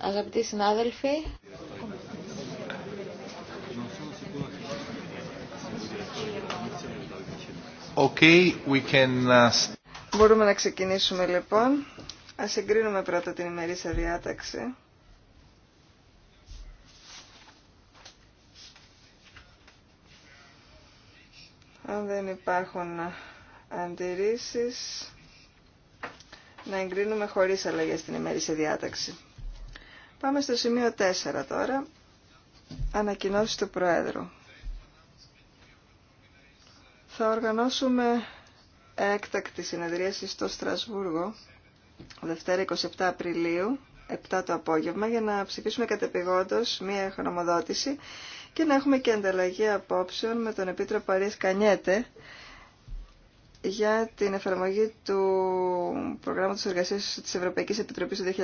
Αγαπητοί συνάδελφοι, okay, we can... Uh, μπορούμε να ξεκινήσουμε λοιπόν. Ας εγκρίνουμε πρώτα την ημερήσια διάταξη. Αν δεν υπάρχουν αντιρρήσεις, να εγκρίνουμε χωρίς αλλαγές την ημερήσια διάταξη. Πάμε στο σημείο 4 τώρα. Ανακοινώσει του Προέδρου. Θα οργανώσουμε έκτακτη συνεδρίαση στο Στρασβούργο, Δευτέρα 27 Απριλίου, 7 το απόγευμα, για να ψηφίσουμε κατεπηγόντως μία χρονομοδότηση και να έχουμε και ανταλλαγή απόψεων με τον Επίτροπο Αρίες Κανιέτε για την εφαρμογή του προγράμματος εργασίας της Ευρωπαϊκής Επιτροπής του 2015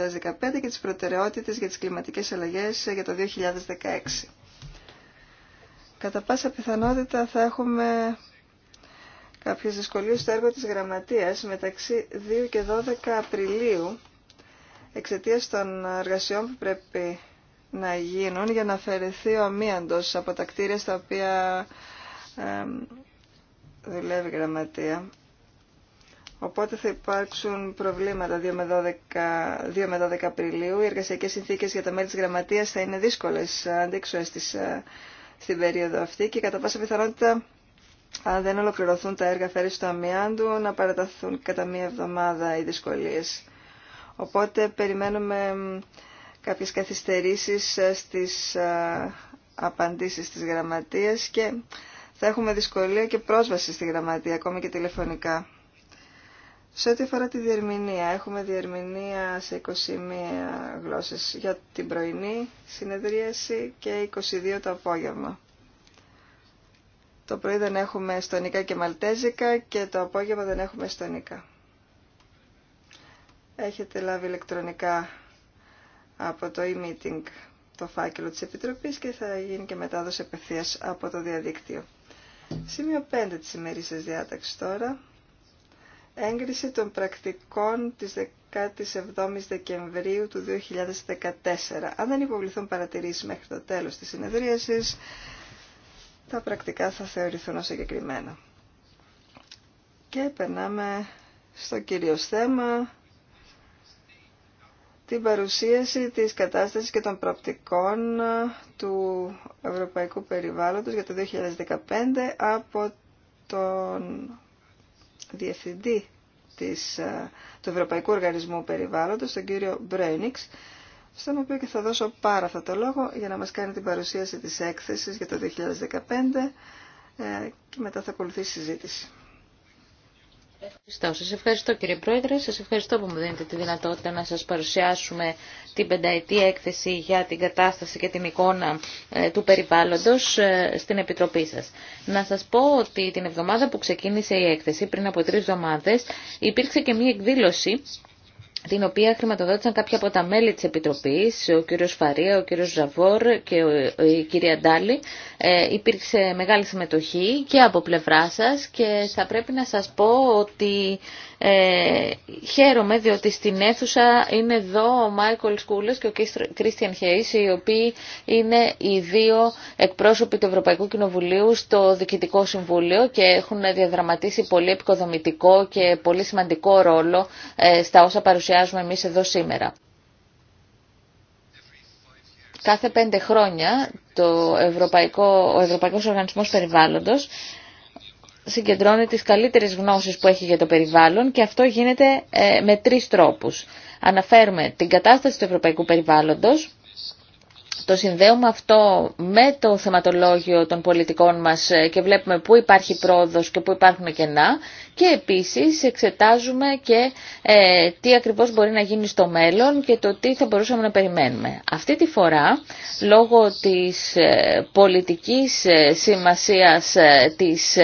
και τις προτεραιότητες για τις κλιματικές αλλαγές για το 2016. Κατά πάσα πιθανότητα θα έχουμε κάποιες δυσκολίες στο έργο της Γραμματείας μεταξύ 2 και 12 Απριλίου εξαιτίας των εργασιών που πρέπει να γίνουν για να αφαιρεθεί ο αμύαντος από τα κτίρια στα οποία δουλεύει η γραμματεία. Οπότε θα υπάρξουν προβλήματα 2 με 12, 2 12 Απριλίου. Οι εργασιακές συνθήκες για τα μέλη της γραμματείας θα είναι δύσκολες αντίξωες ε, στην περίοδο αυτή και κατά πάσα πιθανότητα αν δεν ολοκληρωθούν τα έργα φέρει στο αμιάντου να παραταθούν κατά μία εβδομάδα οι δυσκολίες. Οπότε περιμένουμε κάποιες καθυστερήσεις ε, στις ε, απαντήσεις της γραμματείας και θα έχουμε δυσκολία και πρόσβαση στη γραμματεία, ακόμη και τηλεφωνικά. Σε ό,τι αφορά τη διερμηνία, έχουμε διερμηνία σε 21 γλώσσες για την πρωινή συνεδρίαση και 22 το απόγευμα. Το πρωί δεν έχουμε στονικά και μαλτέζικα και το απόγευμα δεν έχουμε στονικά. Έχετε λάβει ηλεκτρονικά από το e-meeting το φάκελο της Επιτροπής και θα γίνει και μετάδοση απευθείας από το διαδίκτυο. Σημείο 5 της ημερήσιας διάταξης τώρα. Έγκριση των πρακτικών της 17ης Δεκεμβρίου του 2014. Αν δεν υποβληθούν παρατηρήσεις μέχρι το τέλος της συνεδρίασης, τα πρακτικά θα θεωρηθούν ως εγκεκριμένα. Και περνάμε στο κυρίως θέμα την παρουσίαση της κατάστασης και των προοπτικών ε, του ευρωπαϊκού περιβάλλοντος για το 2015 από τον Διευθυντή της, ε, του Ευρωπαϊκού Οργανισμού Περιβάλλοντος, τον κύριο Μπρένιξ, στον οποίο και θα δώσω πάρα αυτό το λόγο για να μας κάνει την παρουσίαση της έκθεσης για το 2015 ε, και μετά θα ακολουθήσει η συζήτηση. Σα Σας ευχαριστώ κύριε Πρόεδρε, σας ευχαριστώ που μου δίνετε τη δυνατότητα να σας παρουσιάσουμε την πενταετή έκθεση για την κατάσταση και την εικόνα ε, του περιβάλλοντος ε, στην Επιτροπή σας. Να σας πω ότι την εβδομάδα που ξεκίνησε η έκθεση, πριν από τρεις εβδομάδες, υπήρξε και μία εκδήλωση την οποία χρηματοδότησαν κάποια από τα μέλη της Επιτροπής, ο κύριος Φαρία, ο κύριος Ζαβόρ και η κυρία Ντάλη. Ε, υπήρξε μεγάλη συμμετοχή και από πλευρά σας και θα πρέπει να σας πω ότι ε, χαίρομαι διότι στην αίθουσα είναι εδώ ο Μάικολ Σκούλες και ο Κρίστιαν Χέις οι οποίοι είναι οι δύο εκπρόσωποι του Ευρωπαϊκού Κοινοβουλίου στο Διοικητικό Συμβούλιο και έχουν διαδραματίσει πολύ επικοδομητικό και πολύ σημαντικό ρόλο ε, στα όσα παρουσιάζουμε εμείς εδώ σήμερα. Κάθε πέντε χρόνια το Ευρωπαϊκό, ο Ευρωπαϊκός Οργανισμός Περιβάλλοντος συγκεντρώνει τις καλύτερες γνώσεις που έχει για το περιβάλλον και αυτό γίνεται ε, με τρεις τρόπους. Αναφέρουμε την κατάσταση του ευρωπαϊκού περιβάλλοντος, το συνδέουμε αυτό με το θεματολόγιο των πολιτικών μας ε, και βλέπουμε πού υπάρχει πρόοδος και πού υπάρχουν κενά και επίσης εξετάζουμε και ε, τι ακριβώς μπορεί να γίνει στο μέλλον και το τι θα μπορούσαμε να περιμένουμε. Αυτή τη φορά, λόγω της ε, πολιτικής σημασίας της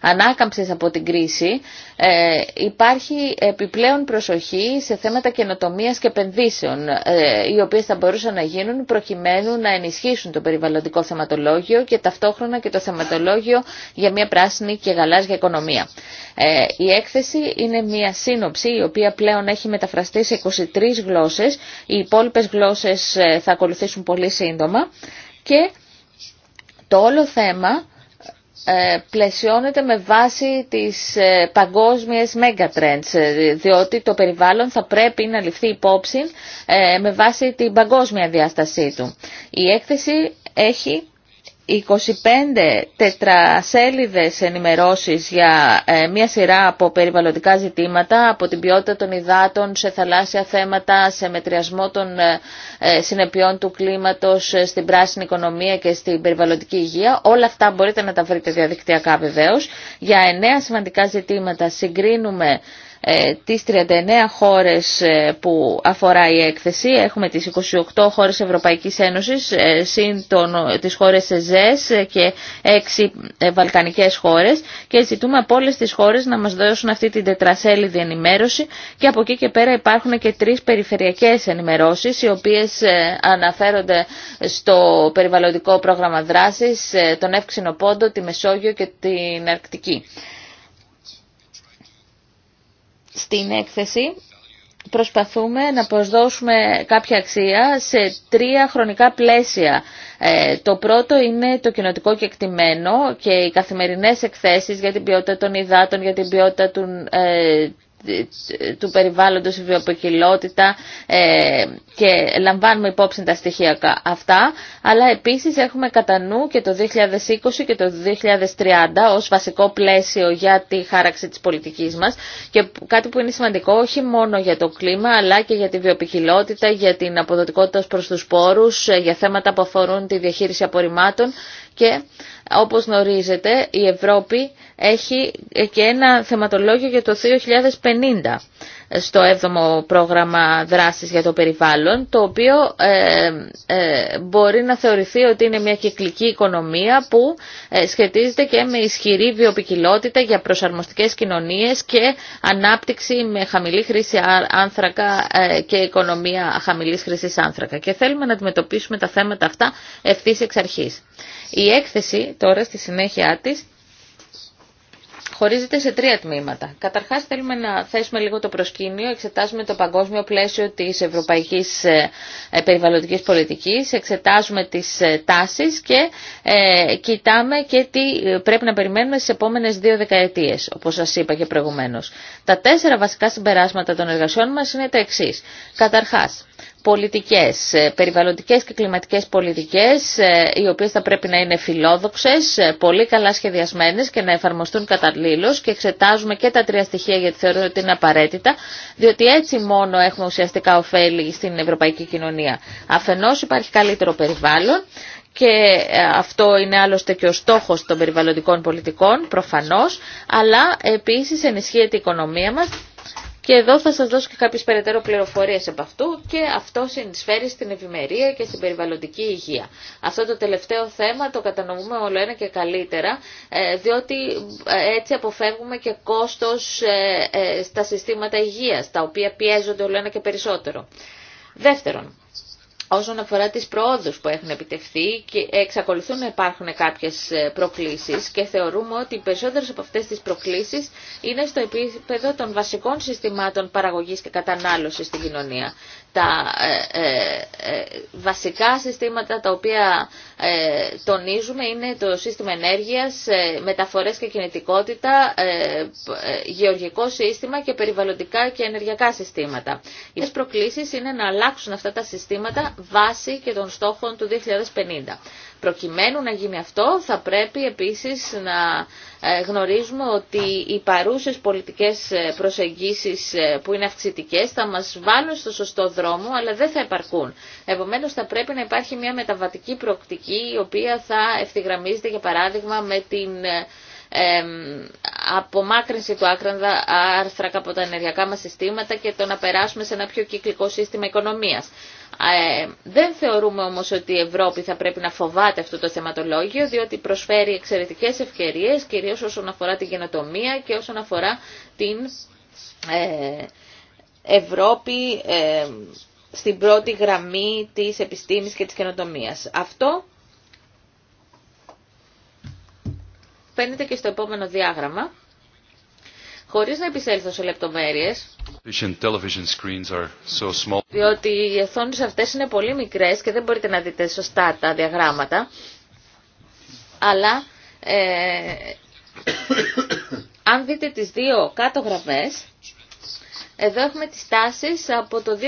ανάκαμψης από την κρίση, υπάρχει επιπλέον προσοχή σε θέματα καινοτομίας και επενδύσεων, οι οποίες θα μπορούσαν να γίνουν προκειμένου προκειμένου να ενισχύσουν το περιβαλλοντικό θεματολόγιο και ταυτόχρονα και το θεματολόγιο για μια πράσινη και γαλάζια οικονομία. Ε, η έκθεση είναι μια σύνοψη η οποία πλέον έχει μεταφραστεί σε 23 γλώσσες. Οι υπόλοιπες γλώσσες ε, θα ακολουθήσουν πολύ σύντομα και το όλο θέμα ε, πλαισιώνεται με βάση τις ε, παγκόσμιες megatrends, ε, διότι το περιβάλλον θα πρέπει να ληφθεί υπόψη με βάση την παγκόσμια διάστασή του. Η έκθεση έχει 25 τετρασέλιδες ενημερώσεις για ε, μια σειρά από περιβαλλοντικά ζητήματα, από την ποιότητα των υδάτων σε θαλάσσια θέματα, σε μετριασμό των ε, ε, συνεπειών του κλίματος, στην πράσινη οικονομία και στην περιβαλλοντική υγεία. Όλα αυτά μπορείτε να τα βρείτε διαδικτυακά βεβαίως. Για εννέα σημαντικά ζητήματα συγκρίνουμε ε, τις 39 χώρες ε, που αφορά η έκθεση. Έχουμε τις 28 χώρες Ευρωπαϊκής Ένωσης, ε, συν τον, τις χώρες ΕΖΕΣ και 6 βαλκανικές χώρες και ζητούμε από όλες τις χώρες να μας δώσουν αυτή την τετρασέλιδη ενημέρωση και από εκεί και πέρα υπάρχουν και τρεις περιφερειακές ενημερώσεις οι οποίες αναφέρονται στο περιβαλλοντικό πρόγραμμα δράσης, τον Εύξηνο Πόντο, τη Μεσόγειο και την Αρκτική στην έκθεση προσπαθούμε να προσδώσουμε κάποια αξία σε τρία χρονικά πλαίσια. Ε, το πρώτο είναι το κοινοτικό κεκτημένο και οι καθημερινές εκθέσεις για την ποιότητα των υδάτων, για την ποιότητα του, ε, του περιβάλλοντος, η βιοποικιλότητα ε, και λαμβάνουμε υπόψη τα στοιχεία αυτά, αλλά επίσης έχουμε κατά νου και το 2020 και το 2030 ως βασικό πλαίσιο για τη χάραξη της πολιτικής μας και κάτι που είναι σημαντικό όχι μόνο για το κλίμα αλλά και για τη βιοποικιλότητα, για την αποδοτικότητα προς τους πόρους, ε, για θέματα που αφορούν τη διαχείριση απορριμμάτων και όπως γνωρίζετε, η Ευρώπη έχει και ένα θεματολόγιο για το 2050 στο 7ο πρόγραμμα δράσης για το περιβάλλον, το οποίο ε, ε, μπορεί να θεωρηθεί ότι είναι μια κυκλική οικονομία που ε, σχετίζεται και με ισχυρή βιοπικιλότητα για προσαρμοστικές κοινωνίες και ανάπτυξη με χαμηλή χρήση άνθρακα και οικονομία χαμηλής χρήσης άνθρακα. Και θέλουμε να αντιμετωπίσουμε τα θέματα αυτά ευθύς εξ αρχής. Η έκθεση τώρα στη συνέχεια της χωρίζεται σε τρία τμήματα. Καταρχάς θέλουμε να θέσουμε λίγο το προσκήνιο, εξετάζουμε το παγκόσμιο πλαίσιο της ευρωπαϊκής ε, ε, περιβαλλοντικής πολιτικής, εξετάζουμε τις ε, τάσεις και κοιτάμε και τι πρέπει να περιμένουμε στις επόμενες δύο δεκαετίες, όπως σας είπα και προηγουμένως. Τα τέσσερα βασικά συμπεράσματα των εργασιών μας είναι τα εξή. Καταρχάς, πολιτικές, ε, περιβαλλοντικές και κλιματικές πολιτικές, ε, οι οποίες θα πρέπει να είναι φιλόδοξες, ε, πολύ καλά σχεδιασμένες και να εφαρμοστούν καταλήλως και εξετάζουμε και τα τρία στοιχεία γιατί θεωρώ ότι είναι απαραίτητα, διότι έτσι μόνο έχουμε ουσιαστικά ωφέλη στην ευρωπαϊκή κοινωνία. Αφενός υπάρχει καλύτερο περιβάλλον και αυτό είναι άλλωστε και ο στόχος των περιβαλλοντικών πολιτικών, προφανώς, αλλά επίσης ενισχύεται η οικονομία μας και εδώ θα σας δώσω και κάποιες περαιτέρω πληροφορίες από αυτού και αυτό συνεισφέρει στην ευημερία και στην περιβαλλοντική υγεία. Αυτό το τελευταίο θέμα το κατανοούμε όλο ένα και καλύτερα, ε, διότι ε, έτσι αποφεύγουμε και κόστος ε, στα συστήματα υγείας, τα οποία πιέζονται όλο ένα και περισσότερο. Δεύτερον, όσον αφορά τις προόδους που έχουν επιτευχθεί και εξακολουθούν να υπάρχουν κάποιες ε, προκλήσεις και θεωρούμε ότι οι περισσότερες από αυτές τις προκλήσεις είναι στο επίπεδο των βασικών συστημάτων παραγωγής και κατανάλωσης στην κοινωνία τα ε, ε, ε, βασικά συστήματα τα οποία τονίζουμε είναι το σύστημα ενέργειας, μεταφορές και κινητικότητα, γεωργικό σύστημα και περιβαλλοντικά και ενεργειακά συστήματα. Οι προκλήσεις είναι να αλλάξουν αυτά τα συστήματα βάσει και των στόχων του 2050. Προκειμένου να γίνει αυτό θα πρέπει επίσης να ε, γνωρίζουμε ότι οι παρούσες πολιτικές ε, προσεγγίσεις ε, που είναι αυξητικές θα μας βάλουν στο σωστό δρόμο αλλά δεν θα επαρκούν. Επομένως θα πρέπει να υπάρχει μια μεταβατική προοπτική η οποία θα ευθυγραμμίζεται για παράδειγμα με την απομάκρυνση του άκραντα άρθρακα από τα ενεργειακά μας συστήματα και το να περάσουμε σε ένα πιο κυκλικό σύστημα οικονομίας. Ε, δεν θεωρούμε όμως ότι η Ευρώπη θα πρέπει να φοβάται αυτό το θεματολόγιο, διότι προσφέρει εξαιρετικές ευκαιρίες, κυρίως όσον αφορά την γενοτομία και όσον αφορά την ε, Ευρώπη ε, στην πρώτη γραμμή της επιστήμης και της καινοτομίας. Αυτό φαίνεται και στο επόμενο διάγραμμα χωρίς να επισέλθω σε λεπτομέρειες, διότι οι οθόνε αυτές είναι πολύ μικρές και δεν μπορείτε να δείτε σωστά τα διαγράμματα, αλλά ε, αν δείτε τις δύο κάτω γραμμές, εδώ έχουμε τις τάσεις από το 2000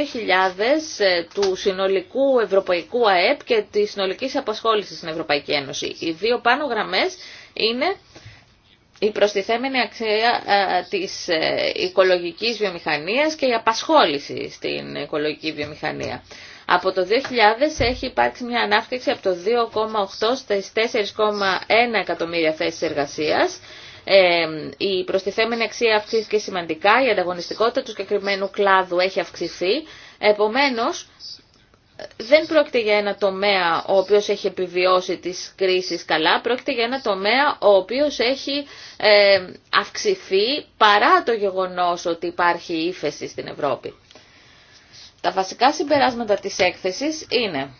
ε, του συνολικού ευρωπαϊκού ΑΕΠ και της συνολικής απασχόλησης στην Ευρωπαϊκή Ένωση. Οι δύο πάνω γραμμές είναι η προστιθέμενη αξία ε, της ε, οικολογικής βιομηχανίας και η απασχόληση στην οικολογική βιομηχανία. Από το 2000 έχει υπάρξει μια ανάπτυξη από το 2,8 στις 4,1 εκατομμύρια θέσεις εργασίας. Ε, η προστιθέμενη αξία αυξήθηκε σημαντικά, η ανταγωνιστικότητα του συγκεκριμένου κλάδου έχει αυξηθεί. Επομένως, δεν πρόκειται για ένα τομέα ο οποίος έχει επιβιώσει τις κρίσεις καλά, πρόκειται για ένα τομέα ο οποίος έχει ε, αυξηθεί παρά το γεγονός ότι υπάρχει ύφεση στην Ευρώπη. Τα βασικά συμπεράσματα της έκθεσης είναι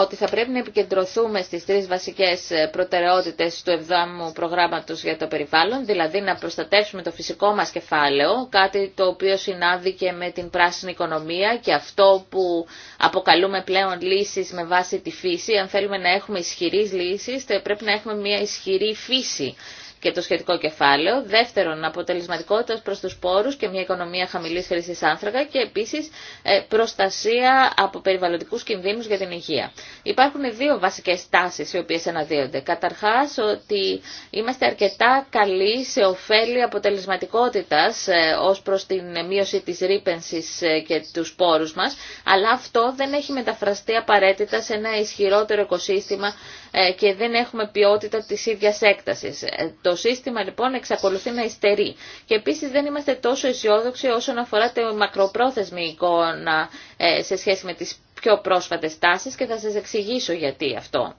ότι θα πρέπει να επικεντρωθούμε στις τρεις βασικές προτεραιότητες του εβδόμου προγράμματος για το περιβάλλον, δηλαδή να προστατεύσουμε το φυσικό μας κεφάλαιο, κάτι το οποίο συνάδει και με την πράσινη οικονομία και αυτό που αποκαλούμε πλέον λύσεις με βάση τη φύση. Αν θέλουμε να έχουμε ισχυρείς λύσεις, πρέπει να έχουμε μια ισχυρή φύση και το σχετικό κεφάλαιο. Δεύτερον, αποτελεσματικότητα προ του πόρου και μια οικονομία χαμηλής χρήσης άνθρακα και επίση ε, προστασία από περιβαλλοντικού κινδύνου για την υγεία. Υπάρχουν δύο βασικέ τάσεις οι οποίε αναδύονται. Καταρχά ότι είμαστε αρκετά καλοί σε ωφέλη αποτελεσματικότητα ε, ω προ την μείωση της ρήπενσης ε, και του πόρου μα, αλλά αυτό δεν έχει μεταφραστεί απαραίτητα σε ένα ισχυρότερο οικοσύστημα ε, και δεν έχουμε ποιότητα της ίδιας έκτασης. Ε, το σύστημα λοιπόν εξακολουθεί να υστερεί. Και επίσης δεν είμαστε τόσο αισιόδοξοι όσον αφορά τη μακροπρόθεσμη εικόνα ε, σε σχέση με τις πιο πρόσφατες τάσεις και θα σας εξηγήσω γιατί αυτό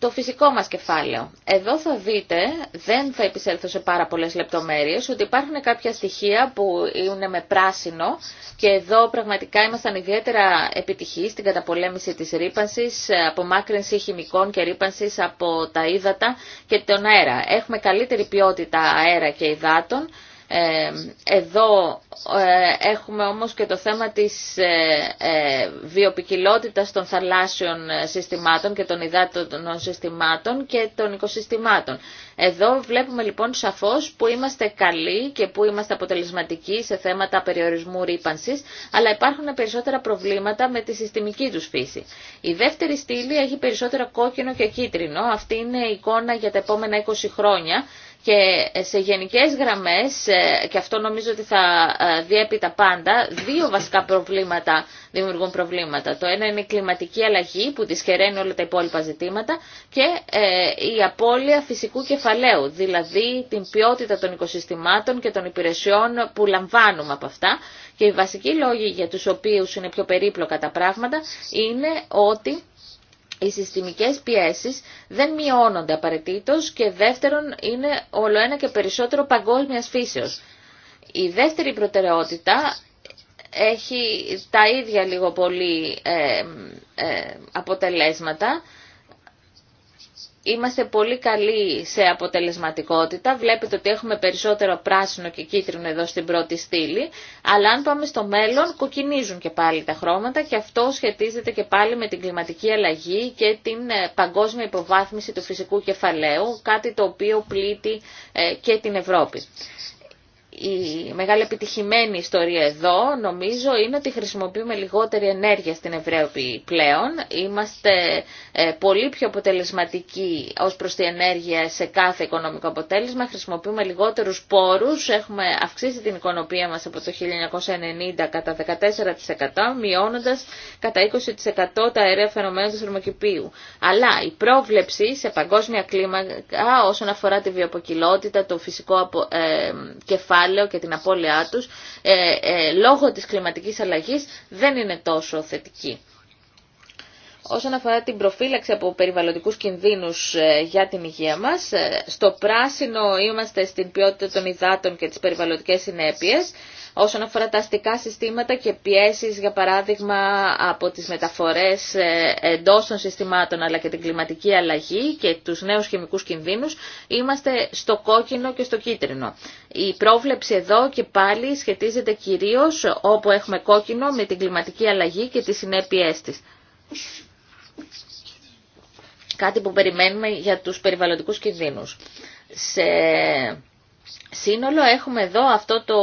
το φυσικό μας κεφάλαιο. Εδώ θα δείτε, δεν θα επισέλθω σε πάρα πολλές λεπτομέρειες, ότι υπάρχουν κάποια στοιχεία που είναι με πράσινο και εδώ πραγματικά ήμασταν ιδιαίτερα επιτυχεί στην καταπολέμηση της ρήπανσης, απομάκρυνση χημικών και ρήπανσης από τα ύδατα και τον αέρα. Έχουμε καλύτερη ποιότητα αέρα και υδάτων, εδώ ε, έχουμε όμως και το θέμα της ε, ε, βιοπικιλότητας των θαλάσσιων συστημάτων και των υδάτων συστημάτων και των οικοσυστημάτων. Εδώ βλέπουμε λοιπόν σαφώς που είμαστε καλοί και που είμαστε αποτελεσματικοί σε θέματα περιορισμού ρήπανσης, αλλά υπάρχουν περισσότερα προβλήματα με τη συστημική τους φύση. Η δεύτερη στήλη έχει περισσότερο κόκκινο και κίτρινο. Αυτή είναι η εικόνα για τα επόμενα 20 χρόνια και σε γενικές γραμμές, ε, και αυτό νομίζω ότι θα ε, διέπει τα πάντα, δύο βασικά προβλήματα δημιουργούν προβλήματα. Το ένα είναι η κλιματική αλλαγή που δυσχεραίνει όλα τα υπόλοιπα ζητήματα και ε, η απώλεια φυσικού κεφαλαίου, δηλαδή την ποιότητα των οικοσυστημάτων και των υπηρεσιών που λαμβάνουμε από αυτά. Και οι βασικοί λόγοι για τους οποίους είναι πιο περίπλοκα τα πράγματα είναι ότι οι συστημικές πιέσεις δεν μειώνονται απαραίτητος και δεύτερον είναι όλο ένα και περισσότερο παγκόσμιας φύσεως. Η δεύτερη προτεραιότητα έχει τα ίδια λίγο πολύ ε, ε, αποτελέσματα Είμαστε πολύ καλοί σε αποτελεσματικότητα. Βλέπετε ότι έχουμε περισσότερο πράσινο και κίτρινο εδώ στην πρώτη στήλη. Αλλά αν πάμε στο μέλλον, κοκκινίζουν και πάλι τα χρώματα και αυτό σχετίζεται και πάλι με την κλιματική αλλαγή και την ε, παγκόσμια υποβάθμιση του φυσικού κεφαλαίου, κάτι το οποίο πλήττει ε, και την Ευρώπη η μεγάλη επιτυχημένη ιστορία εδώ νομίζω είναι ότι χρησιμοποιούμε λιγότερη ενέργεια στην Ευρώπη πλέον. Είμαστε ε, πολύ πιο αποτελεσματικοί ως προς τη ενέργεια σε κάθε οικονομικό αποτέλεσμα. Χρησιμοποιούμε λιγότερους πόρους. Έχουμε αυξήσει την οικονομία μας από το 1990 κατά 14% μειώνοντας κατά 20% τα αεραία φαινομένα του θερμοκηπίου. Αλλά η πρόβλεψη σε παγκόσμια κλίμακα όσον αφορά τη βιοποκυλότητα, το φυσικό απο, ε, κεφάλαιο και την απώλειά τους ε, ε, λόγω της κλιματικής αλλαγής δεν είναι τόσο θετική. Όσον αφορά την προφύλαξη από περιβαλλοντικούς κινδύνους ε, για την υγεία μας, ε, στο πράσινο είμαστε στην ποιότητα των υδάτων και τις περιβαλλοντικές συνέπειες. Όσον αφορά τα αστικά συστήματα και πιέσεις, για παράδειγμα, από τις μεταφορές ε, εντός των συστημάτων αλλά και την κλιματική αλλαγή και τους νέους χημικούς κινδύνους, είμαστε στο κόκκινο και στο κίτρινο. Η πρόβλεψη εδώ και πάλι σχετίζεται κυρίως όπου έχουμε κόκκινο με την κλιματική αλλαγή και τις συνέπειές της. Κάτι που περιμένουμε για τους περιβαλλοντικούς κινδύνους. Σε σύνολο έχουμε εδώ αυτό το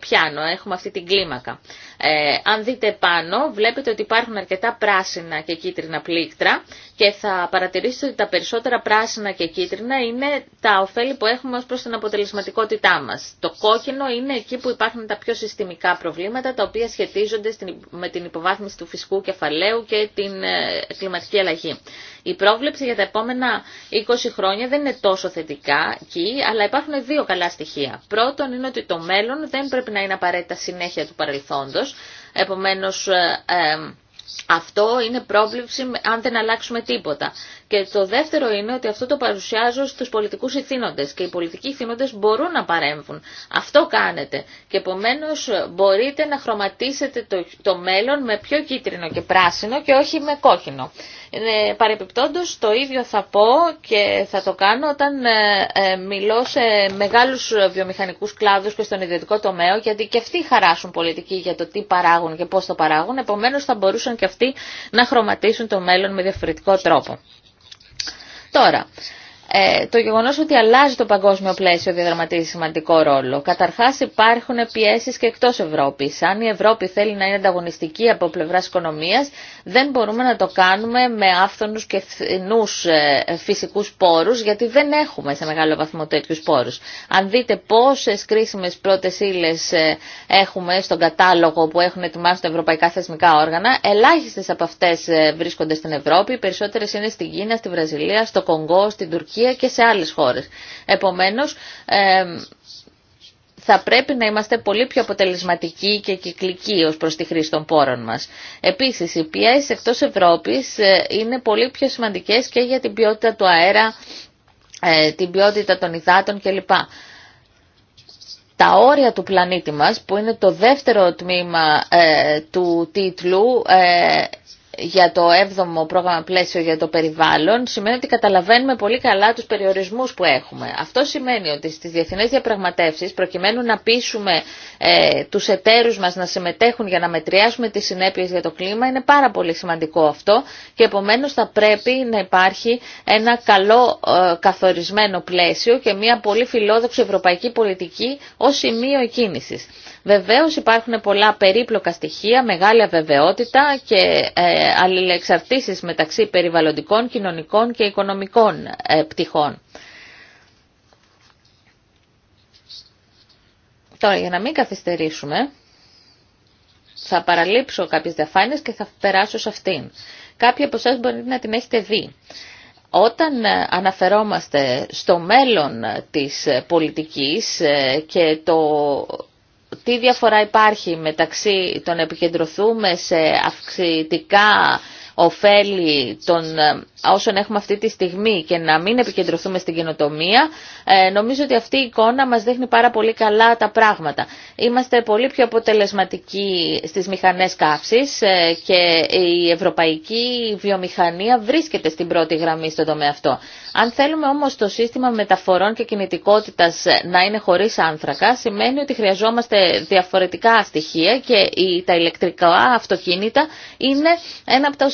πιάνο, έχουμε αυτή την κλίμακα. Ε, αν δείτε πάνω, βλέπετε ότι υπάρχουν αρκετά πράσινα και κίτρινα πλήκτρα και θα παρατηρήσετε ότι τα περισσότερα πράσινα και κίτρινα είναι τα ωφέλη που έχουμε ως προς την αποτελεσματικότητά μας. Το κόκκινο είναι εκεί που υπάρχουν τα πιο συστημικά προβλήματα, τα οποία σχετίζονται με την υποβάθμιση του φυσικού κεφαλαίου και την ε, κλιματική αλλαγή. Η πρόβλεψη για τα επόμενα 20 χρόνια δεν είναι τόσο θετικά εκεί, αλλά υπάρχουν δύο καλά στοιχεία. Πρώτον είναι ότι το μέλλον δεν πρέπει να είναι απαραίτητα συνέχεια του παρελθόντος, Επομένως, ε, ε, αυτό είναι πρόβληψη αν δεν αλλάξουμε τίποτα. Και το δεύτερο είναι ότι αυτό το παρουσιάζω στους πολιτικούς ηθήνοντες και οι πολιτικοί ηθήνοντες μπορούν να παρέμβουν. Αυτό κάνετε και επομένως μπορείτε να χρωματίσετε το, το μέλλον με πιο κίτρινο και πράσινο και όχι με κόκκινο. Ε, παρεπιπτόντως το ίδιο θα πω και θα το κάνω όταν ε, ε, μιλώ σε μεγάλους βιομηχανικούς κλάδους και στον ιδιωτικό τομέα γιατί και αυτοί χαράσουν πολιτική για το τι παράγουν και πώς το παράγουν επομένως θα μπορούσαν και αυτοί να χρωματίσουν το μέλλον με διαφορετικό τρόπο. Τώρα, ε, το γεγονός ότι αλλάζει το παγκόσμιο πλαίσιο διαδραματίζει σημαντικό ρόλο. Καταρχάς υπάρχουν πιέσεις και εκτός Ευρώπης. Αν η Ευρώπη θέλει να είναι ανταγωνιστική από πλευράς οικονομίας, δεν μπορούμε να το κάνουμε με άφθονους και φθηνούς ε, φυσικούς πόρους, γιατί δεν έχουμε σε μεγάλο βαθμό τέτοιου πόρους. Αν δείτε πόσες κρίσιμες πρώτες ύλες ε, έχουμε στον κατάλογο που έχουν ετοιμάσει τα ευρωπαϊκά θεσμικά όργανα, ελάχιστες από αυτές ε, βρίσκονται στην Ευρώπη, περισσότερες είναι στην Κίνα, στη Βραζιλία, στο Κονγκό, στην Τουρκία, Τουρκία και σε άλλες χώρες. Επομένως, θα πρέπει να είμαστε πολύ πιο αποτελεσματικοί και κυκλικοί ως προς τη χρήση των πόρων μας. Επίσης, οι πιέσεις εκτός Ευρώπης ε, είναι πολύ πιο σημαντικές και για την ποιότητα του αέρα, ε, την ποιότητα των υδάτων κλπ. Τα όρια του πλανήτη μας, που είναι το δεύτερο τμήμα ε, του τίτλου, για το 7ο πρόγραμμα πλαίσιο για το περιβάλλον σημαίνει ότι καταλαβαίνουμε πολύ καλά τους περιορισμούς που έχουμε. Αυτό σημαίνει ότι στις διεθνές διαπραγματεύσεις προκειμένου να πείσουμε ε, τους εταίρους μας να συμμετέχουν για να μετριάσουμε τις συνέπειες για το κλίμα είναι πάρα πολύ σημαντικό αυτό και επομένως θα πρέπει να υπάρχει ένα καλό ε, καθορισμένο πλαίσιο και μια πολύ φιλόδοξη ευρωπαϊκή πολιτική ως σημείο κίνησης. Βεβαίως υπάρχουν πολλά περίπλοκα στοιχεία, μεγάλη αβεβαιότητα και ε, αλληλεξαρτήσεις μεταξύ περιβαλλοντικών, κοινωνικών και οικονομικών ε, πτυχών. Τώρα, για να μην καθυστερήσουμε, θα παραλείψω κάποιες διαφάνειες και θα περάσω σε αυτήν. Κάποιοι από εσάς μπορεί να την έχετε δει. Όταν ε, αναφερόμαστε στο μέλλον της πολιτικής ε, και το τι διαφορά υπάρχει μεταξύ των επικεντρωθούμε σε αυξητικά ωφέλη των ε, όσων έχουμε αυτή τη στιγμή και να μην επικεντρωθούμε στην καινοτομία, ε, νομίζω ότι αυτή η εικόνα μας δείχνει πάρα πολύ καλά τα πράγματα. Είμαστε πολύ πιο αποτελεσματικοί στις μηχανές καύσης ε, και η ευρωπαϊκή βιομηχανία βρίσκεται στην πρώτη γραμμή στο τομέα αυτό. Αν θέλουμε όμως το σύστημα μεταφορών και κινητικότητας να είναι χωρίς άνθρακα, σημαίνει ότι χρειαζόμαστε διαφορετικά στοιχεία και τα ηλεκτρικά αυτοκίνητα είναι ένα από τα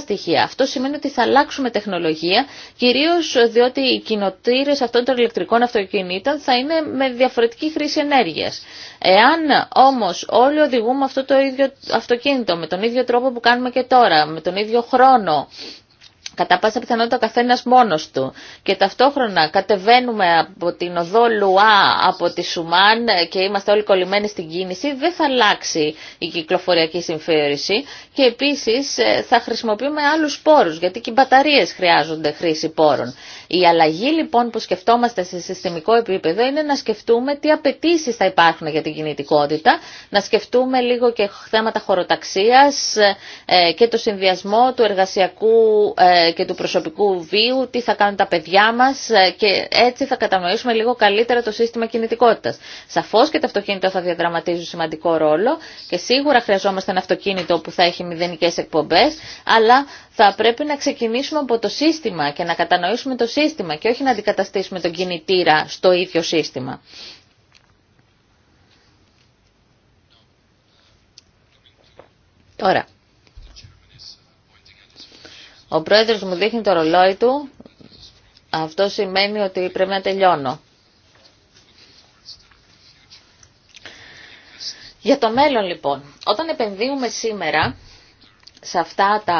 στοιχεία. Αυτό σημαίνει ότι θα αλλάξουμε τεχνολογία, κυρίως διότι οι κοινοτήρε αυτών των ηλεκτρικών αυτοκινήτων θα είναι με διαφορετική χρήση ενέργειας. Εάν όμως όλοι οδηγούμε αυτό το ίδιο αυτοκίνητο με τον ίδιο τρόπο που κάνουμε και τώρα, με τον ίδιο χρόνο, κατά πάσα πιθανότητα ο καθένας μόνος του. Και ταυτόχρονα κατεβαίνουμε από την οδό Λουά, από τη Σουμάν και είμαστε όλοι κολλημένοι στην κίνηση, δεν θα αλλάξει η κυκλοφοριακή συμφέρηση και επίσης ε, θα χρησιμοποιούμε άλλους πόρους, γιατί και οι μπαταρίες χρειάζονται χρήση πόρων. Η αλλαγή λοιπόν που σκεφτόμαστε σε συστημικό επίπεδο είναι να σκεφτούμε τι απαιτήσει θα υπάρχουν για την κινητικότητα, να σκεφτούμε λίγο και θέματα χωροταξίας ε, και το συνδυασμό του εργασιακού ε, και του προσωπικού βίου, τι θα κάνουν τα παιδιά μας ε, και έτσι θα κατανοήσουμε λίγο καλύτερα το σύστημα κινητικότητας. Σαφώς και το αυτοκίνητο θα διαδραματίζουν σημαντικό ρόλο και σίγουρα χρειαζόμαστε ένα αυτοκίνητο που θα έχει μηδενικές εκπομπές, αλλά θα πρέπει να ξεκινήσουμε από το σύστημα και να κατανοήσουμε το σύστημα και όχι να αντικαταστήσουμε τον κινητήρα στο ίδιο σύστημα. Τώρα, ο πρόεδρος μου δείχνει το ρολόι του, αυτό σημαίνει ότι πρέπει να τελειώνω. Για το μέλλον λοιπόν, όταν επενδύουμε σήμερα σε αυτά τα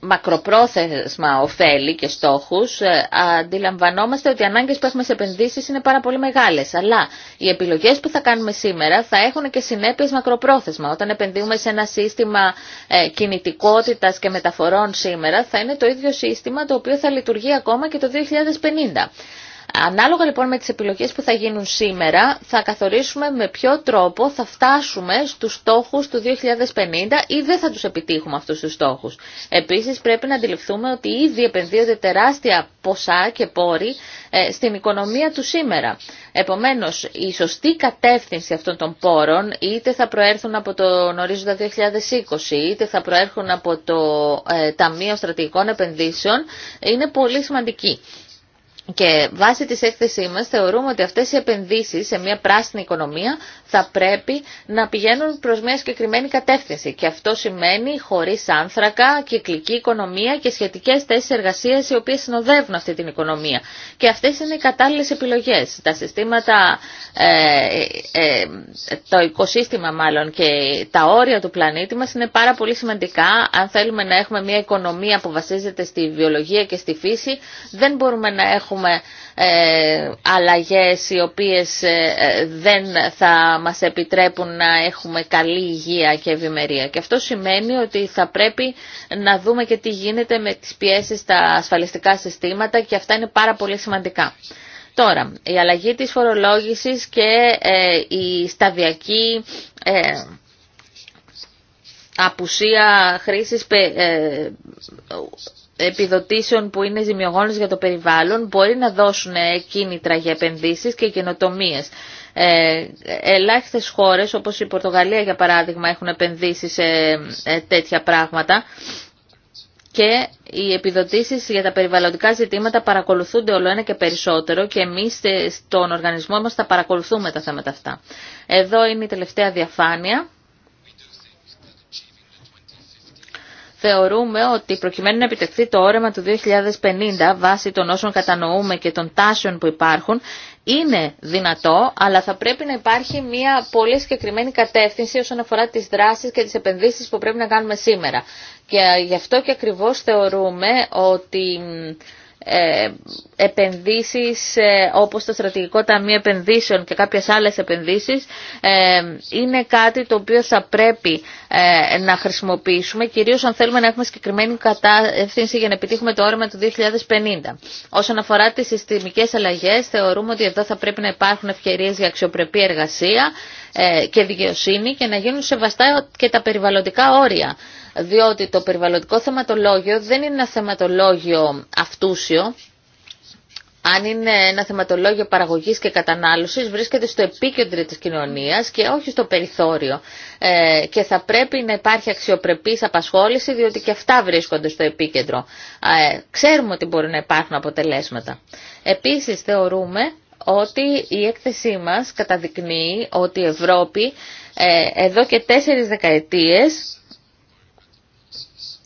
μακροπρόθεσμα ωφέλη και στόχους, ε, αντιλαμβανόμαστε ότι οι ανάγκες που έχουμε σε επενδύσεις είναι πάρα πολύ μεγάλες. Αλλά οι επιλογές που θα κάνουμε σήμερα θα έχουν και συνέπειες μακροπρόθεσμα. Όταν επενδύουμε σε ένα σύστημα ε, κινητικότητας και μεταφορών σήμερα, θα είναι το ίδιο σύστημα το οποίο θα λειτουργεί ακόμα και το 2050. Ανάλογα λοιπόν με τις επιλογές που θα γίνουν σήμερα, θα καθορίσουμε με ποιο τρόπο θα φτάσουμε στους στόχους του 2050 ή δεν θα τους επιτύχουμε αυτούς τους στόχους. Επίσης πρέπει να αντιληφθούμε ότι ήδη επενδύονται τεράστια ποσά και πόροι ε, στην οικονομία του σήμερα. Επομένως, η σωστή κατεύθυνση αυτών των πόρων είτε θα προέρθουν από το ορίζοντα 2020, είτε θα προέρχουν από το ε, Ταμείο Στρατηγικών Επενδύσεων, είναι πολύ σημαντική. Και βάσει της έκθεσή μας θεωρούμε ότι αυτές οι επενδύσεις σε μια πράσινη οικονομία θα πρέπει να πηγαίνουν προς μια συγκεκριμένη κατεύθυνση. Και αυτό σημαίνει χωρίς άνθρακα, κυκλική οικονομία και σχετικές θέσεις εργασίας οι οποίες συνοδεύουν αυτή την οικονομία. Και αυτές είναι οι κατάλληλες επιλογές. Τα συστήματα, ε, ε, το οικοσύστημα μάλλον και τα όρια του πλανήτη μας είναι πάρα πολύ σημαντικά. Αν θέλουμε να έχουμε μια οικονομία που βασίζεται στη βιολογία και στη φύση δεν μπορούμε να έχουμε έχουμε ε, αλλαγές οι οποίες ε, δεν θα μας επιτρέπουν να έχουμε καλή υγεία και ευημερία. Και αυτό σημαίνει ότι θα πρέπει να δούμε και τι γίνεται με τις πιέσεις στα ασφαλιστικά συστήματα και αυτά είναι πάρα πολύ σημαντικά. Τώρα, η αλλαγή της φορολόγησης και ε, η σταδιακή απουσία χρήσης επιδοτήσεων που είναι ζημιογόνες για το περιβάλλον μπορεί να δώσουν κίνητρα για επενδύσεις και καινοτομίες. Ε, ελάχιστες χώρες όπως η Πορτογαλία για παράδειγμα έχουν επενδύσει σε ε, τέτοια πράγματα και οι επιδοτήσεις για τα περιβαλλοντικά ζητήματα παρακολουθούνται όλο ένα και περισσότερο και εμείς ε, στον οργανισμό μας τα παρακολουθούμε τα θέματα αυτά. Εδώ είναι η τελευταία διαφάνεια. θεωρούμε ότι προκειμένου να επιτευχθεί το όρεμα του 2050 βάσει των όσων κατανοούμε και των τάσεων που υπάρχουν είναι δυνατό, αλλά θα πρέπει να υπάρχει μια πολύ συγκεκριμένη κατεύθυνση όσον αφορά τις δράσεις και τις επενδύσεις που πρέπει να κάνουμε σήμερα. Και γι' αυτό και ακριβώς θεωρούμε ότι ε, επενδύσεις ε, όπως το Στρατηγικό Ταμείο Επενδύσεων και κάποιες άλλες επενδύσεις ε, είναι κάτι το οποίο θα πρέπει να χρησιμοποιήσουμε κυρίως αν θέλουμε να έχουμε συγκεκριμένη κατεύθυνση για να επιτύχουμε το όρομα του 2050. Όσον αφορά τις συστημικές αλλαγές θεωρούμε ότι εδώ θα πρέπει να υπάρχουν ευκαιρίες για αξιοπρεπή εργασία και δικαιοσύνη και να γίνουν σεβαστά και τα περιβαλλοντικά όρια διότι το περιβαλλοντικό θεματολόγιο δεν είναι ένα θεματολόγιο αυτούσιο, αν είναι ένα θεματολόγιο παραγωγής και κατανάλωσης, βρίσκεται στο επίκεντρο της κοινωνίας και όχι στο περιθώριο. Ε, και θα πρέπει να υπάρχει αξιοπρεπής απασχόληση, διότι και αυτά βρίσκονται στο επίκεντρο. Ε, ξέρουμε ότι μπορεί να υπάρχουν αποτελέσματα. Επίσης, θεωρούμε ότι η έκθεσή μας καταδεικνύει ότι η Ευρώπη ε, εδώ και τέσσερις δεκαετίες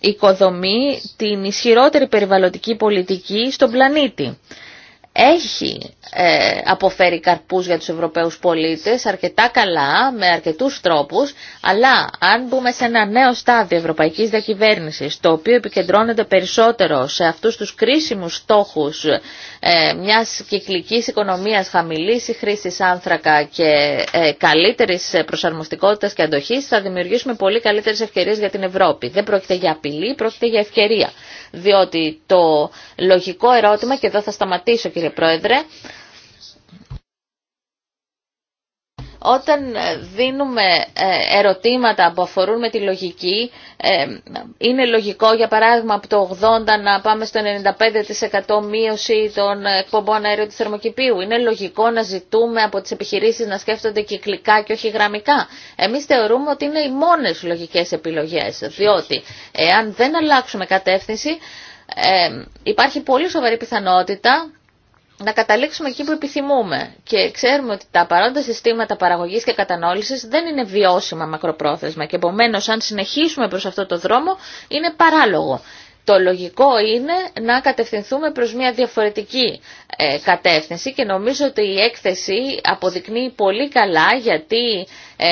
οικοδομεί την ισχυρότερη περιβαλλοντική πολιτική στον πλανήτη έχει ε, αποφέρει καρπούς για τους Ευρωπαίους πολίτες αρκετά καλά, με αρκετούς τρόπους, αλλά αν μπούμε σε ένα νέο στάδιο ευρωπαϊκής διακυβέρνησης, το οποίο επικεντρώνεται περισσότερο σε αυτούς τους κρίσιμους στόχους ε, μιας κυκλικής οικονομίας χαμηλής χρήσης άνθρακα και ε, καλύτερης προσαρμοστικότητας και αντοχής, θα δημιουργήσουμε πολύ καλύτερες ευκαιρίες για την Ευρώπη. Δεν πρόκειται για απειλή, πρόκειται για ευκαιρία. Διότι το λογικό ερώτημα, και εδώ θα σταματήσω κύριε Πρόεδρε. Όταν δίνουμε ε, ερωτήματα που αφορούν με τη λογική, ε, είναι λογικό για παράδειγμα από το 80 να πάμε στο 95% μείωση των εκπομπών αέριου του θερμοκηπίου. Είναι λογικό να ζητούμε από τις επιχειρήσεις να σκέφτονται κυκλικά και όχι γραμμικά. Εμείς θεωρούμε ότι είναι οι μόνες λογικές επιλογές, διότι εάν δεν αλλάξουμε κατεύθυνση, ε, υπάρχει πολύ σοβαρή πιθανότητα να καταλήξουμε εκεί που επιθυμούμε. Και ξέρουμε ότι τα παρόντα συστήματα παραγωγής και κατανόλησης δεν είναι βιώσιμα μακροπρόθεσμα και επομένω αν συνεχίσουμε προς αυτό το δρόμο είναι παράλογο. Το λογικό είναι να κατευθυνθούμε προς μια διαφορετική ε, κατεύθυνση και νομίζω ότι η έκθεση αποδεικνύει πολύ καλά γιατί ε,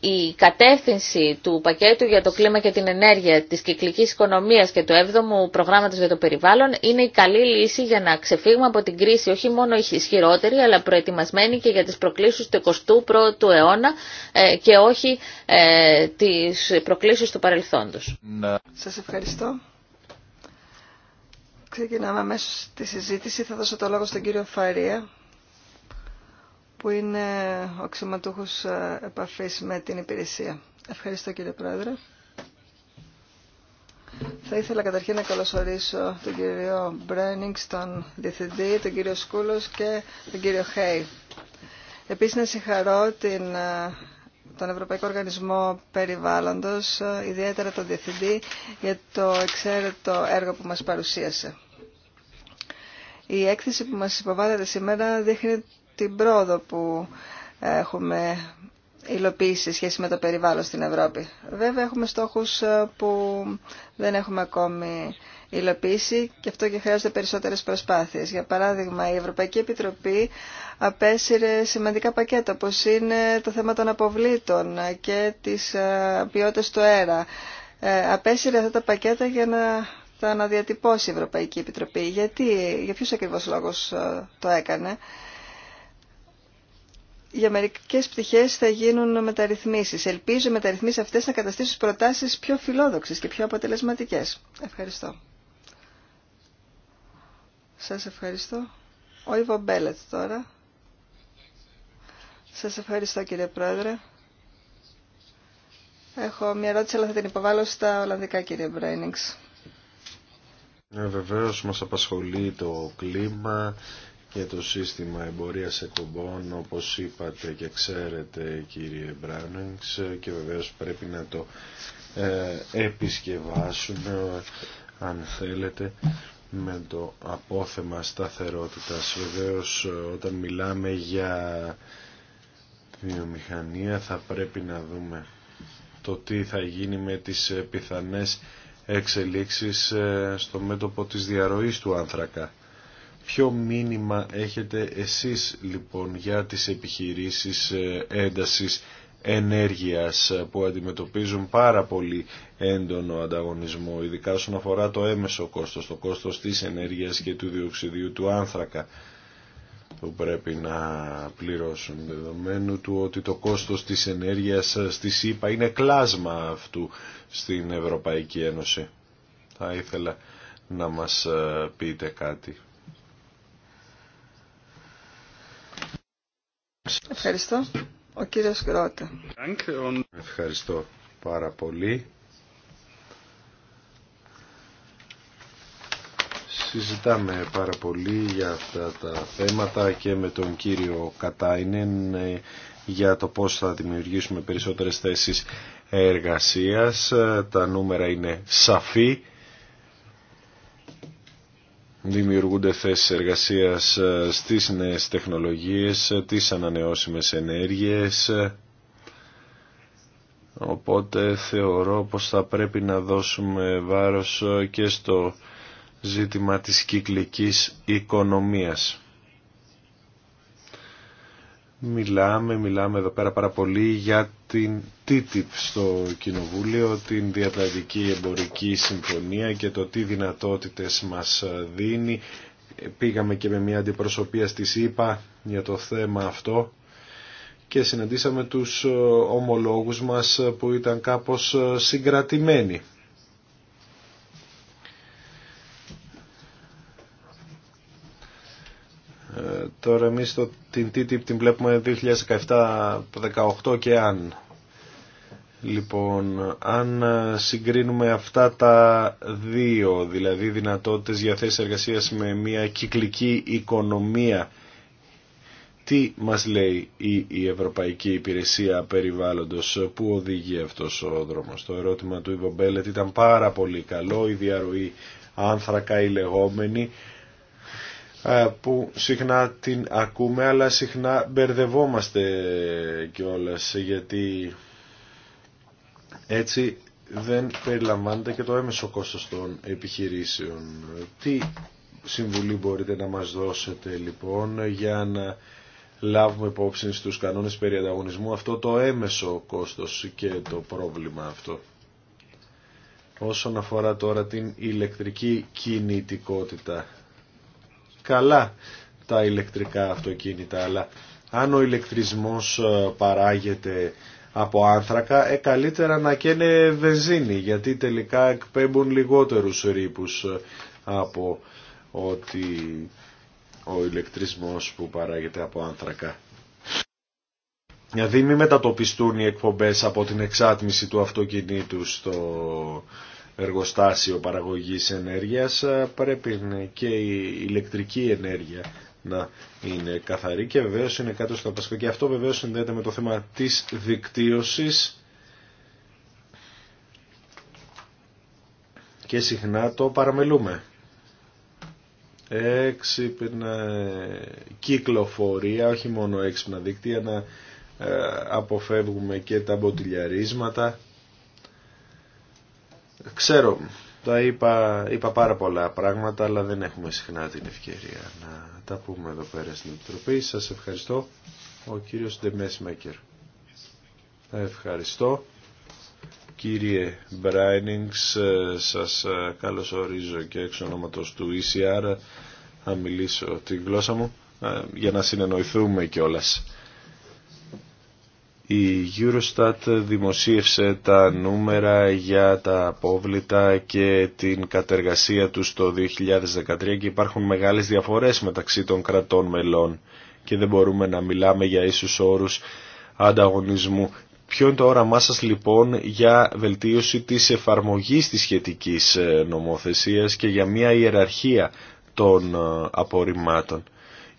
η κατεύθυνση του πακέτου για το κλίμα και την ενέργεια της κυκλικής οικονομίας και του 7ου προγράμματος για το περιβάλλον είναι η καλή λύση για να ξεφύγουμε από την κρίση όχι μόνο ισχυρότερη αλλά προετοιμασμένη και για τις προκλήσεις του 21ου αιώνα ε, και όχι τις προκλήσεις του παρελθόντος. Σας ευχαριστώ. Ξεκινάμε αμέσως τη συζήτηση. Θα δώσω το λόγο στον κύριο Φαρία, που είναι ο αξιωματούχο ε, επαφής με την υπηρεσία. Ευχαριστώ κύριε Πρόεδρε. Θα ήθελα καταρχήν να καλωσορίσω τον κύριο Μπρένινγκ, τον Διευθυντή, τον κύριο Σκούλος και τον κύριο Χέι. Επίσης να συγχαρώ την ε, τον Ευρωπαϊκό Οργανισμό Περιβάλλοντος, ιδιαίτερα τον Διευθυντή, για το εξαίρετο έργο που μας παρουσίασε. Η έκθεση που μας υποβάλλεται σήμερα δείχνει την πρόοδο που έχουμε υλοποιήσει σε σχέση με το περιβάλλον στην Ευρώπη. Βέβαια έχουμε στόχους που δεν έχουμε ακόμη υλοποιήσει και αυτό και χρειάζονται περισσότερες προσπάθειες. Για παράδειγμα, η Ευρωπαϊκή Επιτροπή απέσυρε σημαντικά πακέτα, όπως είναι το θέμα των αποβλήτων και της ε, ποιότητας του αέρα. Ε, απέσυρε αυτά τα πακέτα για να τα αναδιατυπώσει η Ευρωπαϊκή Επιτροπή. Γιατί, για ποιους ακριβώς λόγους ε, το έκανε. Για μερικές πτυχές θα γίνουν μεταρρυθμίσεις. Ελπίζω οι μεταρρυθμίσεις αυτές να καταστήσουν προτάσεις πιο φιλόδοξες και πιο αποτελεσματικές. Ευχαριστώ. Σας ευχαριστώ. Ο Ιβο Μπέλετ τώρα. Σας ευχαριστώ κύριε Πρόεδρε. Έχω μια ερώτηση αλλά θα την υποβάλω στα Ολλανδικά κύριε Μπρέινιγκς. Ε, βεβαίως μας απασχολεί το κλίμα και το σύστημα εμπορίας εκπομπών όπως είπατε και ξέρετε κύριε Μπράνιγκς και βεβαίως πρέπει να το ε, επισκευάσουμε αν θέλετε με το απόθεμα σταθερότητας. Βεβαίως όταν μιλάμε για βιομηχανία θα πρέπει να δούμε το τι θα γίνει με τις ε, πιθανές εξελίξεις ε, στο μέτωπο της διαρροής του άνθρακα. Ποιο μήνυμα έχετε εσείς λοιπόν για τις επιχειρήσεις ε, έντασης ενέργειας που αντιμετωπίζουν πάρα πολύ έντονο ανταγωνισμό, ειδικά όσον αφορά το έμεσο κόστος, το κόστος της ενέργειας και του διοξιδίου του άνθρακα που πρέπει να πληρώσουν δεδομένου του ότι το κόστος της ενέργειας στη ΣΥΠΑ είναι κλάσμα αυτού στην Ευρωπαϊκή Ένωση. Θα ήθελα να μας ε, πείτε κάτι. Ευχαριστώ. Ο κύριος Γκρότα. Ευχαριστώ πάρα πολύ. συζητάμε πάρα πολύ για αυτά τα θέματα και με τον κύριο Κατάινεν ε, για το πώς θα δημιουργήσουμε περισσότερες θέσεις εργασίας. Τα νούμερα είναι σαφή δημιουργούνται θέσεις εργασίας ε, στις νέες τεχνολογίες, ε, τις ανανεώσιμες ενέργειες. Οπότε θεωρώ πως θα πρέπει να δώσουμε βάρος ε, και στο ζήτημα της κυκλικής οικονομίας. Μιλάμε, μιλάμε εδώ πέρα πάρα πολύ για την TTIP στο Κοινοβούλιο, την Διαταδική Εμπορική Συμφωνία και το τι δυνατότητες μας δίνει. Πήγαμε και με μια αντιπροσωπεία στη ΣΥΠΑ για το θέμα αυτό και συναντήσαμε τους ομολόγους μας που ήταν κάπως συγκρατημένοι Τώρα εμείς την TTIP την βλέπουμε 2017-18 και αν. Λοιπόν, αν ε, συγκρίνουμε αυτά τα δύο, δηλαδή δυνατότητες για θέση εργασίας με μια κυκλική οικονομία, τι μας λέει η, Ευρωπαϊκή Υπηρεσία Περιβάλλοντος, πού οδηγεί αυτός ο δρόμος. Το ερώτημα του Ιβομπέλετ ήταν πάρα πολύ καλό, η διαρροή άνθρακα, η λεγόμενη, ε, που συχνά την ακούμε αλλά συχνά μπερδευόμαστε κιόλας γιατί έτσι δεν περιλαμβάνεται και το έμεσο κόστος των επιχειρήσεων. Τι συμβουλή μπορείτε να μας δώσετε λοιπόν για να λάβουμε υπόψη στους κανόνες περί ανταγωνισμού αυτό το έμεσο κόστος και το πρόβλημα αυτό. Όσον αφορά τώρα την ηλεκτρική κινητικότητα καλά τα ηλεκτρικά αυτοκίνητα, αλλά αν ο ηλεκτρισμός ε, παράγεται από άνθρακα, ε, καλύτερα να καίνε βενζίνη, γιατί τελικά εκπέμπουν λιγότερους ρήπους ε, από ότι ο ηλεκτρισμός που παράγεται από άνθρακα. Δηλαδή μη μετατοπιστούν οι εκπομπές από την εξάτμιση του αυτοκινήτου στο εργοστάσιο παραγωγής ενέργειας ε, πρέπει και η ηλεκτρική ενέργεια να είναι καθαρή και βεβαίως είναι κάτω στο κατασκευή. και αυτό βεβαίως συνδέεται με το θέμα της δικτύωσης και συχνά το παραμελούμε. Έξυπνα κυκλοφορία, όχι μόνο έξυπνα δίκτυα, να ε, αποφεύγουμε και τα μποτιλιαρίσματα ξέρω, τα είπα, είπα πάρα πολλά πράγματα, αλλά δεν έχουμε συχνά την ευκαιρία να τα πούμε εδώ πέρα στην Επιτροπή. Σας ευχαριστώ, ο κύριος Μέκερ. Ευχαριστώ. Κύριε Μπράινινγκς, σας καλωσορίζω και εξ ονόματος του ECR. Θα μιλήσω τη γλώσσα μου ε, για να συνεννοηθούμε κιόλας. Η Eurostat δημοσίευσε τα νούμερα για τα απόβλητα και την κατεργασία του το 2013 και υπάρχουν μεγάλες διαφορές μεταξύ των κρατών μελών και δεν μπορούμε να μιλάμε για ίσους όρους ανταγωνισμού. Ποιο είναι το όραμά σας λοιπόν για βελτίωση της εφαρμογής της σχετικής ε, νομοθεσίας και για μια ιεραρχία των ε, απορριμμάτων.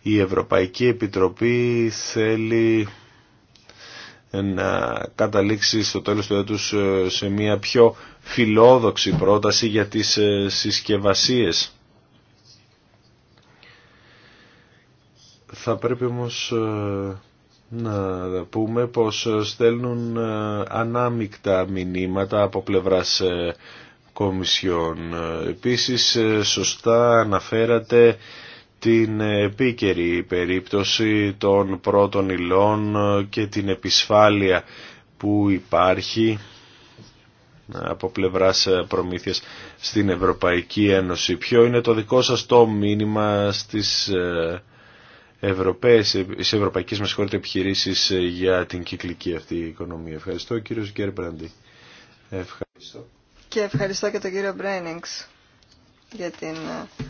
Η Ευρωπαϊκή Επιτροπή θέλει να καταλήξει στο τέλος του έτους ε, σε μια πιο φιλόδοξη πρόταση για τις ε, συσκευασίες. Θα πρέπει όμως ε, να πούμε πως στέλνουν ανάμικτα μηνύματα από πλευράς κομισιών Επίσης σωστά αναφέρατε την επίκαιρη περίπτωση των πρώτων υλών και την επισφάλεια που υπάρχει από πλευράς προμήθειας στην Ευρωπαϊκή Ένωση. Ποιο είναι το δικό σας το μήνυμα στις ε, Ευρωπαίες, ευρωπαϊκές μας επιχειρήσεις για την κυκλική αυτή οικονομία. Ευχαριστώ κύριο Γκέρμπραντι. Ευχαριστώ. Και ευχαριστώ και τον κύριο Μπρένιγκς για την ε,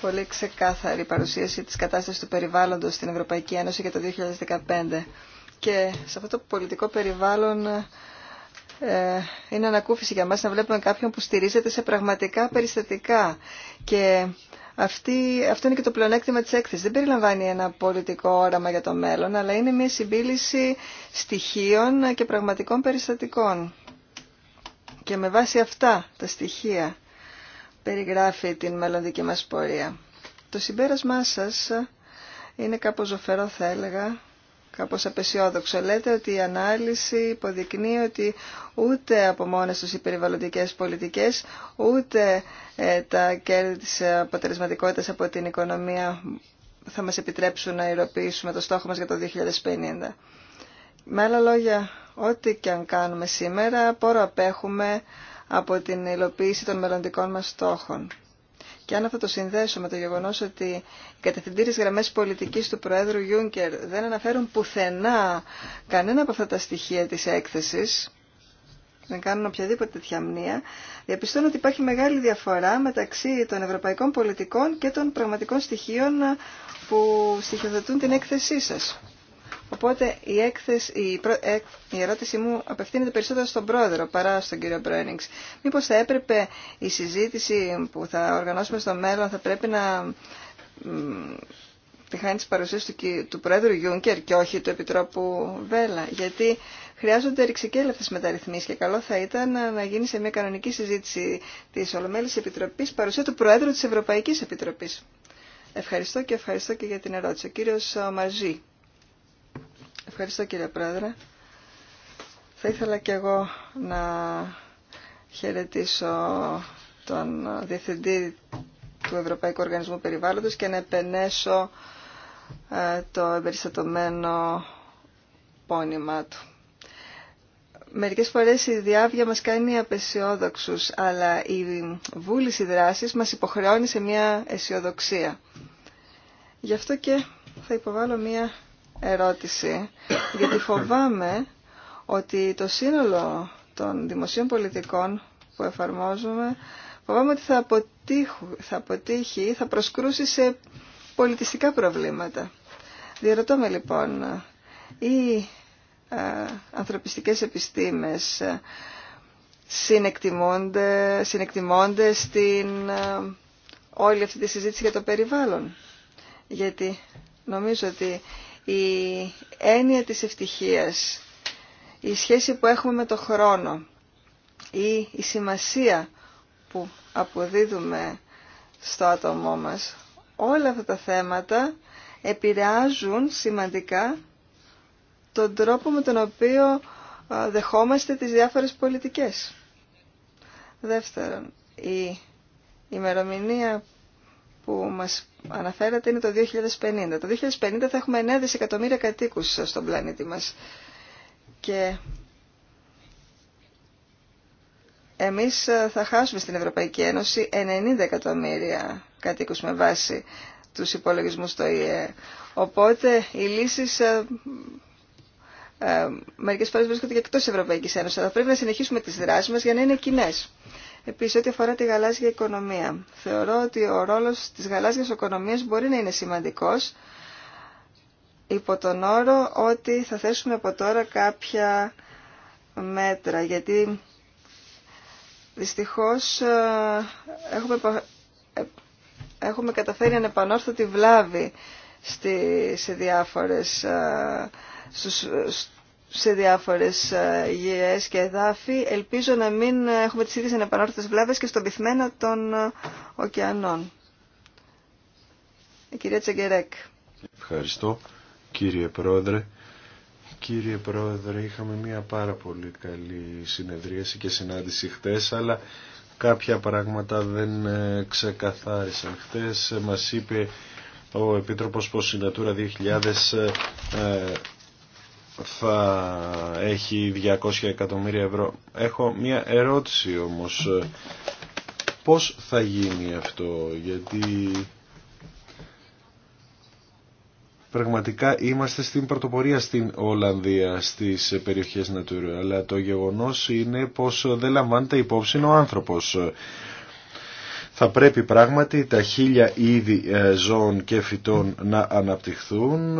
πολύ ξεκάθαρη παρουσίαση της κατάστασης του περιβάλλοντος στην Ευρωπαϊκή Ένωση για το 2015. Και σε αυτό το πολιτικό περιβάλλον ε, είναι ανακούφιση για μας να βλέπουμε κάποιον που στηρίζεται σε πραγματικά περιστατικά. Και αυτή, αυτό είναι και το πλεονέκτημα της έκθεσης. Δεν περιλαμβάνει ένα πολιτικό όραμα για το μέλλον, αλλά είναι μια συμπίληση στοιχείων και πραγματικών περιστατικών. Και με βάση αυτά τα στοιχεία περιγράφει την μελλοντική μας πορεία. Το συμπέρασμά σας είναι κάπως ζωφερό θα έλεγα, κάπως απεσιόδοξο. Λέτε ότι η ανάλυση υποδεικνύει ότι ούτε από μόνες τους οι περιβαλλοντικές πολιτικές, ούτε ε, τα κέρδη της αποτελεσματικότητας από την οικονομία θα μας επιτρέψουν να υλοποιήσουμε το στόχο μας για το 2050. Με άλλα λόγια, ό,τι και αν κάνουμε σήμερα, πόρο απέχουμε από την υλοποίηση των μελλοντικών μας στόχων. Και αν αυτό το συνδέσω με το γεγονός ότι οι κατευθυντήριε γραμμές πολιτικής του Προέδρου Γιούνκερ δεν αναφέρουν πουθενά κανένα από αυτά τα στοιχεία της έκθεσης, δεν κάνουν οποιαδήποτε τέτοια μνήμα, διαπιστώνω ότι υπάρχει μεγάλη διαφορά μεταξύ των ευρωπαϊκών πολιτικών και των πραγματικών στοιχείων που στοιχειοθετούν την έκθεσή σας. Οπότε η, έκθεση, η, η ερώτησή μου απευθύνεται περισσότερο στον πρόεδρο παρά στον κύριο Μπρόνιξ. Μήπως θα έπρεπε η συζήτηση που θα οργανώσουμε στο μέλλον θα πρέπει να τη χάνει τη παρουσία του, του Πρόεδρου Γιούνκερ και όχι του Επιτρόπου Βέλα. Γιατί χρειάζονται ρηξικέλευτε μεταρρυθμίσει και καλό θα ήταν να γίνει σε μια κανονική συζήτηση τη Ολομέλη Επιτροπή παρουσία του Προέδρου τη Ευρωπαϊκή Επιτροπή. Ευχαριστώ και ευχαριστώ και για την ερώτηση. Ο κύριο Μαζή. Ευχαριστώ κύριε Πρόεδρε. Θα ήθελα και εγώ να χαιρετήσω τον Διευθυντή του Ευρωπαϊκού Οργανισμού Περιβάλλοντος και να επενέσω ε, το εμπεριστατωμένο πόνημά του. Μερικές φορές η διάβια μας κάνει απεσιόδοξους, αλλά η βούληση δράσης μας υποχρεώνει σε μια αισιοδοξία. Γι' αυτό και θα υποβάλω μια ερώτηση, γιατί φοβάμαι ότι το σύνολο των δημοσίων πολιτικών που εφαρμόζουμε φοβάμαι ότι θα, θα αποτύχει, θα προσκρούσει σε πολιτιστικά προβλήματα. Διερωτώ με λοιπόν, οι ε, ανθρωπιστικές επιστήμες ε, συνεκτιμώνται, συνεκτιμώνται στην ε, όλη αυτή τη συζήτηση για το περιβάλλον. Γιατί νομίζω ότι η έννοια της ευτυχίας, η σχέση που έχουμε με το χρόνο ή η σημασία που αποδίδουμε στο άτομό μας, όλα αυτά τα θέματα επηρεάζουν σημαντικά τον τρόπο με τον οποίο δεχόμαστε τις διάφορες πολιτικές. Δεύτερον, η ημερομηνία που μας αναφέρατε είναι το 2050. Το 2050 θα έχουμε 9 δισεκατομμύρια κατοίκους στον πλανήτη μας. Και εμείς ε, θα χάσουμε στην Ευρωπαϊκή Ένωση 90 εκατομμύρια κατοίκους με βάση τους υπολογισμούς στο ΙΕ. Οπότε οι λύσεις ε, ε μερικές φορές βρίσκονται και εκτός της Ευρωπαϊκής Ένωσης. Θα πρέπει να συνεχίσουμε τις δράσεις μας για να είναι κοινέ. Επίση, ό,τι αφορά τη γαλάζια οικονομία, θεωρώ ότι ο ρόλος τη γαλάζιας οικονομία μπορεί να είναι σημαντικός, υπό τον όρο ότι θα θέσουμε από τώρα κάποια μέτρα, γιατί δυστυχώς ε, έχουμε, ε, έχουμε καταφέρει ανεπανόρθωτη βλάβη στις διάφορες ε, στους, σε διάφορες ε, γεές και εδάφη. Ελπίζω να μην έχουμε τις ίδιες ανεπανόρθωτες βλάβες και στον πυθμένα των ε, ωκεανών. Η κυρία Τσεγκερέκ. Ευχαριστώ κύριε Πρόεδρε. Κύριε Πρόεδρε, είχαμε μια πάρα πολύ καλή συνεδρίαση και συνάντηση χτες, αλλά κάποια πράγματα δεν ε, ξεκαθάρισαν. Χτες μας είπε ο επίτροπο Ποσυνατούρα η Natura θα έχει 200 εκατομμύρια ευρώ. Έχω μια ερώτηση όμως. Πώς θα γίνει αυτό, γιατί πραγματικά είμαστε στην πρωτοπορία στην Ολλανδία, στις περιοχές Natura, αλλά το γεγονός είναι πως δεν λαμβάνεται υπόψη ο άνθρωπος. Θα πρέπει πράγματι τα χίλια είδη ε, ζώων και φυτών να αναπτυχθούν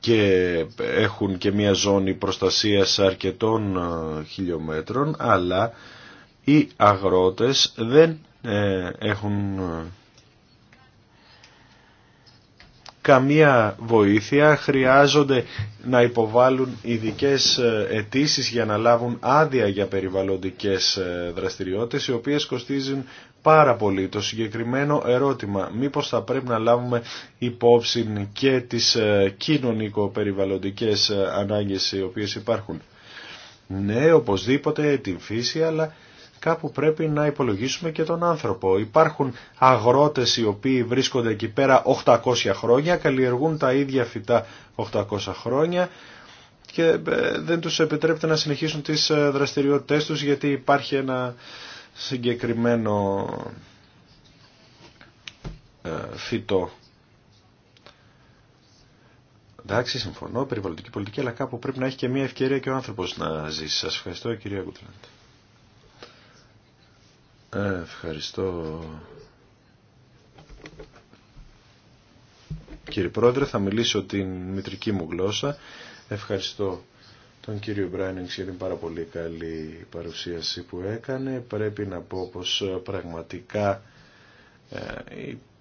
και έχουν και μια ζώνη προστασίας αρκετών ε, χιλιόμετρων αλλά οι αγρότες δεν ε, έχουν ε, καμία βοήθεια, χρειάζονται να υποβάλουν ειδικέ αιτήσει για να λάβουν άδεια για περιβαλλοντικές δραστηριότητες οι οποίες κοστίζουν πάρα πολύ το συγκεκριμένο ερώτημα. Μήπως θα πρέπει να λάβουμε υπόψη και τις ε, κοινωνικο-περιβαλλοντικές ε, ανάγκες οι οποίες υπάρχουν. Ναι, οπωσδήποτε την φύση, αλλά κάπου πρέπει να υπολογίσουμε και τον άνθρωπο. Υπάρχουν αγρότες οι οποίοι βρίσκονται εκεί πέρα 800 χρόνια, καλλιεργούν τα ίδια φυτά 800 χρόνια και ε, δεν τους επιτρέπεται να συνεχίσουν τις δραστηριότητές τους γιατί υπάρχει ένα συγκεκριμένο ε, φυτό. Εντάξει, συμφωνώ, περιβαλλοντική πολιτική, αλλά κάπου πρέπει να έχει και μια ευκαιρία και ο άνθρωπος να ζήσει. Σας ευχαριστώ, κυρία Γκουτλάντ. Ε, ευχαριστώ. Κύριε Πρόεδρε, θα μιλήσω την μητρική μου γλώσσα. Ευχαριστώ τον κύριο Μπράινινγκς για την πάρα πολύ καλή παρουσίαση που έκανε. Πρέπει να πω πως ε, πραγματικά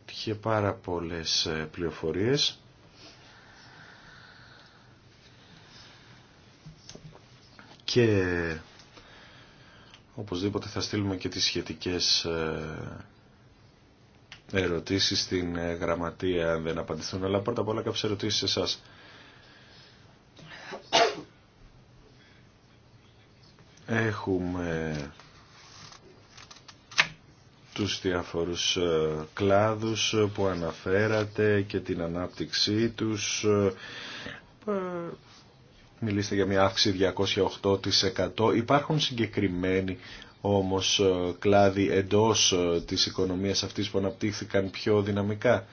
είχε πάρα πολλές ε, πληροφορίες. Και οπωσδήποτε θα στείλουμε και τις σχετικές ε, ερωτήσεις στην γραμματεία αν δεν απαντηθούν. Αλλά πρώτα απ' όλα κάποιες ερωτήσεις σε εσάς. Έχουμε τους διάφορους ε, κλάδους που αναφέρατε και την ανάπτυξή τους. Ε, ε, μιλήστε για μια αύξηση 208%. Υπάρχουν συγκεκριμένοι όμως κλάδοι εντός της οικονομίας αυτής που αναπτύχθηκαν πιο δυναμικά.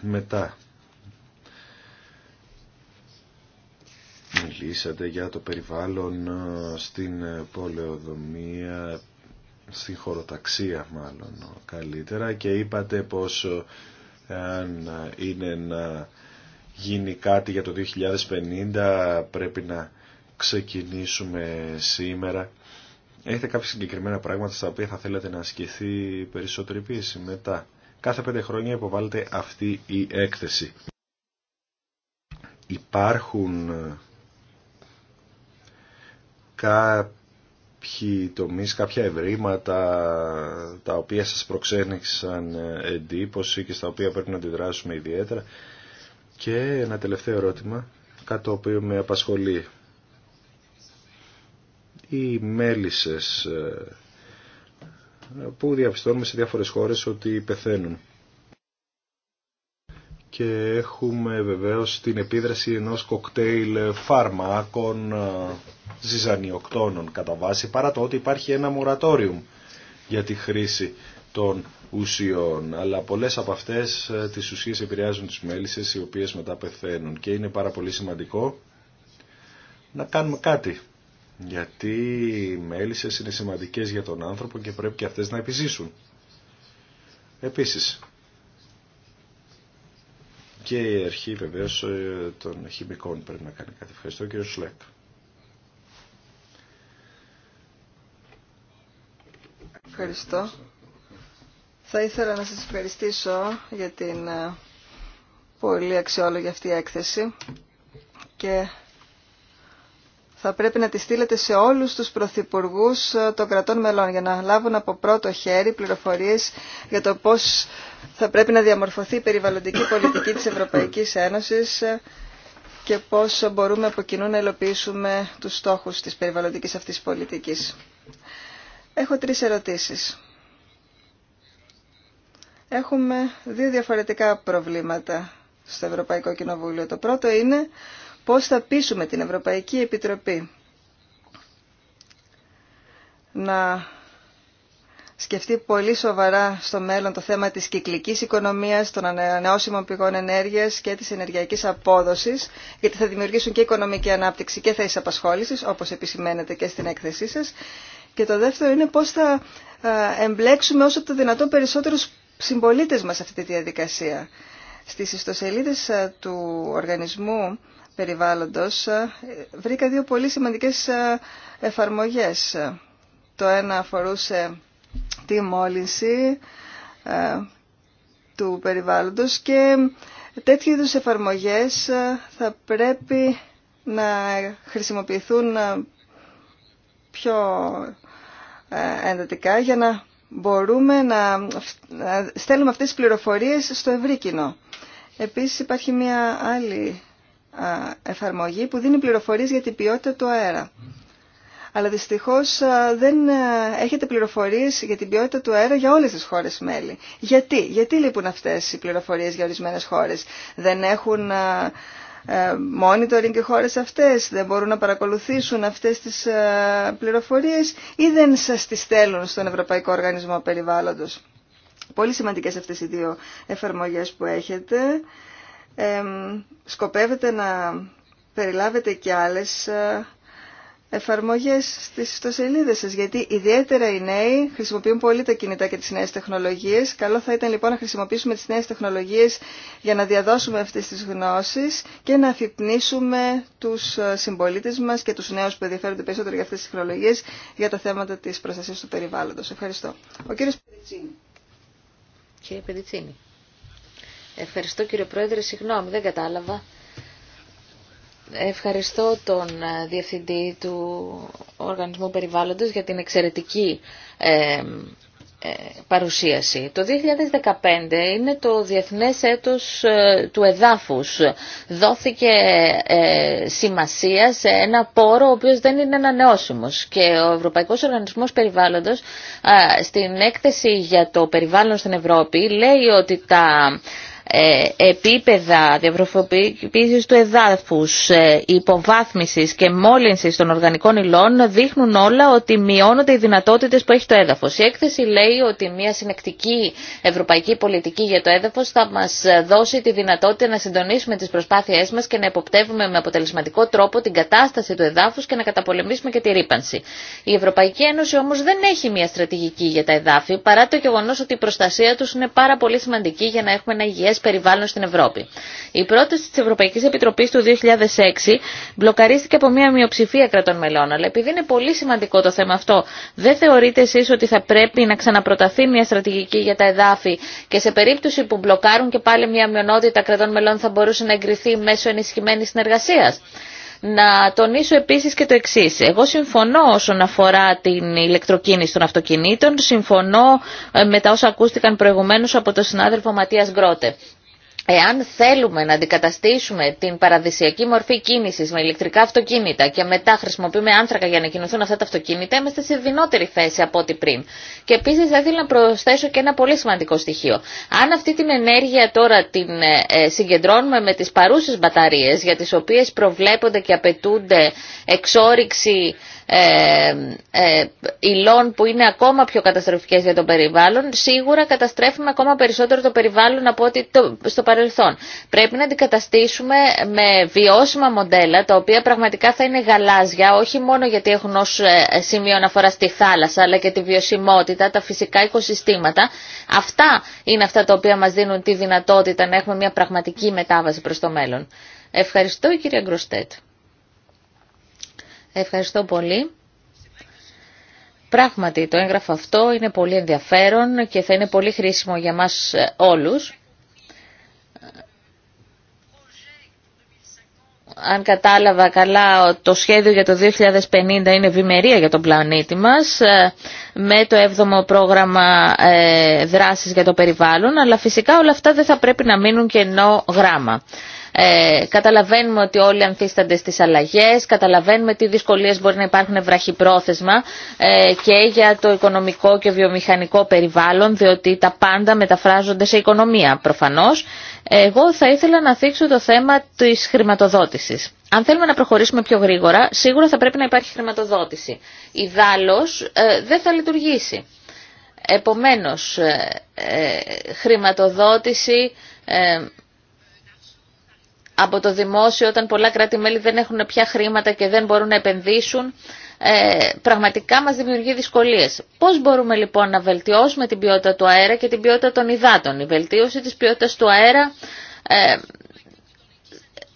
Μετά, μιλήσατε για το περιβάλλον ε, στην ε, πολεοδομία, στην χωροταξία μάλλον ε, καλύτερα και είπατε πως αν είναι να γίνει κάτι για το 2050 πρέπει να ξεκινήσουμε σήμερα. Έχετε κάποια συγκεκριμένα πράγματα στα οποία θα θέλατε να ασκηθεί περισσότερη πίεση μετά. Κάθε πέντε χρόνια υποβάλλεται αυτή η έκθεση. Υπάρχουν κάποιοι τομείς, κάποια ευρήματα τα οποία σας προξένεξαν εντύπωση και στα οποία πρέπει να αντιδράσουμε ιδιαίτερα. Και ένα τελευταίο ερώτημα, κάτι το οποίο με απασχολεί. Οι μέλισσες ε, που διαπιστώνουμε σε διάφορες χώρες ότι πεθαίνουν και έχουμε βεβαίως την επίδραση ενός κοκτέιλ φαρμάκων ε, ζυζανιοκτώνων κατά βάση παρά το ότι υπάρχει ένα μορατόριουμ για τη χρήση των ουσιών αλλά πολλές από αυτές ε, τις ουσίες επηρεάζουν τις μέλισσες οι οποίες μετά πεθαίνουν και είναι πάρα πολύ σημαντικό να κάνουμε κάτι γιατί οι μέλισσες είναι σημαντικές για τον άνθρωπο και πρέπει και αυτές να επιζήσουν. Επίσης, και η αρχή βεβαίω ε, των χημικών πρέπει να κάνει κάτι. Ευχαριστώ κύριο Σλέκ. Ευχαριστώ. Θα ήθελα να σας ευχαριστήσω για την ε, πολύ αξιόλογη αυτή έκθεση και θα πρέπει να τη στείλετε σε όλους τους πρωθυπουργού ε, των κρατών μελών για να λάβουν από πρώτο χέρι πληροφορίες για το πώς θα πρέπει να διαμορφωθεί η περιβαλλοντική πολιτική της Ευρωπαϊκής Ένωσης ε, και πώς μπορούμε από κοινού να υλοποιήσουμε τους στόχους της περιβαλλοντικής αυτής πολιτικής. Έχω τρεις ερωτήσεις. Έχουμε δύο διαφορετικά προβλήματα στο Ευρωπαϊκό Κοινοβούλιο. Το πρώτο είναι πώς θα πείσουμε την Ευρωπαϊκή Επιτροπή να σκεφτεί πολύ σοβαρά στο μέλλον το θέμα της κυκλικής οικονομίας, των ανανεώσιμων πηγών ενέργειας και της ενεργειακής απόδοσης, γιατί θα δημιουργήσουν και οικονομική ανάπτυξη και θέσεις απασχόλησης, όπως επισημαίνεται και στην έκθεσή σας. Και το δεύτερο είναι πώς θα ε, εμπλέξουμε όσο το δυνατόν περισσότερους συμπολίτες μας σε αυτή τη διαδικασία. Στις ιστοσελίδες ε, του οργανισμού περιβάλλοντος ε, βρήκα δύο πολύ σημαντικές ε, εφαρμογές. Το ένα αφορούσε τη μόλυνση ε, του περιβάλλοντος και τέτοιου είδους εφαρμογές θα πρέπει να χρησιμοποιηθούν πιο εντατικά για να μπορούμε να στέλνουμε αυτές τις πληροφορίες στο ευρύ κοινό. Επίσης υπάρχει μια άλλη εφαρμογή που δίνει πληροφορίες για την ποιότητα του αέρα. Αλλά δυστυχώς δεν έχετε πληροφορίες για την ποιότητα του αέρα για όλες τις χώρες μέλη. Γιατί, γιατί λείπουν αυτές οι πληροφορίες για ορισμένες χώρες. Δεν έχουν ε, monitoring οι χώρες αυτές, δεν μπορούν να παρακολουθήσουν αυτές τις πληροφορίες ή δεν σας τις στέλνουν στον Ευρωπαϊκό Οργανισμό Περιβάλλοντος. Πολύ σημαντικές αυτές οι δύο εφαρμογές που έχετε σκοπεύετε να περιλάβετε και άλλες ε, εφαρμογές στις ιστοσελίδες σας, γιατί ιδιαίτερα οι νέοι χρησιμοποιούν πολύ τα κινητά και τις νέες τεχνολογίες. Καλό θα ήταν λοιπόν να χρησιμοποιήσουμε τις νέες τεχνολογίες για να διαδώσουμε αυτές τις γνώσεις και να αφυπνίσουμε τους ε, συμπολίτες μας και τους νέους που ενδιαφέρονται περισσότερο για αυτές τις τεχνολογίες για τα θέματα της προστασίας του περιβάλλοντος. Ευχαριστώ. Ο κύριος Ευχαριστώ κύριε Πρόεδρε, συγγνώμη, δεν κατάλαβα. Ευχαριστώ τον ε, Διευθυντή του Οργανισμού Περιβάλλοντος για την εξαιρετική ε, ε, παρουσίαση. Το 2015 είναι το διεθνές έτος του εδάφους. Δόθηκε σημασία σε ένα πόρο ο οποίος δεν είναι ανανεώσιμος και ο Ευρωπαϊκός Οργανισμός Περιβάλλοντος στην έκθεση για το περιβάλλον στην Ευρώπη λέει ότι τα ε, επίπεδα διαβροφοποίησης του εδάφους, ε, υποβάθμιση και μόλυνσης των οργανικών υλών δείχνουν όλα ότι μειώνονται οι δυνατότητες που έχει το έδαφος. Η έκθεση λέει ότι μια συνεκτική ευρωπαϊκή πολιτική για το έδαφος θα μας δώσει τη δυνατότητα να συντονίσουμε τις προσπάθειές μας και να εποπτεύουμε με αποτελεσματικό τρόπο την κατάσταση του εδάφους και να καταπολεμήσουμε και τη ρήπανση. Η Ευρωπαϊκή Ένωση όμως δεν έχει μια στρατηγική για τα εδάφη παρά το γεγονός ότι η προστασία του είναι πάρα πολύ σημαντική για να έχουμε ένα υγιές περιβάλλον στην Ευρώπη. Η πρόταση τη Ευρωπαϊκή Επιτροπή του 2006 μπλοκαρίστηκε από μια μειοψηφία κρατών μελών. Αλλά επειδή είναι πολύ σημαντικό το θέμα αυτό, δεν θεωρείτε εσεί ότι θα πρέπει να ξαναπροταθεί μια στρατηγική για τα εδάφη και σε περίπτωση που μπλοκάρουν και πάλι μια μειονότητα κρατών μελών θα μπορούσε να εγκριθεί μέσω ενισχυμένη συνεργασία. Να τονίσω επίσης και το εξή. Εγώ συμφωνώ όσον αφορά την ηλεκτροκίνηση των αυτοκινήτων, συμφωνώ ε, με τα όσα ακούστηκαν προηγουμένως από τον συνάδελφο Ματίας Γκρότε. Εάν θέλουμε να αντικαταστήσουμε την παραδοσιακή μορφή κίνησης με ηλεκτρικά αυτοκίνητα και μετά χρησιμοποιούμε άνθρακα για να κινηθούν αυτά τα αυτοκίνητα, είμαστε σε δυνότερη θέση από ό,τι πριν. Και επίσης θα ήθελα να προσθέσω και ένα πολύ σημαντικό στοιχείο. Αν αυτή την ενέργεια τώρα την ε, ε, συγκεντρώνουμε με τις παρούσες μπαταρίες, για τις οποίες προβλέπονται και απαιτούνται εξόριξη ε, ε, υλών που είναι ακόμα πιο καταστροφικές για το περιβάλλον, σίγουρα καταστρέφουμε ακόμα περισσότερο το περιβάλλον από ό,τι στο παρελθόν. Πρέπει να αντικαταστήσουμε με βιώσιμα μοντέλα, τα οποία πραγματικά θα είναι γαλάζια, όχι μόνο γιατί έχουν ως ε, σημείο αναφορά στη θάλασσα, αλλά και τη βιωσιμότητα, τα φυσικά οικοσυστήματα. Αυτά είναι αυτά τα οποία μας δίνουν τη δυνατότητα να έχουμε μια πραγματική μετάβαση προς το μέλλον. Ευχαριστώ κυρία Γκροστέτ. Ευχαριστώ πολύ. Πράγματι, το έγγραφο αυτό είναι πολύ ενδιαφέρον και θα είναι πολύ χρήσιμο για μας ε, όλους. αν κατάλαβα καλά, το σχέδιο για το 2050 είναι ευημερία για τον πλανήτη μας ε, με το 7ο πρόγραμμα ε, δράσης για το περιβάλλον, αλλά φυσικά όλα αυτά δεν θα πρέπει να μείνουν κενό γράμμα. Ε, καταλαβαίνουμε ότι όλοι ανθίστανται στις αλλαγές, καταλαβαίνουμε τι δυσκολίες μπορεί να υπάρχουν βραχυπρόθεσμα ε, και για το οικονομικό και βιομηχανικό περιβάλλον, διότι τα πάντα μεταφράζονται σε οικονομία προφανώς. Εγώ θα ήθελα να θίξω το θέμα της χρηματοδότησης. Αν θέλουμε να προχωρήσουμε πιο γρήγορα, σίγουρα θα πρέπει να υπάρχει χρηματοδότηση. η ε, δεν θα λειτουργήσει. Επομένως, ε, ε, χρηματοδότηση από το δημόσιο όταν πολλά κράτη-μέλη δεν έχουν πια χρήματα και δεν μπορούν να επενδύσουν, ε, πραγματικά μας δημιουργεί δυσκολίες. Πώς μπορούμε λοιπόν να βελτιώσουμε την ποιότητα του αέρα και την ποιότητα των υδάτων. Η βελτίωση της ποιότητας του αέρα ε,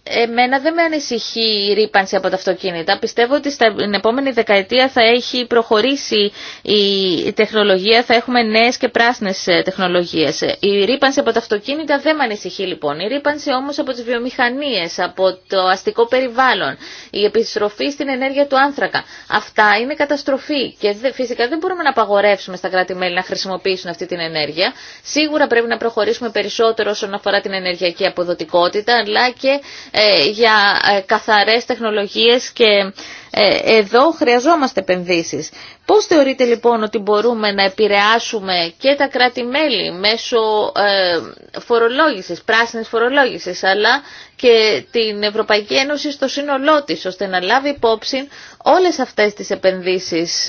Εμένα δεν με ανησυχεί η ρήπανση από τα αυτοκίνητα. Πιστεύω ότι στην επόμενη δεκαετία θα έχει προχωρήσει η τεχνολογία, θα έχουμε νέε και πράσινε τεχνολογίε. Η ρήπανση από τα αυτοκίνητα δεν με ανησυχεί λοιπόν. Η ρήπανση όμω από τι βιομηχανίε, από το αστικό περιβάλλον, η επιστροφή στην ενέργεια του άνθρακα. Αυτά είναι καταστροφή και φυσικά δεν μπορούμε να απαγορεύσουμε στα κράτη-μέλη να χρησιμοποιήσουν αυτή την ενέργεια. Σίγουρα πρέπει να προχωρήσουμε περισσότερο όσον αφορά την ενεργειακή αποδοτικότητα, αλλά και ε, για ε, καθαρές τεχνολογίες και ε, εδώ χρειαζόμαστε επενδύσεις. Πώς θεωρείτε λοιπόν ότι μπορούμε να επηρεάσουμε και τα κράτη-μέλη μέσω φορολόγησης, πράσινης φορολόγησης, αλλά και την Ευρωπαϊκή Ένωση στο σύνολό της, ώστε να λάβει υπόψη όλες αυτές τις επενδύσεις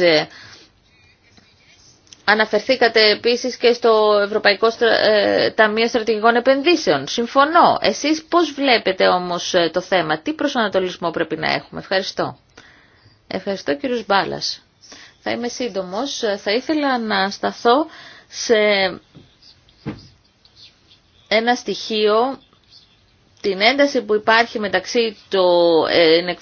Αναφερθήκατε επίσης και στο Ευρωπαϊκό ε, Ταμείο Στρατηγικών Επενδύσεων. Συμφωνώ. Εσείς πώς βλέπετε όμως ε, το θέμα, τι προσανατολισμό πρέπει να έχουμε. Ευχαριστώ. Ευχαριστώ κύριος Μπάλας. Θα είμαι σύντομος. Ε, θα ήθελα να σταθώ σε ένα στοιχείο την ένταση που υπάρχει μεταξύ ε,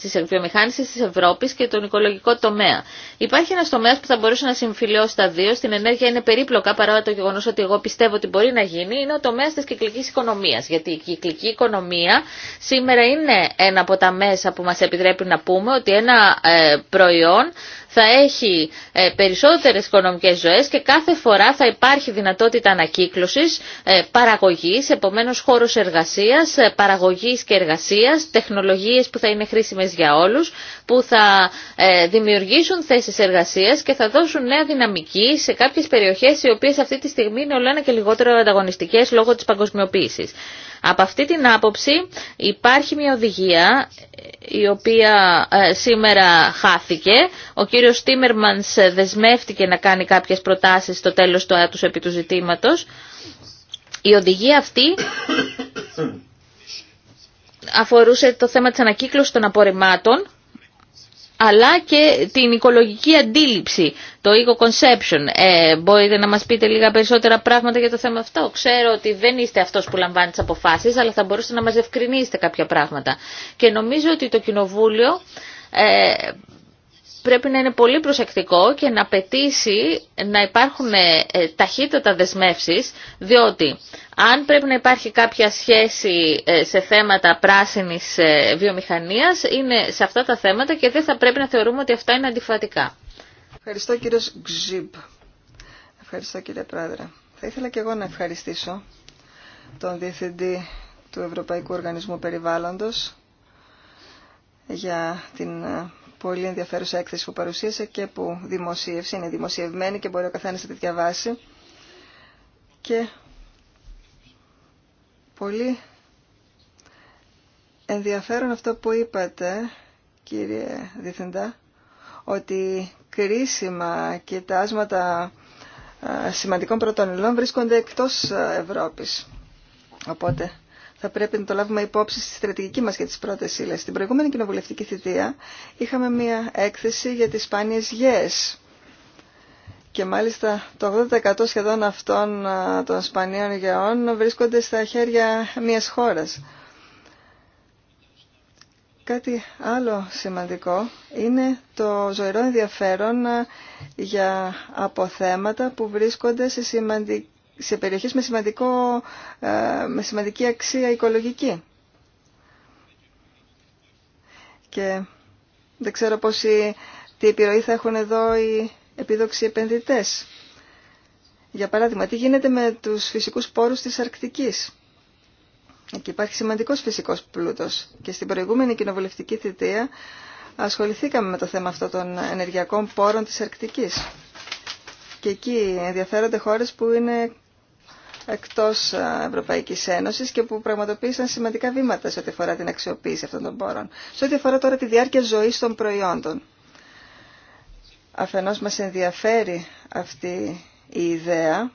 της εκβιομηχάνησης της Ευρώπης και τον οικολογικό τομέα. Υπάρχει ένας τομέας που θα μπορούσε να συμφιλειώσει τα δύο. Στην ενέργεια είναι περίπλοκα παρά το γεγονός ότι εγώ πιστεύω ότι μπορεί να γίνει. Είναι ο τομέας της κυκλικής οικονομίας. Γιατί η κυκλική οικονομία σήμερα είναι ένα από τα μέσα που μας επιτρέπει να πούμε ότι ένα ε, προϊόν θα έχει ε, περισσότερες οικονομικές ζωές και κάθε φορά θα υπάρχει δυνατότητα ανακύκλωσης, ε, παραγωγής, επομένως χώρος εργασίας, ε, παραγωγής και εργασίας, τεχνολογίες που θα είναι χρήσιμες για όλους, που θα δημιουργήσουν θέσεις εργασίας και θα δώσουν νέα δυναμική σε κάποιες περιοχές οι οποίες αυτή τη στιγμή είναι ένα και λιγότερο ανταγωνιστικές λόγω της παγκοσμιοποίησης. Από αυτή την άποψη υπάρχει μια οδηγία η οποία ε, σήμερα χάθηκε. Ο κύριος Τίμερμανς δεσμεύτηκε να κάνει κάποιες προτάσεις στο τέλος του έτους επί του ζητήματος. Η οδηγία αυτή αφορούσε το θέμα της ανακύκλωσης των απορριμμάτων αλλά και την οικολογική αντίληψη, το eco-conception. Ε, μπορείτε να μας πείτε λίγα περισσότερα πράγματα για το θέμα αυτό. Ξέρω ότι δεν είστε αυτός που λαμβάνει τις αποφάσεις, αλλά θα μπορούσατε να μας ευκρινίσετε κάποια πράγματα. Και νομίζω ότι το Κοινοβούλιο ε, πρέπει να είναι πολύ προσεκτικό και να απαιτήσει να υπάρχουν ε, ε, ταχύτατα δεσμεύσεις, διότι αν πρέπει να υπάρχει κάποια σχέση ε, σε θέματα πράσινης βιομηχανίας, είναι σε αυτά τα θέματα και δεν θα πρέπει να θεωρούμε ότι αυτά είναι αντιφατικά. Ευχαριστώ κύριε Γκζιμπ. Ευχαριστώ κύριε Πράδρα. Θα ήθελα και εγώ να ευχαριστήσω τον Διευθυντή του Ευρωπαϊκού Οργανισμού Περιβάλλοντος για την πολύ ενδιαφέρουσα έκθεση που παρουσίασε και που δημοσίευσε, είναι δημοσιευμένη και μπορεί ο καθένας να τη διαβάσει. Και πολύ ενδιαφέρον αυτό που είπατε, κύριε Διθεντά, ότι κρίσιμα κοιτάσματα ε, σημαντικών πρωτονυλών βρίσκονται εκτός Ευρώπης. Οπότε θα πρέπει να το λάβουμε υπόψη στη στρατηγική μας για τις πρώτες ύλες. Στην προηγούμενη κοινοβουλευτική θητεία είχαμε μία έκθεση για τις σπάνιες γέες. Και μάλιστα το 80% σχεδόν αυτών των σπανίων γεών βρίσκονται στα χέρια μιας χώρας. Κάτι άλλο σημαντικό είναι το ζωηρό ενδιαφέρον για αποθέματα που βρίσκονται σε σημαντική σε περιοχές με, σημαντικό, ε, με σημαντική αξία οικολογική. Και δεν ξέρω πώς η, τι επιρροή θα έχουν εδώ οι επίδοξοι επενδυτές. Για παράδειγμα, τι γίνεται με τους φυσικούς πόρους της Αρκτικής. Εκεί υπάρχει σημαντικός φυσικός πλούτος και στην προηγούμενη κοινοβουλευτική θητεία ασχοληθήκαμε με το θέμα αυτό των ενεργειακών πόρων της Αρκτικής. Και εκεί ενδιαφέρονται χώρες που είναι εκτός ε, Ευρωπαϊκής Ένωσης και που πραγματοποίησαν σημαντικά βήματα σε ό,τι αφορά την αξιοποίηση αυτών των πόρων. Σε ό,τι αφορά τώρα τη διάρκεια ζωής των προϊόντων. Αφενός μας ενδιαφέρει αυτή η ιδέα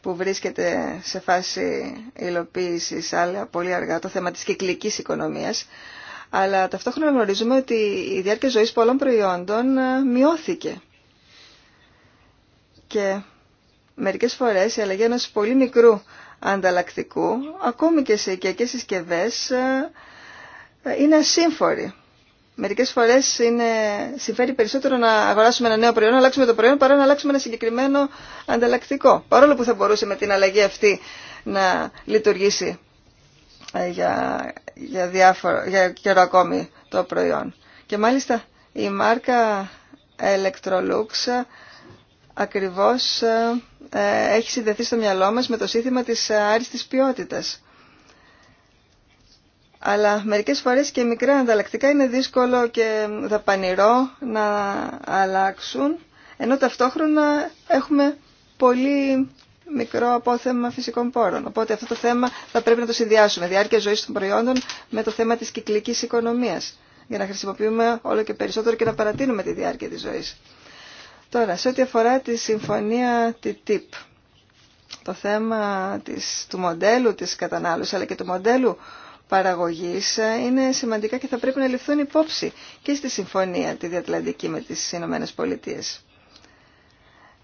που βρίσκεται σε φάση υλοποίησης, αλλά πολύ αργά, το θέμα της κυκλικής οικονομίας. Αλλά ταυτόχρονα γνωρίζουμε ότι η διάρκεια ζωής πολλών προϊόντων ε, μειώθηκε. Και μερικές φορές η αλλαγή ενός πολύ μικρού ανταλλακτικού, ακόμη και σε οικιακές συσκευέ ε, είναι ασύμφορη. Μερικές φορές είναι, συμφέρει περισσότερο να αγοράσουμε ένα νέο προϊόν, να αλλάξουμε το προϊόν, παρά να αλλάξουμε ένα συγκεκριμένο ανταλλακτικό. Παρόλο που θα μπορούσε με την αλλαγή αυτή να λειτουργήσει ε, για, για, διάφορο, για καιρό ακόμη το προϊόν. Και μάλιστα η μάρκα Electrolux ακριβώς ε, ε, έχει συνδεθεί στο μυαλό μας με το σύνθημα της άριστης ποιότητας. Αλλά μερικές φορές και μικρά ανταλλακτικά είναι δύσκολο και δαπανηρό να αλλάξουν, ενώ ταυτόχρονα έχουμε πολύ μικρό απόθεμα φυσικών πόρων. Οπότε αυτό το θέμα θα πρέπει να το συνδυάσουμε, διάρκεια ζωής των προϊόντων με το θέμα της κυκλικής οικονομίας, για να χρησιμοποιούμε όλο και περισσότερο και να παρατείνουμε τη διάρκεια της ζωής. Τώρα, σε ό,τι αφορά τη συμφωνία TTIP, το θέμα της, του μοντέλου της κατανάλωσης αλλά και του μοντέλου παραγωγής ε, είναι σημαντικά και θα πρέπει να ληφθούν υπόψη και στη συμφωνία τη Διατλαντική με τις Ηνωμένες Πολιτείες.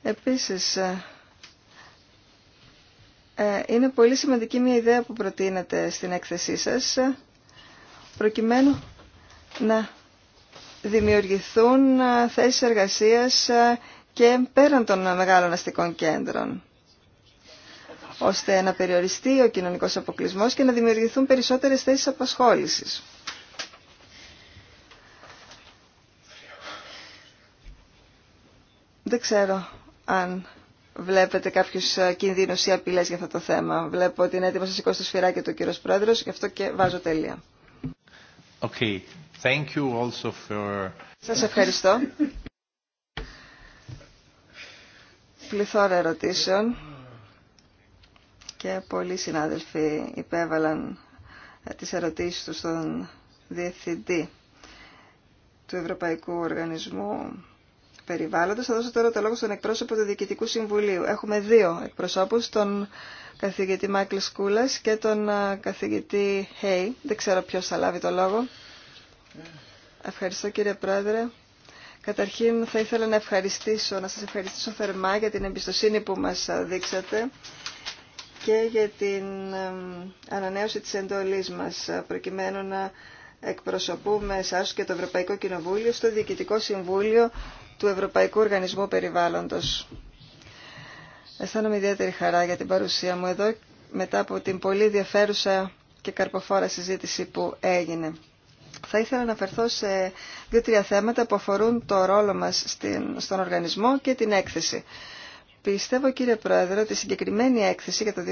Επίσης, ε, ε, είναι πολύ σημαντική μια ιδέα που προτείνεται στην έκθεσή σας, προκειμένου να δημιουργηθούν θέσεις εργασίας και πέραν των μεγάλων αστικών κέντρων ώστε να περιοριστεί ο κοινωνικός αποκλεισμός και να δημιουργηθούν περισσότερες θέσεις απασχόλησης. Δεν ξέρω αν βλέπετε κάποιους κινδύνους ή απειλές για αυτό το θέμα. Βλέπω ότι είναι έτοιμος να σηκώσει το σφυράκι του κύριος Πρόεδρος, γι' αυτό και βάζω τελεία. Okay. Σας ευχαριστώ. Πληθώρα ερωτήσεων και πολλοί συνάδελφοι υπέβαλαν ε, τις ερωτήσεις τους στον Διευθυντή του Ευρωπαϊκού Οργανισμού Περιβάλλοντος. Θα δώσω τώρα το λόγο στον εκπρόσωπο του Διοικητικού Συμβουλίου. Έχουμε δύο εκπροσώπους, τον καθηγητή Μάικλ Σκούλα και τον καθηγητή Χέι. Δεν ξέρω ποιος θα λάβει το λόγο. Ευχαριστώ κύριε Πρόεδρε. Καταρχήν θα ήθελα να ευχαριστήσω, να σας ευχαριστήσω θερμά για την εμπιστοσύνη που μας δείξατε και για την ανανέωση της εντολής μας προκειμένου να εκπροσωπούμε εσάς και το Ευρωπαϊκό Κοινοβούλιο στο Διοικητικό Συμβούλιο του Ευρωπαϊκού Οργανισμού Περιβάλλοντος. Αισθάνομαι ιδιαίτερη χαρά για την παρουσία μου εδώ μετά από την πολύ ενδιαφέρουσα και καρποφόρα συζήτηση που έγινε. Θα ήθελα να αναφερθώ σε δύο-τρία θέματα που αφορούν το ρόλο μας στην, στον οργανισμό και την έκθεση. Πιστεύω κύριε Πρόεδρε ότι η συγκεκριμένη έκθεση για το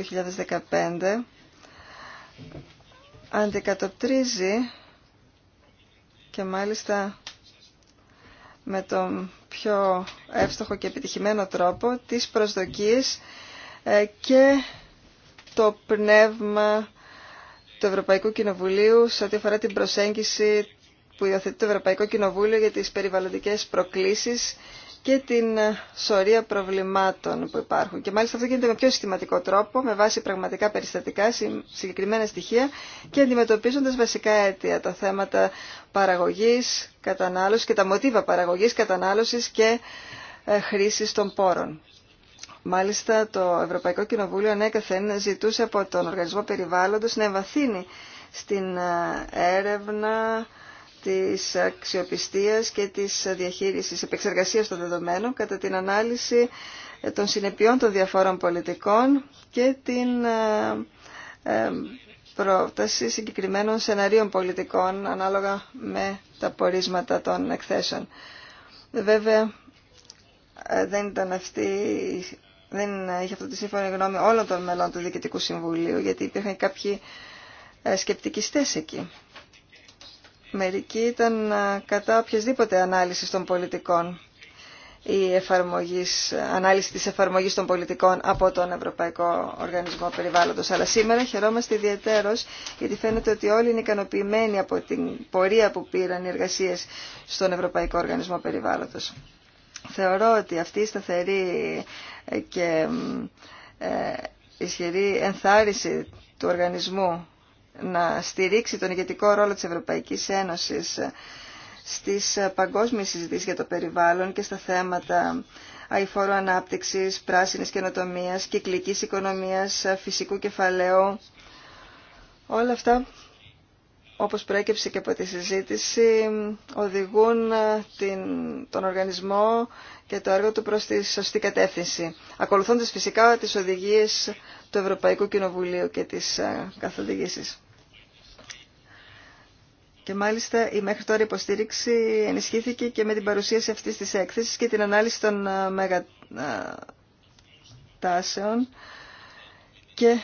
2015 αντικατοπτρίζει και μάλιστα με τον πιο εύστοχο και επιτυχημένο τρόπο τις προσδοκίες ε, και το πνεύμα του Ευρωπαϊκού Κοινοβουλίου σε ό,τι αφορά την προσέγγιση που υιοθετεί το Ευρωπαϊκό Κοινοβούλιο για τις περιβαλλοντικές προκλήσεις και την ε, σωρία προβλημάτων που υπάρχουν. Και μάλιστα αυτό γίνεται με πιο συστηματικό τρόπο, με βάση πραγματικά περιστατικά, συγκεκριμένα στοιχεία και αντιμετωπίζοντας βασικά αίτια, τα θέματα παραγωγής, κατανάλωσης και τα μοτίβα παραγωγής, κατανάλωσης και ε, χρήσης των πόρων. Μάλιστα το Ευρωπαϊκό Κοινοβούλιο ανέκαθεν ζητούσε από τον Οργανισμό Περιβάλλοντος να εμβαθύνει στην ε, έρευνα της αξιοπιστίας και της διαχείρισης επεξεργασίας των δεδομένων κατά την ανάλυση των συνεπειών των διαφόρων πολιτικών και την ε, ε, πρόταση συγκεκριμένων σεναρίων πολιτικών ανάλογα με τα πορίσματα των εκθέσεων. Βέβαια, ε, δεν ήταν αυτή δεν είχε αυτό τη σύμφωνη γνώμη όλων των μελών του Διοικητικού Συμβουλίου, γιατί υπήρχαν κάποιοι σκεπτικιστές εκεί. Μερικοί ήταν κατά οποιασδήποτε ανάλυση των πολιτικών η ανάλυση της εφαρμογής των πολιτικών από τον Ευρωπαϊκό Οργανισμό Περιβάλλοντος. Αλλά σήμερα χαιρόμαστε ιδιαίτερος γιατί φαίνεται ότι όλοι είναι ικανοποιημένοι από την πορεία που πήραν οι εργασίες στον Ευρωπαϊκό Οργανισμό Περιβάλλοντος. Θεωρώ ότι αυτή η σταθερή ε, και ε, ισχυρή ενθάρρυνση του οργανισμού να στηρίξει τον ηγετικό ρόλο της Ευρωπαϊκής Ένωσης στις παγκόσμιες συζητήσεις για το περιβάλλον και στα θέματα αηφόρου ανάπτυξης, πράσινης καινοτομίας, κυκλικής οικονομίας, φυσικού κεφαλαίου. Όλα αυτά, όπως προέκυψε και από τη συζήτηση, οδηγούν την, τον οργανισμό και το έργο του προς τη σωστή κατεύθυνση, ακολουθώντας φυσικά τις οδηγίες του Ευρωπαϊκού Κοινοβουλίου και τις καθοδηγήσεις. Και μάλιστα η μέχρι τώρα υποστήριξη ενισχύθηκε και με την παρουσίαση αυτής της έκθεσης και την ανάλυση των ε, μεγατάσεων ε, και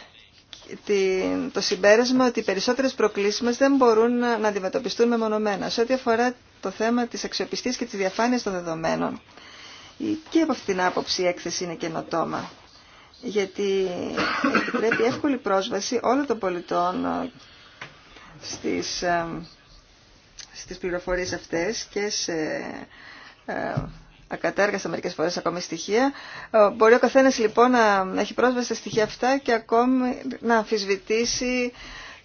το συμπέρασμα ότι οι περισσότερες προκλήσεις μας δεν μπορούν να αντιμετωπιστούν μεμονωμένα. Σε ό,τι αφορά το θέμα της αξιοπιστίας και της διαφάνειας των δεδομένων. Και από αυτήν την άποψη η έκθεση είναι καινοτόμα. Γιατί επιτρέπει εύκολη πρόσβαση όλων των πολιτών ε, στις στις πληροφορίες αυτές και σε ε, ακατέργαστα μερικές φορές ακόμη στοιχεία. Ε, μπορεί ο καθένας λοιπόν να έχει πρόσβαση στα στοιχεία αυτά και ακόμη να αμφισβητήσει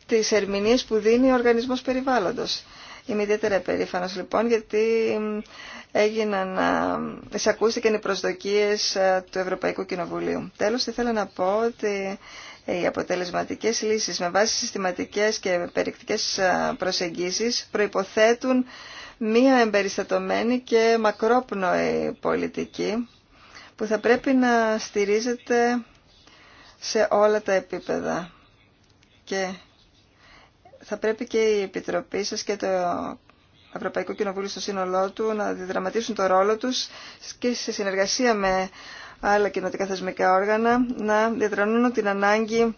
τις ερμηνείες που δίνει ο οργανισμός περιβάλλοντος. Είμαι ιδιαίτερα περήφανος λοιπόν γιατί έγιναν, εισακούστηκαν οι προσδοκίες του Ευρωπαϊκού Κοινοβουλίου. Τέλος, ήθελα να πω ότι ε, οι αποτελεσματικές λύσεις με βάση συστηματικές και περιεκτικές ε, προσεγγίσεις προϋποθέτουν μία εμπεριστατωμένη και μακρόπνοη πολιτική που θα πρέπει να στηρίζεται σε όλα τα επίπεδα. Και θα πρέπει και η Επιτροπή σας και το Ευρωπαϊκό Κοινοβούλιο στο σύνολό του να διδραματίσουν το ρόλο τους και σε συνεργασία με άλλα κοινοτικά θεσμικά όργανα να διατρανούν την ανάγκη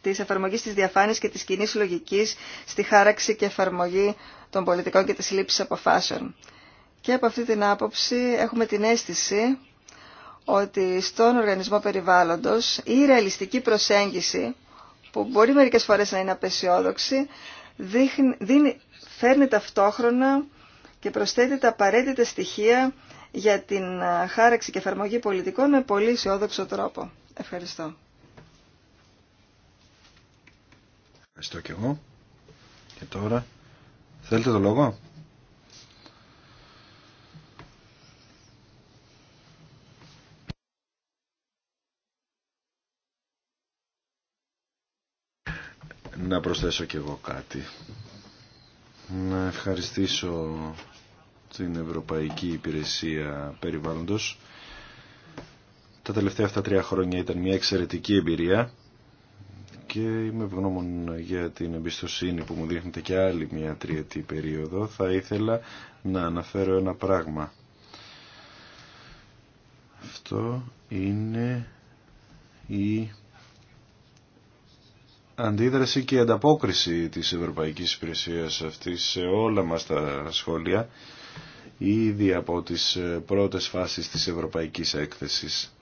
της εφαρμογή της διαφάνειας και της κοινή λογική στη χάραξη και εφαρμογή των πολιτικών και της λήψης αποφάσεων. Και από αυτή την άποψη έχουμε την αίσθηση ότι στον οργανισμό περιβάλλοντος η ρεαλιστική προσέγγιση που μπορεί μερικές φορές να είναι απεσιόδοξη δίνει, φέρνει ταυτόχρονα και προσθέτει τα απαραίτητα στοιχεία για την χάραξη και εφαρμογή πολιτικών με πολύ αισιόδοξο τρόπο. Ευχαριστώ. Ευχαριστώ και εγώ. Και τώρα, θέλετε το λόγο. Να προσθέσω και εγώ κάτι. Να ευχαριστήσω στην Ευρωπαϊκή Υπηρεσία Περιβάλλοντος. Τα τελευταία αυτά τρία χρόνια ήταν μια εξαιρετική εμπειρία και είμαι ευγνώμων για την εμπιστοσύνη που μου δείχνετε και άλλη μια τριετή περίοδο. Θα ήθελα να αναφέρω ένα πράγμα. Αυτό είναι η αντίδραση και η ανταπόκριση της Ευρωπαϊκής Υπηρεσίας αυτής σε όλα μας τα σχόλια ήδη από τις ε, πρώτες φάσεις της Ευρωπαϊκής Έκθεσης.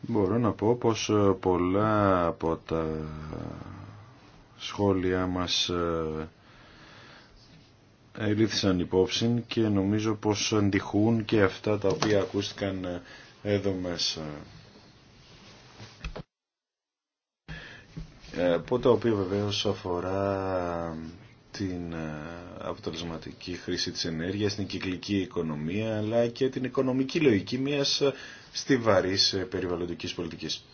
Μπορώ να πω πως ε, πολλά από τα σχόλια μας ε, ελήφθησαν υπόψη και νομίζω πως αντιχούν και αυτά τα οποία ακούστηκαν εδώ μέσα. Από οποία αφορά την ε, αποτελεσματική χρήση της ενέργειας, την κυκλική οικονομία, αλλά και την οικονομική λογική μιας ε, στιβαρής ε, περιβαλλοντικής πολιτικής.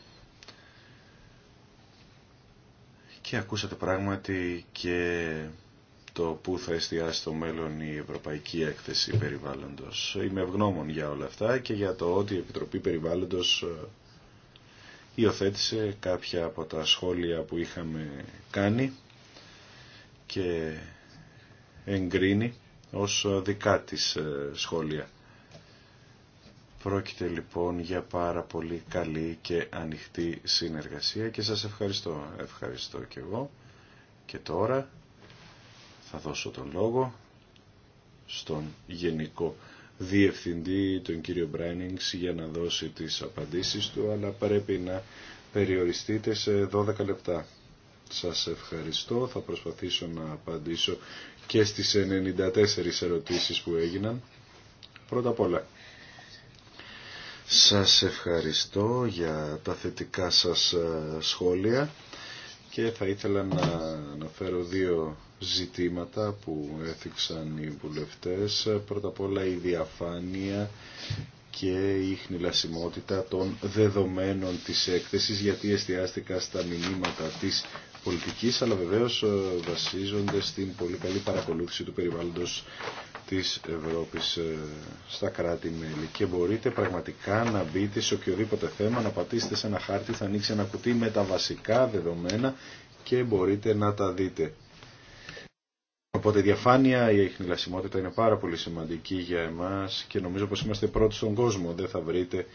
Και ακούσατε πράγματι και το που θα εστιάσει το μέλλον η Ευρωπαϊκή Έκθεση Περιβάλλοντος. Είμαι ευγνώμων για όλα αυτά και για το ότι η Επιτροπή Περιβάλλοντος υιοθέτησε κάποια από τα σχόλια που είχαμε κάνει και εγκρίνει ως δικά της ε, σχόλια. Πρόκειται λοιπόν για πάρα πολύ καλή και ανοιχτή συνεργασία και σας ευχαριστώ. Ευχαριστώ και εγώ. Και τώρα θα δώσω τον λόγο στον Γενικό Διευθυντή, τον κύριο Μπράινινγκς για να δώσει τις απαντήσεις του, αλλά πρέπει να περιοριστείτε σε 12 λεπτά. Σας ευχαριστώ. Θα προσπαθήσω να απαντήσω και στις 94 ερωτήσεις που έγιναν. Πρώτα απ' όλα, σας ευχαριστώ για τα θετικά σας ε, σχόλια και θα ήθελα να αναφέρω δύο ζητήματα που έθιξαν οι βουλευτές. Πρώτα απ' όλα η διαφάνεια και η χνηλασιμότητα των δεδομένων της έκθεσης γιατί εστιάστηκα στα μηνύματα της πολιτικής, αλλά βεβαίως ε, βασίζονται στην πολύ καλή παρακολούθηση του περιβάλλοντος της Ευρώπης ε, στα κράτη-μέλη. Και μπορείτε πραγματικά να μπείτε σε οποιοδήποτε θέμα, να πατήσετε σε ένα χάρτη, θα ανοίξει ένα κουτί με τα βασικά δεδομένα και μπορείτε να τα δείτε. Οπότε η διαφάνεια, η εχνηλασιμότητα είναι πάρα πολύ σημαντική για εμάς και νομίζω πως είμαστε πρώτοι στον κόσμο. Δεν θα βρείτε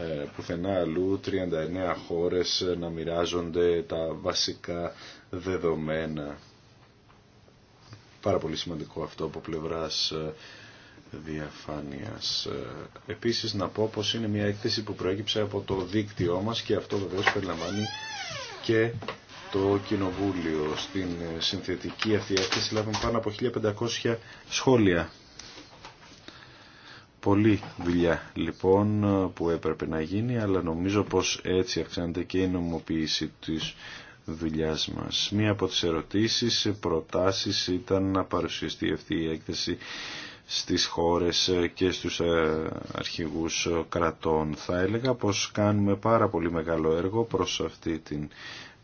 ε, πουθενά αλλού 39 χώρες να μοιράζονται τα βασικά δεδομένα. Πάρα πολύ σημαντικό αυτό από πλευράς ε, διαφάνειας. Ε, επίσης να πω πως είναι μια έκθεση που προέκυψε από το δίκτυό μας και αυτό βεβαίως περιλαμβάνει και το Κοινοβούλιο. Στην συνθετική αυτή έκθεση λάβουν πάνω από 1500 σχόλια. Πολύ δουλειά λοιπόν που έπρεπε να γίνει, αλλά νομίζω πως έτσι αυξάνεται και η νομοποίηση της δουλειάς μας. Μία από τις ερωτήσεις, προτάσεις ήταν να παρουσιαστεί αυτή η έκθεση στις χώρες και στους ε, αρχηγούς κρατών. Θα έλεγα πως κάνουμε πάρα πολύ μεγάλο έργο προς αυτή την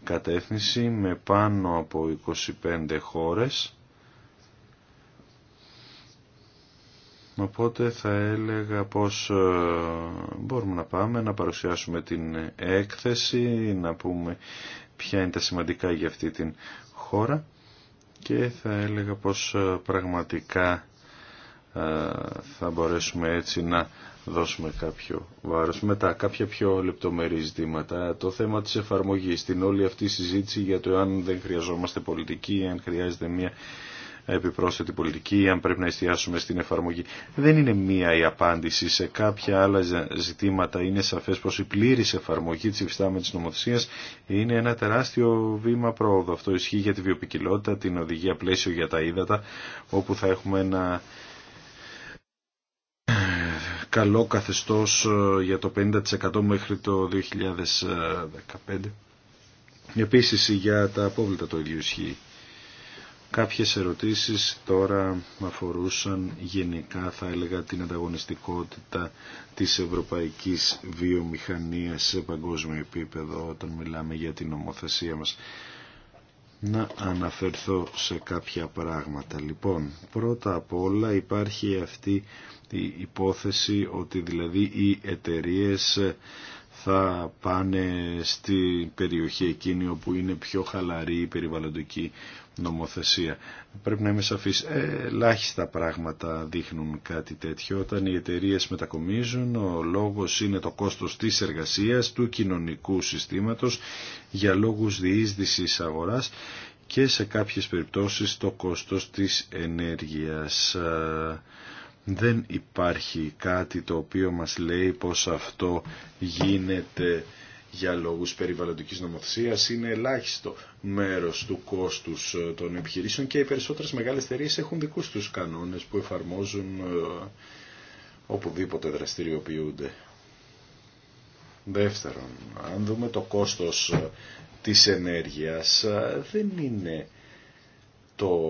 κατεύθυνση με πάνω από 25 χώρες Οπότε θα έλεγα πως ε, μπορούμε να πάμε να παρουσιάσουμε την έκθεση, να πούμε ποια είναι τα σημαντικά για αυτή την χώρα και θα έλεγα πως ε, πραγματικά ε, θα μπορέσουμε έτσι να δώσουμε κάποιο βάρος. Μετά κάποια πιο λεπτομερή ζητήματα. Το θέμα της εφαρμογής, την όλη αυτή συζήτηση για το αν δεν χρειαζόμαστε πολιτική, αν χρειάζεται μια επιπρόσθετη πολιτική ή αν πρέπει να εστιάσουμε στην εφαρμογή. Δεν είναι μία η απάντηση σε κάποια άλλα ζητήματα. Είναι σαφές πως η πλήρης εφαρμογή της υφιστάμενης νομοθεσίας είναι ένα τεράστιο βήμα πρόοδο. Αυτό ισχύει για τη βιοπικιλότητα, την οδηγία πλαίσιο για τα ύδατα, όπου θα έχουμε ένα καλό καθεστώς ε, για το 50% μέχρι το 2015. Επίσης για τα απόβλητα το ίδιο ισχύει. Κάποιες ερωτήσεις τώρα αφορούσαν γενικά θα έλεγα την ανταγωνιστικότητα της ευρωπαϊκής βιομηχανίας σε παγκόσμιο επίπεδο όταν μιλάμε για την νομοθεσία μας. Να αναφερθώ σε κάποια πράγματα. Λοιπόν, πρώτα απ' όλα υπάρχει αυτή η υπόθεση ότι δηλαδή οι εταιρείες θα πάνε στη περιοχή εκείνη όπου είναι πιο χαλαρή η περιβαλλοντική νομοθεσία. Πρέπει να είμαι σαφής. Ελάχιστα πράγματα δείχνουν κάτι τέτοιο. Όταν οι εταιρείε μετακομίζουν, ο λόγος είναι το κόστος της εργασίας, του κοινωνικού συστήματος, για λόγους διείσδησης αγοράς και σε κάποιες περιπτώσεις το κόστος της ενέργειας. Δεν υπάρχει κάτι το οποίο μας λέει πως αυτό γίνεται για λόγους περιβαλλοντικής νομοθεσίας είναι ελάχιστο μέρος του κόστους ε, των επιχειρήσεων και οι περισσότερες μεγάλες εταιρείε έχουν δικούς τους κανόνες που εφαρμόζουν ε, οπουδήποτε δραστηριοποιούνται. Δεύτερον, αν δούμε το κόστος ε, της ενέργειας δεν είναι το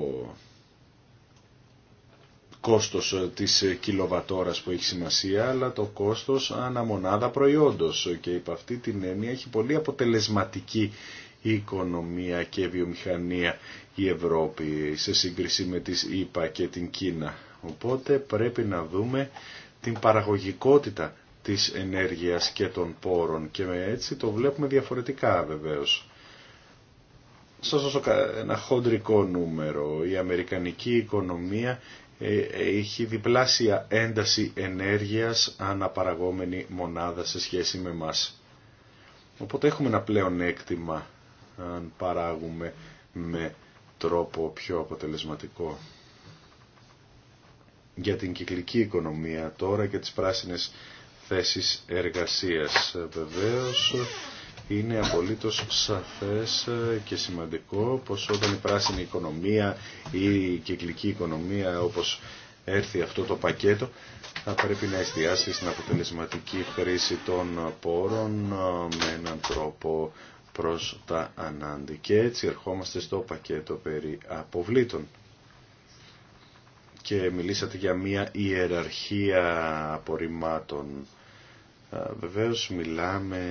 κόστος ε, της ε, κιλοβατόρας που έχει σημασία, αλλά το κόστος αναμονάδα προϊόντος. Ε, και υπ' αυτή την έννοια έχει πολύ αποτελεσματική οικονομία και βιομηχανία η Ευρώπη σε σύγκριση με τις ΗΠΑ και την Κίνα. Οπότε πρέπει να δούμε την παραγωγικότητα της ενέργειας και των πόρων και με έτσι το βλέπουμε διαφορετικά βεβαίως. Σας δώσω ένα χοντρικό νούμερο. Η αμερικανική οικονομία ε, ε, έχει διπλάσια ένταση ενέργειας αναπαραγόμενη μονάδα σε σχέση με μας. Οπότε έχουμε ένα πλέον έκτημα αν παράγουμε με τρόπο πιο αποτελεσματικό. Για την κυκλική οικονομία τώρα και τις πράσινες θέσεις εργασίας ε, βεβαίως είναι απολύτως σαφές και σημαντικό πως όταν η πράσινη οικονομία ή η κυκλική οικονομία όπως έρθει αυτό το πακέτο θα πρέπει να εστιάσει στην αποτελεσματική χρήση των πόρων ε, με έναν τρόπο προς τα ανάντη. Και έτσι ερχόμαστε στο πακέτο περί αποβλήτων. Και μιλήσατε για μια ιεραρχία απορριμμάτων Βεβαίως μιλάμε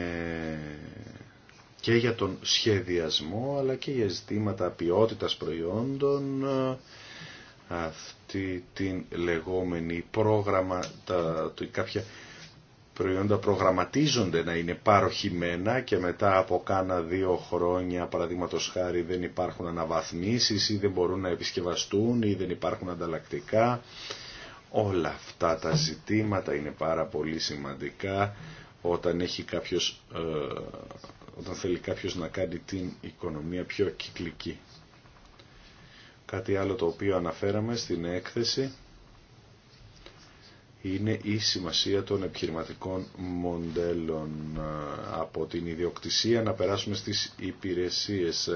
και για τον σχεδιασμό αλλά και για ζητήματα ποιότητας προϊόντων αυτή την λεγόμενη πρόγραμμα, τα, το, κάποια προϊόντα προγραμματίζονται να είναι παροχημένα και μετά από κάνα δύο χρόνια παραδείγματο χάρη δεν υπάρχουν αναβαθμίσεις ή δεν μπορούν να επισκευαστούν ή δεν υπάρχουν ανταλλακτικά Όλα αυτά τα ζητήματα είναι πάρα πολύ σημαντικά όταν, έχει κάποιος, ε, όταν θέλει κάποιος να κάνει την οικονομία πιο κυκλική. Κάτι άλλο το οποίο αναφέραμε στην έκθεση είναι η σημασία των επιχειρηματικών μοντέλων ε, από την ιδιοκτησία να περάσουμε στις υπηρεσίες.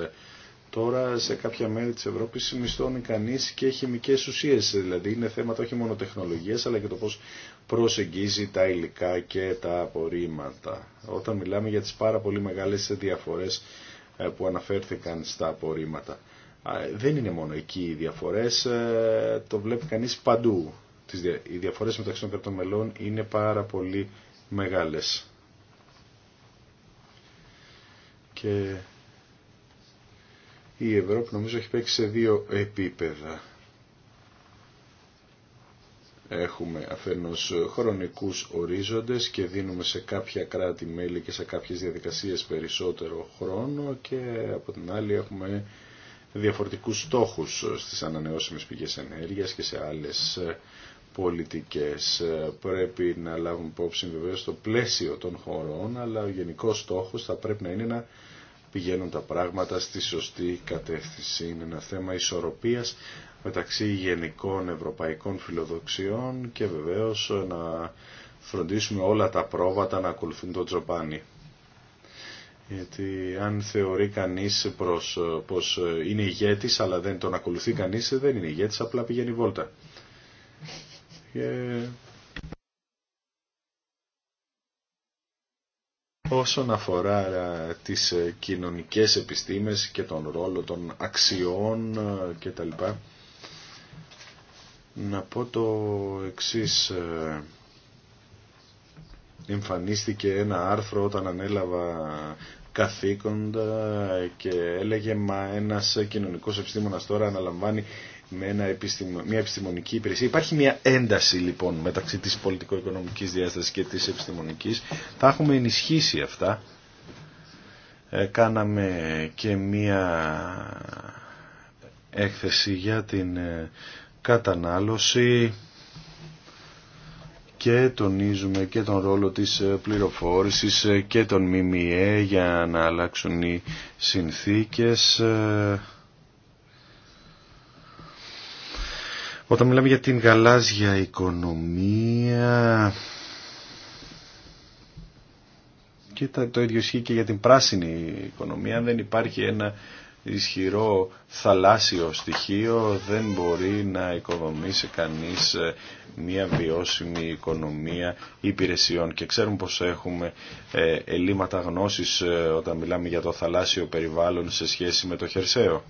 Τώρα σε κάποια μέρη της Ευρώπης μισθώνει κανείς και χημικές ουσίες, δηλαδή είναι θέματα όχι μόνο τεχνολογίας αλλά και το πώς προσεγγίζει τα υλικά και τα απορρίμματα. Όταν μιλάμε για τις πάρα πολύ μεγάλες διαφορές ε, που αναφέρθηκαν στα απορρίμματα. Δεν είναι μόνο εκεί οι διαφορές, ε, το βλέπει κανείς παντού. Οι διαφορές μεταξύ των κρατών είναι πάρα πολύ μεγάλες. Και η Ευρώπη νομίζω έχει παίξει σε δύο επίπεδα. Έχουμε αφενός χρονικούς ορίζοντες και δίνουμε σε κάποια κράτη-μέλη και σε κάποιες διαδικασίες περισσότερο χρόνο και από την άλλη έχουμε διαφορετικούς στόχους στις ανανεώσιμες πηγές ενέργειας και σε άλλες πολιτικές. Πρέπει να λάβουμε υπόψη βεβαίω το πλαίσιο των χωρών, αλλά ο γενικός στόχος θα πρέπει να είναι να πηγαίνουν τα πράγματα στη σωστή κατεύθυνση. Είναι ένα θέμα ισορροπίας μεταξύ γενικών ευρωπαϊκών φιλοδοξιών και βεβαίως να φροντίσουμε όλα τα πρόβατα να ακολουθούν τον τζοπάνι. Γιατί αν θεωρεί κανείς προς, πως είναι ηγέτης αλλά δεν τον ακολουθεί κανείς δεν είναι ηγέτης, απλά πηγαίνει βόλτα. Και όσον αφορά τις ε, κοινωνικές επιστήμες και τον ρόλο των αξιών κτλ. Να πω το εξής. Ε, εμφανίστηκε ένα άρθρο όταν ανέλαβα καθήκοντα και έλεγε μα ένας κοινωνικός επιστήμονας τώρα αναλαμβάνει με μια επιστημονική υπηρεσία. Υπάρχει μια ένταση λοιπόν μεταξύ της πολιτικο-οικονομικής διάστασης και της επιστημονικής. θα έχουμε ενισχύσει αυτά. Ε, κάναμε και μια έκθεση για την ε, κατανάλωση και τονίζουμε και τον ρόλο της ε, πληροφόρησης ε, και τον ΜΜΕ για να αλλάξουν οι συνθήκες Όταν μιλάμε για την γαλάζια οικονομία... και το ίδιο ισχύει και για την πράσινη οικονομία. Αν δεν υπάρχει ένα ισχυρό θαλάσσιο στοιχείο δεν μπορεί να οικοδομήσει κανείς ε, μια βιώσιμη οικονομία υπηρεσιών και ξέρουμε πως έχουμε ε, ελλείμματα γνώσης ε, όταν μιλάμε για το θαλάσσιο περιβάλλον σε σχέση με το χερσαίο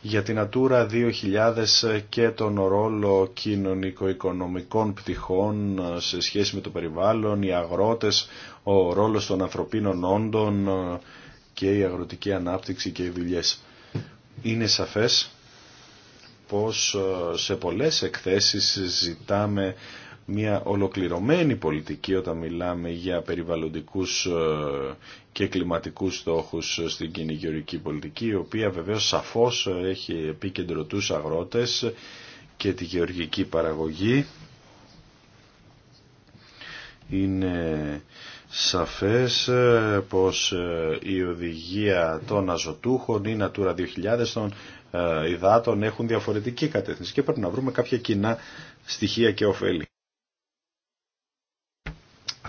για την Ατούρα 2000 και τον ρόλο κοινωνικο-οικονομικών πτυχών ε, σε σχέση με το περιβάλλον, οι αγρότες, ο ρόλος των ανθρωπίνων όντων ε, και η αγροτική ανάπτυξη και οι δουλειές. Είναι σαφές πως ε, σε πολλές εκθέσεις ζητάμε μια ολοκληρωμένη πολιτική όταν μιλάμε για περιβαλλοντικούς ε, και κλιματικούς στόχους στην κυνηγιορική πολιτική, η οποία βεβαίως σαφώς έχει επίκεντρο τους αγρότες και τη γεωργική παραγωγή. Είναι σαφές ε, πως ε, η οδηγία των αζωτούχων ή Natura 2000 των υδάτων έχουν διαφορετική κατεύθυνση και πρέπει να βρούμε κάποια κοινά στοιχεία και ωφέλη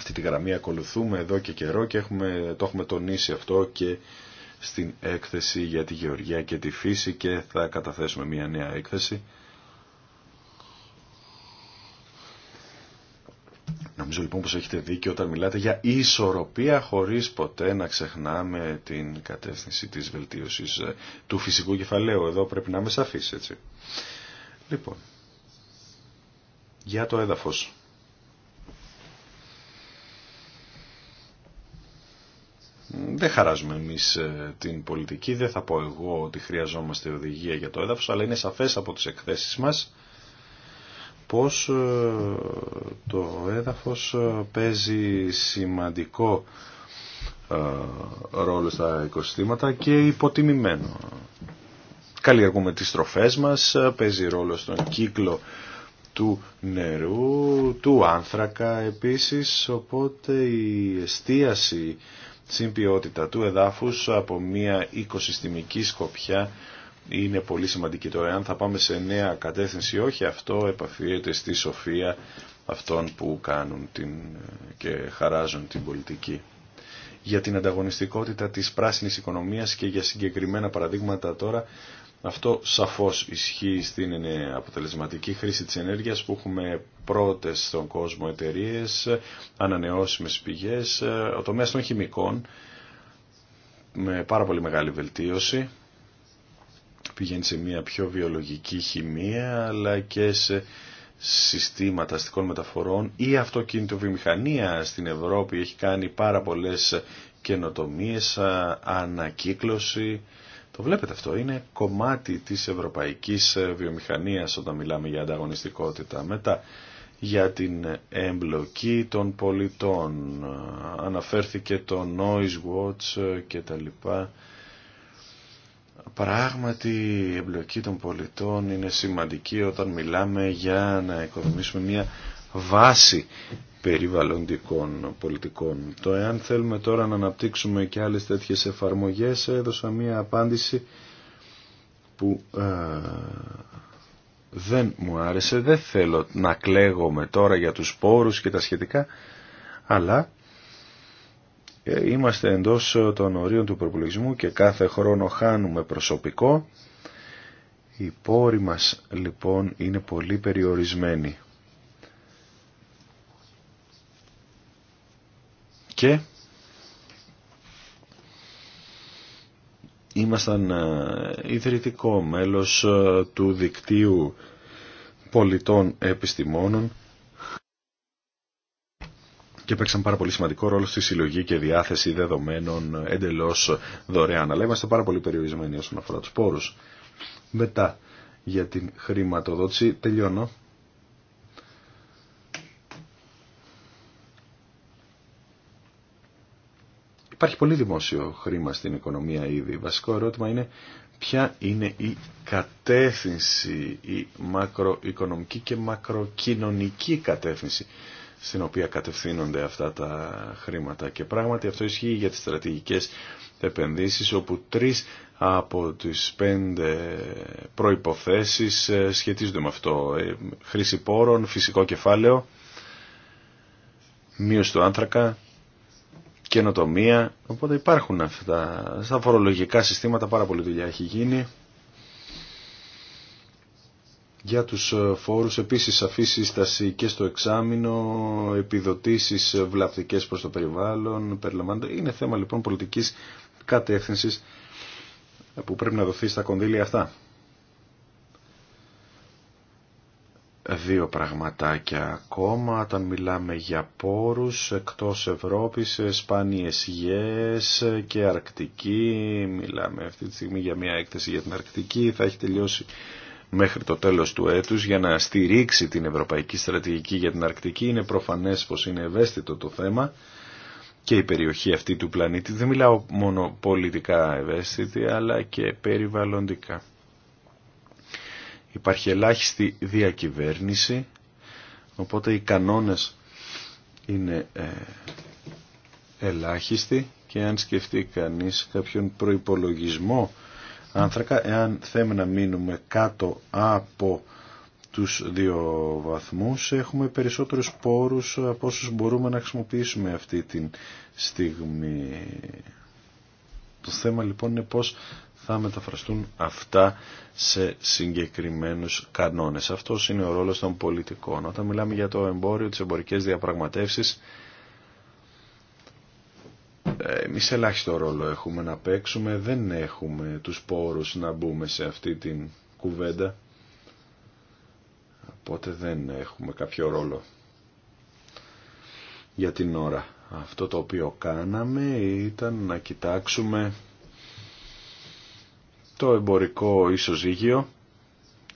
αυτή τη γραμμή ακολουθούμε εδώ και καιρό και έχουμε, το έχουμε τονίσει αυτό και στην έκθεση για τη γεωργία και τη φύση και θα καταθέσουμε μια νέα έκθεση. Νομίζω λοιπόν πως έχετε δει και όταν μιλάτε για ισορροπία χωρίς ποτέ να ξεχνάμε την κατεύθυνση της βελτίωσης του φυσικού κεφαλαίου. Εδώ πρέπει να είμαι σαφής, έτσι. Λοιπόν, για το έδαφος. Δεν χαράζουμε εμείς ε, την πολιτική, δεν θα πω εγώ ότι χρειαζόμαστε οδηγία για το έδαφος, αλλά είναι σαφές από τις εκθέσεις μας πως ε, το έδαφος ε, παίζει σημαντικό ρόλο στα οικοσυστήματα και υποτιμημένο. Καλλιεργούμε τις τροφές μας, παίζει ρόλο στον κύκλο του νερού, του άνθρακα επίσης, οπότε η εστίαση συμπιότητα του εδάφους από μια οικοσυστημική σκοπιά είναι πολύ σημαντική τώρα. Αν θα πάμε σε νέα κατεύθυνση όχι, αυτό επαφιέται στη σοφία αυτών που κάνουν την, και χαράζουν την πολιτική. Για την ανταγωνιστικότητα της πράσινης οικονομίας και για συγκεκριμένα παραδείγματα τώρα αυτό σαφώς ισχύει στην αποτελεσματική χρήση της ενέργειας που έχουμε πρώτες στον κόσμο εταιρείε, ανανεώσιμες πηγές, ε, ο τομέας των χημικών με πάρα πολύ μεγάλη βελτίωση πηγαίνει σε μια πιο βιολογική χημεία αλλά και σε συστήματα αστικών μεταφορών ή αυτοκινητοβιομηχανία στην Ευρώπη έχει κάνει πάρα πολλές καινοτομίες, ε, ανακύκλωση το βλέπετε αυτό, είναι κομμάτι της ευρωπαϊκής ε, βιομηχανίας όταν μιλάμε για ανταγωνιστικότητα. Μετά για την εμπλοκή των πολιτών, ε, αναφέρθηκε το Noise Watch ε, και τα λοιπά. Πράγματι η εμπλοκή των πολιτών είναι σημαντική όταν μιλάμε για να οικοδομήσουμε μια βάση περιβαλλοντικών πολιτικών. Το εάν θέλουμε τώρα να αναπτύξουμε και άλλες τέτοιες εφαρμογές έδωσα μία απάντηση που ε, δεν μου άρεσε. Δεν θέλω να κλαίγομαι τώρα για τους πόρους και τα σχετικά αλλά ε, είμαστε εντός των ορίων του προπολογισμού και κάθε χρόνο χάνουμε προσωπικό. Οι πόροι μας λοιπόν είναι πολύ περιορισμένοι. και ήμασταν ε, ιδρυτικό μέλος ε, του δικτύου πολιτών επιστημόνων και παίξαν πάρα πολύ σημαντικό ρόλο στη συλλογή και διάθεση δεδομένων εντελώς δωρεάν. Αλλά είμαστε πάρα πολύ περιορισμένοι όσον αφορά τους πόρους. Μετά για την χρηματοδότηση τελειώνω Υπάρχει πολύ δημόσιο χρήμα στην οικονομία ήδη. Βασικό ερώτημα είναι ποια είναι η κατεύθυνση, η μακροοικονομική και μακροκοινωνική κατεύθυνση στην οποία κατευθύνονται αυτά τα χρήματα. Και πράγματι αυτό ισχύει για τις στρατηγικές επενδύσεις όπου τρεις από τις πέντε προϋποθέσεις ε, σχετίζονται με αυτό. Ε, χρήση πόρων, φυσικό κεφάλαιο, μείωση του άνθρακα καινοτομία. Οπότε υπάρχουν αυτά. Στα φορολογικά συστήματα πάρα πολύ δουλειά έχει γίνει. Για τους ε, φόρους επίσης αφήσει σύσταση και στο εξάμεινο, επιδοτήσεις ε, βλαπτικές προς το περιβάλλον, περιλαμβάνονται. Είναι θέμα λοιπόν πολιτικής κατεύθυνσης που πρέπει να δοθεί στα κονδύλια αυτά. δύο πραγματάκια ακόμα όταν μιλάμε για πόρους εκτός Ευρώπης, σπάνιες γιές και Αρκτική. Μιλάμε αυτή τη στιγμή για μια έκθεση για την Αρκτική. Θα έχει τελειώσει μέχρι το τέλος του έτους για να στηρίξει την Ευρωπαϊκή Στρατηγική για την Αρκτική. Είναι προφανές πως είναι ευαίσθητο το θέμα και η περιοχή αυτή του πλανήτη. Δεν μιλάω μόνο πολιτικά ευαίσθητη αλλά και περιβαλλοντικά. Υπάρχει ελάχιστη διακυβέρνηση, οπότε οι κανόνες είναι ε, ελάχιστοι και αν σκεφτεί κανείς κάποιον προϋπολογισμό άνθρακα, εάν θέμε να μείνουμε κάτω από τους δύο βαθμούς έχουμε περισσότερους πόρους από όσους μπορούμε να χρησιμοποιήσουμε αυτή τη στιγμή. Το θέμα λοιπόν είναι πώς θα μεταφραστούν αυτά σε συγκεκριμένους κανόνες. Αυτός είναι ο ρόλος των πολιτικών. Όταν μιλάμε για το εμπόριο, τις εμπορικές διαπραγματεύσεις, ε, εμείς ελάχιστο ρόλο έχουμε να παίξουμε, δεν έχουμε τους πόρους να μπούμε σε αυτή την κουβέντα, οπότε δεν έχουμε κάποιο ρόλο για την ώρα. Αυτό το οποίο κάναμε ήταν να κοιτάξουμε το εμπορικό ισοζύγιο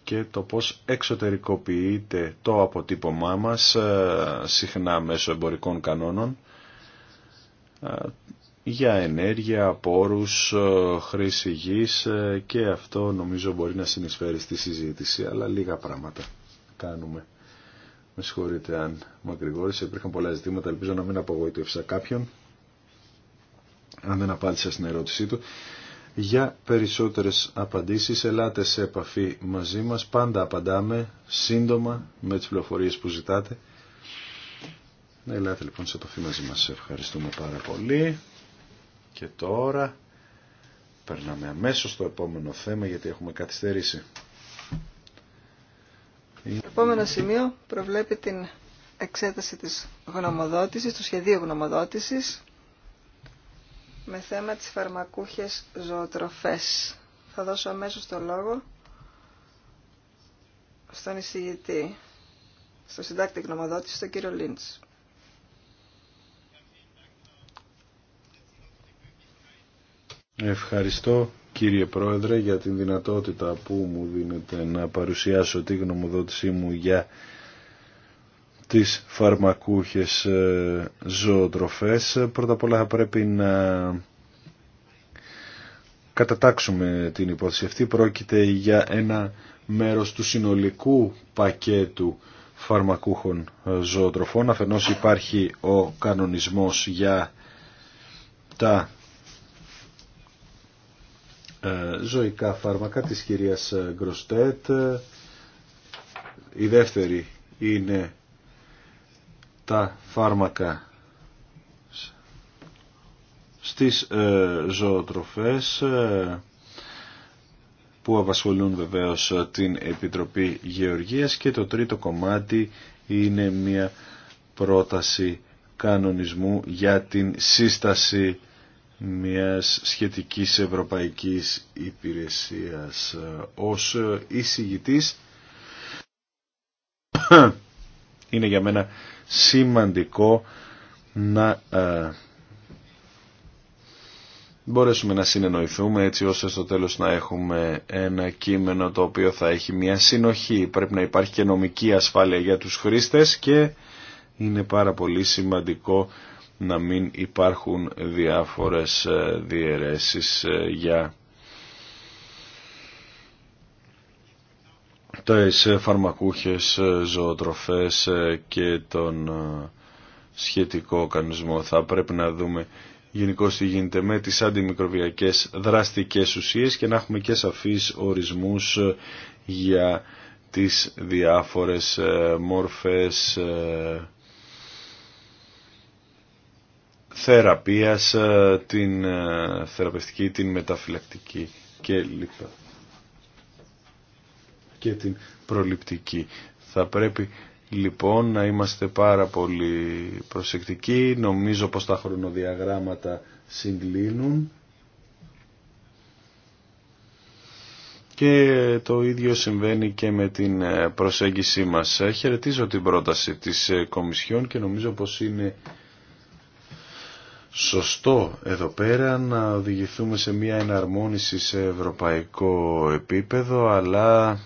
και το πώς εξωτερικοποιείται το αποτύπωμά μας ε, συχνά μέσω εμπορικών κανόνων ε, για ενέργεια, πόρους, ε, χρήση γης και αυτό νομίζω μπορεί να συνεισφέρει στη συζήτηση, αλλά λίγα πράγματα κάνουμε. Με συγχωρείτε αν μακρηγόρησα, υπήρχαν πολλά ζητήματα, ελπίζω να μην απογοήτευσα κάποιον αν δεν απάντησα στην ερώτησή του. Για περισσότερες απαντήσεις ελάτε σε επαφή μαζί μας. Πάντα απαντάμε σύντομα με τις πληροφορίες που ζητάτε. Ελάτε λοιπόν σε επαφή μαζί μας. Ευχαριστούμε πάρα πολύ. Και τώρα περνάμε αμέσως στο επόμενο θέμα γιατί έχουμε καθυστερήσει. Το επόμενο σημείο προβλέπει την εξέταση της γνωμοδότησης, του σχεδίου γνωμοδότησης με θέμα τις φαρμακούχες ζωοτροφές. Θα δώσω αμέσως το λόγο στον εισηγητή, στον συντάκτη γνωμοδότη, στον κύριο Λίντς. Ευχαριστώ κύριε Πρόεδρε για την δυνατότητα που μου δίνετε να παρουσιάσω τη γνωμοδότησή μου για τις φαρμακούχες ε, ζωοτροφές. Πρώτα απ' όλα θα πρέπει να κατατάξουμε την υπόθεση αυτή. Πρόκειται για ένα μέρος του συνολικού πακέτου φαρμακούχων ε, ζωοτροφών. Αφενός υπάρχει ο κανονισμός για τα ε, ζωικά φάρμακα της κυρίας Γκροστέτ. Η δεύτερη είναι τα φάρμακα στις ε, ζωοτροφές ε, που απασχολούν βεβαίως την Επιτροπή Γεωργίας και το τρίτο κομμάτι είναι μια πρόταση κανονισμού για την σύσταση μιας σχετικής ευρωπαϊκής υπηρεσίας ως εισηγητής είναι για μένα σημαντικό να ε, μπορέσουμε να συνεννοηθούμε έτσι ώστε στο τέλος να έχουμε ένα κείμενο το οποίο θα έχει μια συνοχή. Πρέπει να υπάρχει και νομική ασφάλεια για τους χρήστες και είναι πάρα πολύ σημαντικό να μην υπάρχουν διάφορες ε, διαιρέσεις ε, για τα ε, φαρμακούχες ε, ζωοτροφές ε, και τον σχετικό κανονισμό. Θα πρέπει να δούμε γενικώ τι γίνεται με τις αντιμικροβιακές δραστικές ουσίες και να έχουμε και σαφείς ορισμούς για τις διάφορες μόρφες θεραπείας, την θεραπευτική, την μεταφυλακτική κλπ και την προληπτική. Θα πρέπει λοιπόν να είμαστε πάρα πολύ προσεκτικοί. Νομίζω πως τα χρονοδιαγράμματα συγκλίνουν. Και το ίδιο συμβαίνει και με την ε, προσέγγιση μας. Ε, χαιρετίζω την πρόταση της ε, Κομισιόν και νομίζω πως είναι σωστό εδώ πέρα να οδηγηθούμε σε μια εναρμόνιση σε ευρωπαϊκό επίπεδο, αλλά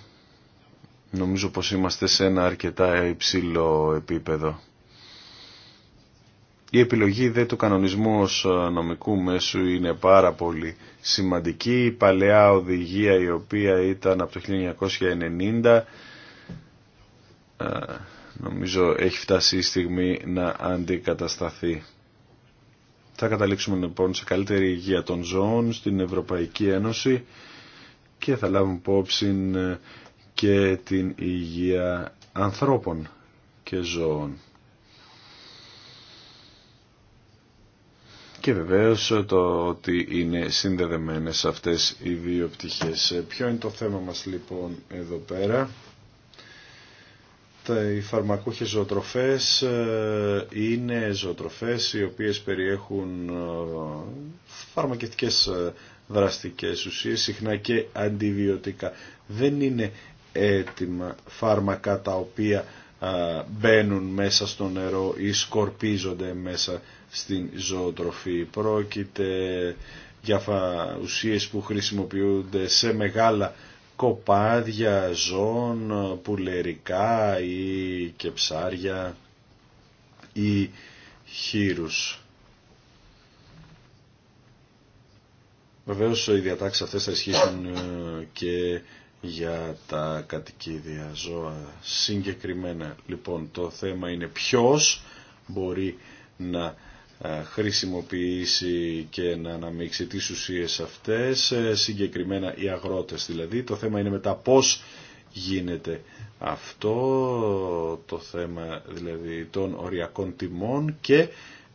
Νομίζω πως είμαστε σε ένα αρκετά υψηλό επίπεδο. Η επιλογή δε του κανονισμού ως νομικού μέσου είναι πάρα πολύ σημαντική. Η παλαιά οδηγία η οποία ήταν από το 1990 ε, νομίζω έχει φτάσει η στιγμή να αντικατασταθεί. Θα καταλήξουμε λοιπόν σε καλύτερη υγεία των ζώων στην Ευρωπαϊκή Ένωση και θα λάβουμε υπόψη ε, και την υγεία ανθρώπων και ζώων. Και βεβαίως το ότι είναι συνδεδεμένες αυτές οι δύο πτυχές. Ποιο είναι το θέμα μας λοιπόν εδώ πέρα. οι φαρμακούχες ζωοτροφές ε, είναι ζωοτροφές οι οποίες περιέχουν ε, φαρμακευτικές ε, δραστικές ουσίες, συχνά και αντιβιωτικά. Δεν είναι έτοιμα φάρμακα τα οποία μπαίνουν μέσα στο νερό ή σκορπίζονται μέσα στην ζωοτροφή. Πρόκειται για ουσίες που χρησιμοποιούνται σε μεγάλα κοπάδια ζώων, πουλερικά ή και ψάρια ή χείρους. Βεβαίως οι διατάξεις αυτές θα ισχύσουν ε, και για τα κατοικίδια ζώα συγκεκριμένα. Λοιπόν, το θέμα είναι ποιος μπορεί να ε, χρησιμοποιήσει και να αναμίξει τις ουσίες αυτές, ε, συγκεκριμένα οι αγρότες δηλαδή. Το θέμα είναι μετά πώς γίνεται αυτό, το θέμα δηλαδή των οριακών τιμών και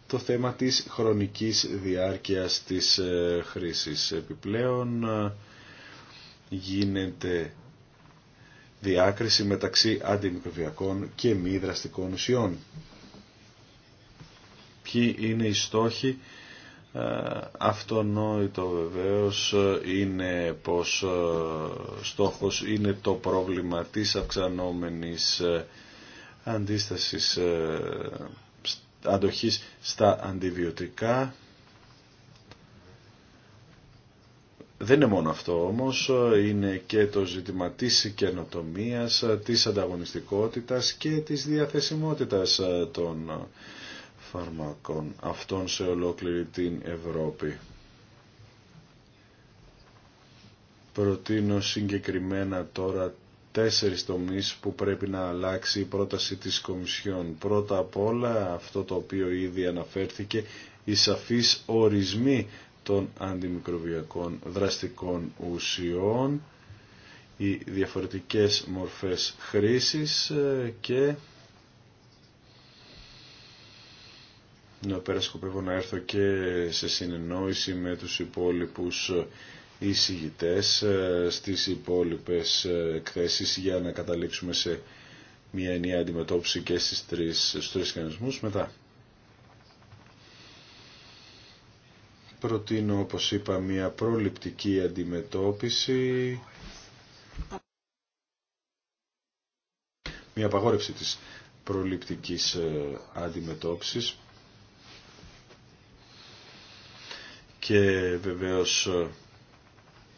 το θέμα της χρονικής διάρκειας της ε, χρήσης. Επιπλέον γίνεται διάκριση μεταξύ αντιμικροβιακών και μη δραστικών ουσιών. Ποιοι είναι οι στόχοι, ε, αυτονόητο βεβαίως ε, είναι πως ε, στόχος είναι το πρόβλημα της αυξανόμενης αντίστασης αντοχής στα αντιβιωτικά Δεν είναι μόνο αυτό όμως, είναι και το ζήτημα της καινοτομίας, της ανταγωνιστικότητας και της διαθεσιμότητας των φαρμακών αυτών σε ολόκληρη την Ευρώπη. Προτείνω συγκεκριμένα τώρα τέσσερις τομείς που πρέπει να αλλάξει η πρόταση της Κομισιόν. Πρώτα απ' όλα αυτό το οποίο ήδη αναφέρθηκε, οι σαφείς ορισμοί των αντιμικροβιακών δραστικών ουσιών, οι διαφορετικές μορφές χρήσης ε, και να πέρα να έρθω και σε συνεννόηση με τους υπόλοιπους εισηγητές ε, στις υπόλοιπες ε, εκθέσεις για να καταλήξουμε σε μια ενιαία αντιμετώπιση και στις τρεις, στους τρεις μετά. Προτείνω, όπως είπα, μια προληπτική αντιμετώπιση, μια απαγόρευση της προληπτικής ε, αντιμετώπισης και βεβαίως ε,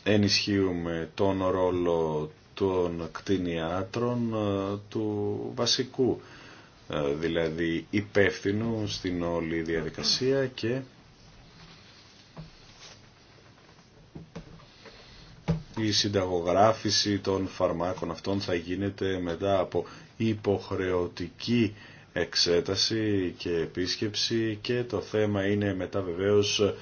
ενισχύουμε τον ρόλο των κτηνιάτρων ε, του βασικού δηλαδή υπεύθυνου στην όλη διαδικασία και η συνταγογράφηση των φαρμάκων αυτών θα γίνεται μετά από υποχρεωτική εξέταση και επίσκεψη και το θέμα είναι μετά βεβαίως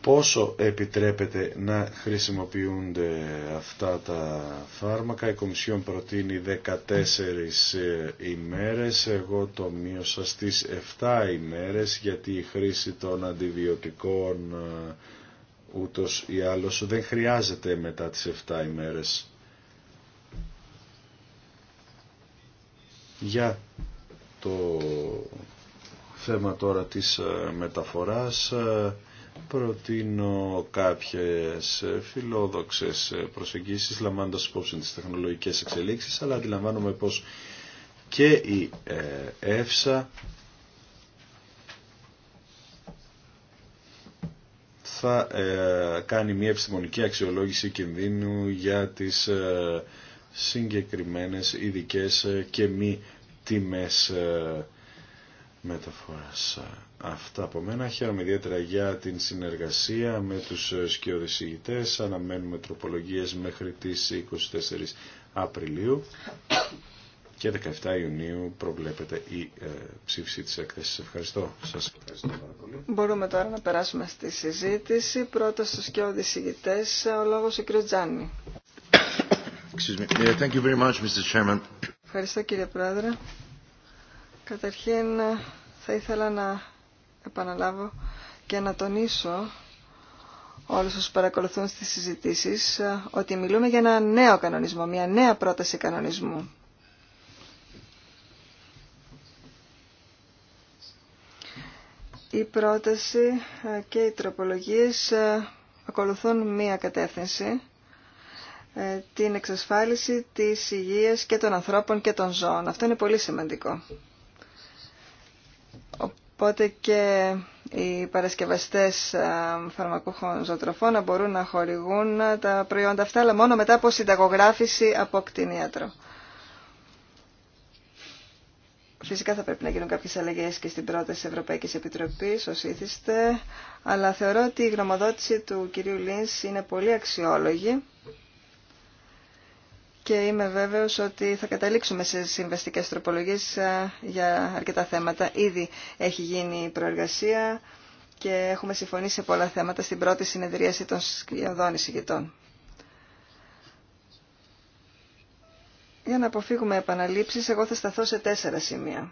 πόσο επιτρέπεται να χρησιμοποιούνται αυτά τα φάρμακα. Η Κομισιόν προτείνει 14 ε, ημέρες, εγώ το μείωσα στις 7 ημέρες γιατί η χρήση των αντιβιωτικών ε, ούτως ή άλλως δεν χρειάζεται μετά τις 7 ημέρες. Για το θέμα τώρα της ε, μεταφοράς ε, προτείνω κάποιες ε, φιλόδοξες προσεγγίσεις λαμβάνοντας υπόψη τις τεχνολογικές εξελίξεις αλλά αντιλαμβάνομαι πως και η ΕΦΣΑ θα ε, κάνει μια επιστημονική αξιολόγηση κινδύνου για τις ε, συγκεκριμένες ειδικέ ε, και μη τιμές μεταφοράς. Αυτά από μένα. Χαίρομαι ιδιαίτερα για την συνεργασία με τους σκιοδησηγητές. Αναμένουμε τροπολογίες μέχρι τις 24 Απριλίου και 17 Ιουνίου προβλέπεται η ε, ψήφιση της έκθεσης. Ευχαριστώ. Σας ευχαριστώ πάρα πολύ. Μπορούμε τώρα να περάσουμε στη συζήτηση. Πρώτα στους και διησηγητές, ε, ο λόγος ο κ. Τζάνι. Thank you very much, Mr. Chairman. Ευχαριστώ κύριε Πρόεδρε. Καταρχήν ε, θα ήθελα να επαναλάβω και να τονίσω όλους όσους παρακολουθούν στις συζητήσεις ότι μιλούμε για ένα νέο κανονισμό, μια νέα πρόταση κανονισμού η πρόταση ε, και οι τροπολογίες ε, ακολουθούν μία κατεύθυνση, ε, την εξασφάλιση της υγείας και των ανθρώπων και των ζώων. Αυτό είναι πολύ σημαντικό. Οπότε και οι παρασκευαστές φαρμακούχων ζωοτροφών να μπορούν να χορηγούν τα προϊόντα αυτά, αλλά μόνο μετά από συνταγογράφηση από κτηνίατρο. Φυσικά θα πρέπει να γίνουν κάποιες αλλαγές και στην πρόταση Ευρωπαϊκή Επιτροπής, ως ήθιστε, αλλά θεωρώ ότι η γνωμοδότηση του κυρίου Λίνς είναι πολύ αξιόλογη και είμαι βέβαιος ότι θα καταλήξουμε σε συμβαστικές τροπολογίες ε, για αρκετά θέματα. Ήδη έχει γίνει η προεργασία και έχουμε συμφωνήσει σε πολλά θέματα στην πρώτη συνεδρίαση των σχεδόν εισηγητών. Για να αποφύγουμε επαναλήψεις, εγώ θα σταθώ σε τέσσερα σημεία.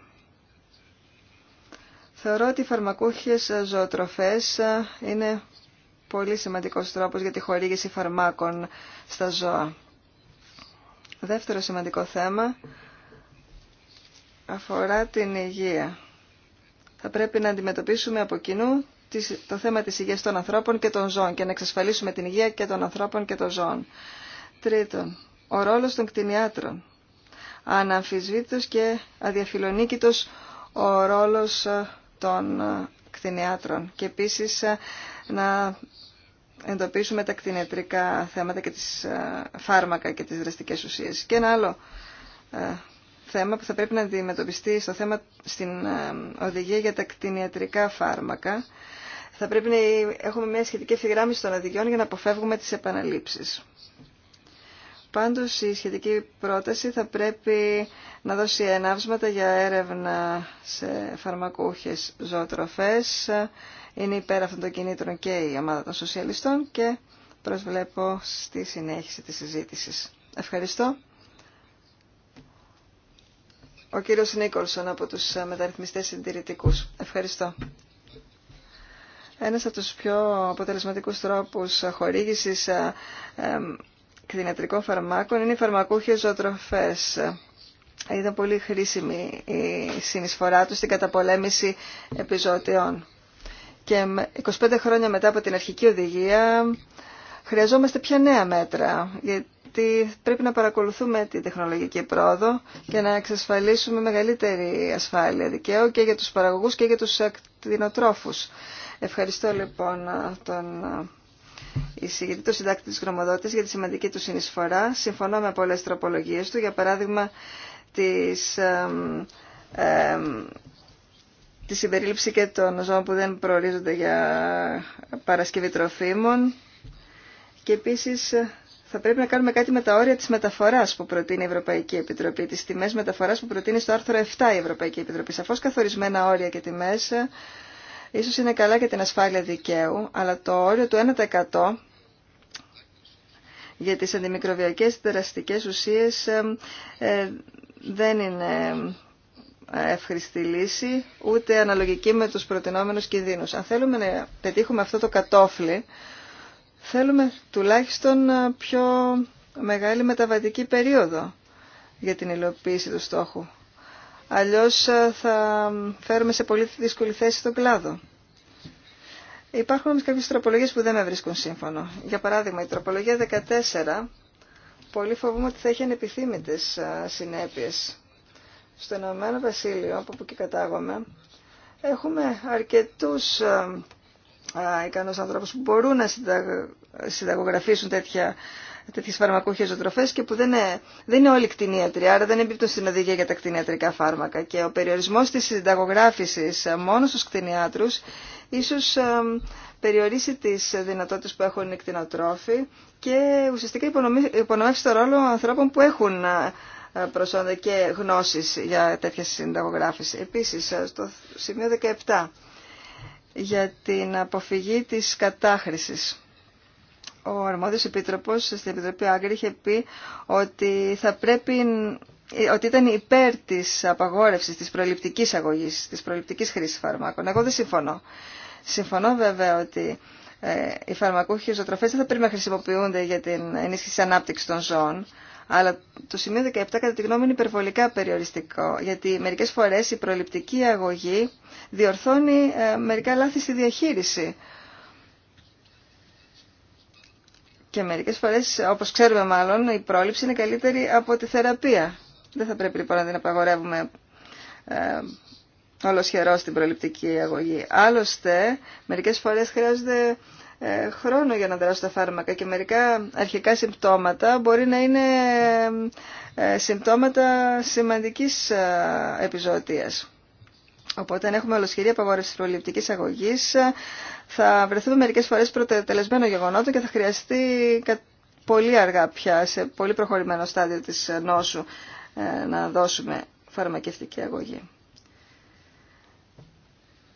Θεωρώ ότι οι φαρμακούχες ζωοτροφές είναι πολύ σημαντικός τρόπος για τη χορήγηση φαρμάκων στα ζώα. Δεύτερο σημαντικό θέμα αφορά την υγεία. Θα πρέπει να αντιμετωπίσουμε από κοινού το θέμα της υγείας των ανθρώπων και των ζώων και να εξασφαλίσουμε την υγεία και των ανθρώπων και των ζώων. Τρίτον, ο ρόλος των κτηνιάτρων αναμφισβήτητος και αδιαφιλονίκητος ο ρόλος ε, των ε, κτηνιάτρων και επίσης ε, να εντοπίσουμε τα κτηνιατρικά θέματα και τις φάρμακα και τις δραστικές ουσίες. Και ένα άλλο θέμα που θα πρέπει να αντιμετωπιστεί στο θέμα στην οδηγία για τα κτηνιατρικά φάρμακα θα πρέπει να έχουμε μια σχετική ευθυγράμμιση των οδηγιών για να αποφεύγουμε τις επαναλήψεις. Πάντως η σχετική πρόταση θα πρέπει να δώσει ενάψματα για έρευνα σε φαρμακούχες ζωοτροφές. Είναι υπέρ αυτών των κινήτρων και η ομάδα των σοσιαλιστών και προσβλέπω στη συνέχιση της συζήτησης. Ευχαριστώ. Ο κύριος Νίκολσον από τους μεταρρυθμιστές συντηρητικούς. Ευχαριστώ. Ένας από τους πιο αποτελεσματικούς τρόπους χορήγησης κτηνιατρικό φαρμάκων είναι οι φαρμακούχες ζωοτροφές. Ήταν πολύ χρήσιμη η συνεισφορά του στην καταπολέμηση επιζωτιών. Και 25 χρόνια μετά από την αρχική οδηγία χρειαζόμαστε πια νέα μέτρα, γιατί πρέπει να παρακολουθούμε την τεχνολογική πρόοδο και να εξασφαλίσουμε μεγαλύτερη ασφάλεια δικαίου και για τους παραγωγούς και για τους ακτινοτρόφους. Ευχαριστώ λοιπόν τον εισηγητή, το συντάκτη της γνωμοδότης για τη σημαντική του συνεισφορά. Συμφωνώ με πολλέ τροπολογίε του, για παράδειγμα της, ε, ε, τη συμπερίληψη και των ζώων που δεν προορίζονται για παρασκευή τροφίμων και επίσης θα πρέπει να κάνουμε κάτι με τα όρια τη μεταφορά που προτείνει η Ευρωπαϊκή Επιτροπή, τις τιμές μεταφοράς που προτείνει στο άρθρο 7 η Ευρωπαϊκή Επιτροπή. σαφώ καθορισμένα όρια και τιμές ίσως είναι καλά για την ασφάλεια δικαίου, αλλά το όριο του 1% για τις αντιμικροβιακές δραστικές ουσίες ε, ε, δεν είναι ευχριστή λύση, ούτε αναλογική με τους προτινόμενους κινδύνους. Αν θέλουμε να πετύχουμε αυτό το κατόφλι, θέλουμε τουλάχιστον ε, πιο μεγάλη μεταβατική περίοδο για την υλοποίηση του στόχου. Αλλιώς θα φέρουμε σε πολύ δύσκολη θέση τον κλάδο. Υπάρχουν όμως κάποιες τροπολογίες που δεν με βρίσκουν σύμφωνο. Για παράδειγμα, η τροπολογία 14, πολύ φοβούμαι ότι θα έχει ανεπιθύμητες συνέπειες. Στο Ενωμένο Βασίλειο, από που και κατάγομαι, έχουμε αρκετούς ικανούς ανθρώπους που μπορούν να συνταγογραφήσουν τέτοια τέτοιε φαρμακούχε ζωτροφέ και που δεν είναι, δεν είναι όλοι κτηνίατροι, άρα δεν εμπίπτουν στην οδηγία για τα κτηνιατρικά φάρμακα. Και ο περιορισμό τη συνταγογράφηση μόνο στου κτηνιάτρου ίσω ε, περιορίσει τι δυνατότητε που έχουν οι κτηνοτρόφοι και ουσιαστικά υπονομεύσει το ρόλο ανθρώπων που έχουν ε, ε, προσόντα και γνώσει για τέτοια συνταγογράφηση. Επίση, στο σημείο 17, για την αποφυγή της κατάχρησης ο αρμόδιος επίτροπος στην Επιτροπή Άγκρη είχε πει ότι θα πρέπει ότι ήταν υπέρ της απαγόρευσης της προληπτικής αγωγής, της προληπτικής χρήσης φαρμάκων. Εγώ δεν συμφωνώ. Συμφωνώ βέβαια ότι ε, οι φαρμακούχοι ζωοτροφές δεν θα πρέπει να χρησιμοποιούνται για την ενίσχυση της ανάπτυξης των ζώων, αλλά το σημείο 17 κατά τη γνώμη είναι υπερβολικά περιοριστικό, γιατί μερικές φορές η προληπτική αγωγή διορθώνει ε, μερικά λάθη στη διαχείριση Και μερικές φορές, όπως ξέρουμε μάλλον, η πρόληψη είναι καλύτερη από τη θεραπεία. Δεν θα πρέπει λοιπόν να την απαγορεύουμε ε, ολοσχερό στην προληπτική αγωγή. Άλλωστε, μερικές φορές χρειάζεται ε, χρόνο για να δράσουν τα φάρμακα και μερικά αρχικά συμπτώματα μπορεί να είναι ε, συμπτώματα σημαντικής ε, Οπότε αν έχουμε ολοσχερή απαγόρευση προληπτικής αγωγής θα βρεθούμε μερικές φορές προτελεσμένο γεγονότο και θα χρειαστεί πολύ αργά πια, σε πολύ προχωρημένο στάδιο της νόσου, ε, να δώσουμε φαρμακευτική αγωγή.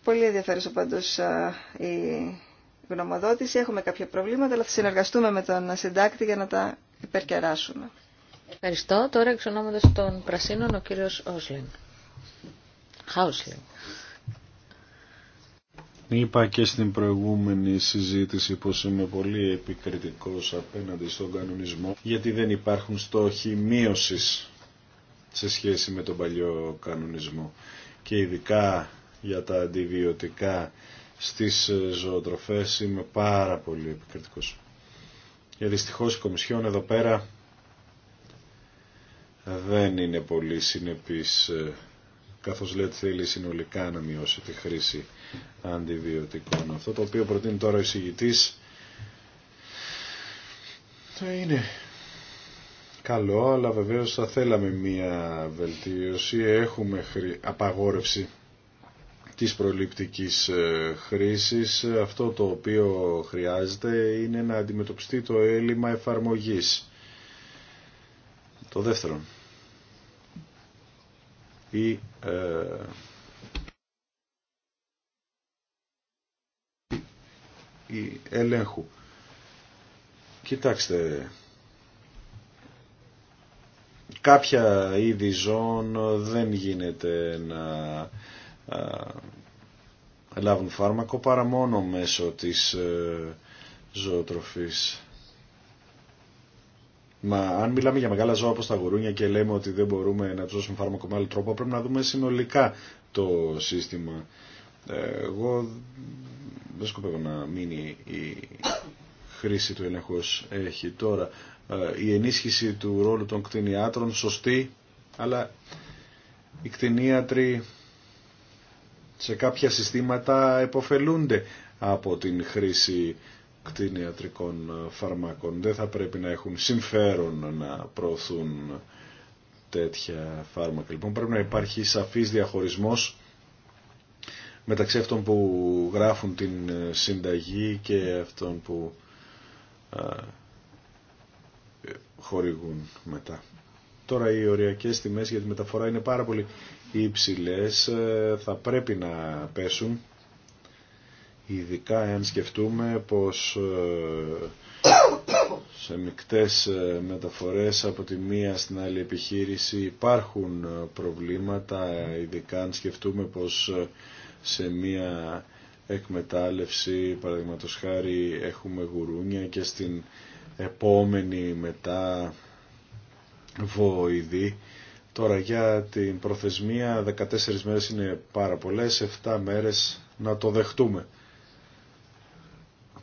Πολύ ενδιαφέρουσα πάντως η γνωμοδότηση. Έχουμε κάποια προβλήματα, αλλά θα συνεργαστούμε με τον συντάκτη για να τα υπερκεράσουμε. Ευχαριστώ. Τώρα εξ των Πρασίνων ο κύριος Όσλιν. Είπα και στην προηγούμενη συζήτηση πως είμαι πολύ επικριτικός απέναντι στον κανονισμό γιατί δεν υπάρχουν στόχοι μείωσης σε σχέση με τον παλιό κανονισμό και ειδικά για τα αντιβιωτικά στις ζωοτροφές είμαι πάρα πολύ επικριτικός. Και δυστυχώς η Κομισιόν εδώ πέρα δεν είναι πολύ συνεπής ε, καθώς λέτε θέλει συνολικά να μειώσει τη χρήση αντιβιωτικών. Αυτό το οποίο προτείνει τώρα ο εισηγητής θα είναι καλό, αλλά βεβαίως θα θέλαμε μία βελτίωση. Έχουμε απαγόρευση της προληπτικής ε, χρήσης. Αυτό το οποίο χρειάζεται είναι να αντιμετωπιστεί το έλλειμμα εφαρμογής. Το δεύτερο, η, ε, η ελέγχου. Κοιτάξτε, κάποια είδη ζώων δεν γίνεται να α, ε, λάβουν φάρμακο παρά μόνο μέσω της ε, ζωοτροφής. Μα αν μιλάμε για μεγάλα ζώα όπως τα γουρούνια και λέμε ότι δεν μπορούμε να τους δώσουμε φάρμακο με άλλο τρόπο, πρέπει να δούμε συνολικά το σύστημα. Εγώ δεν σκοπεύω να μείνει η χρήση του ελέγχου έχει τώρα. Ε, η ενίσχυση του ρόλου των κτηνιάτρων, σωστή, αλλά οι κτηνίατροι σε κάποια συστήματα επωφελούνται από την χρήση κτηνιατρικών ε, φαρμάκων. Δεν θα πρέπει να έχουν συμφέρον να προωθούν τέτοια φάρμακα. Λοιπόν πρέπει να υπάρχει σαφής διαχωρισμός μεταξύ αυτών που γράφουν την ε, συνταγή και αυτών που ε, χορηγούν μετά. Τώρα οι οριακές τιμές για τη μεταφορά είναι πάρα πολύ υψηλές, θα πρέπει να πέσουν ειδικά εάν σκεφτούμε πως ε, σε μικτές ε, μεταφορές από τη μία στην άλλη επιχείρηση υπάρχουν ε, προβλήματα, ειδικά αν σκεφτούμε πως σε μία εκμετάλλευση, παραδείγματο χάρη έχουμε γουρούνια και στην επόμενη μετά βοηδή. Τώρα για την προθεσμία 14 μέρες είναι πάρα πολλές, 7 μέρες να το δεχτούμε.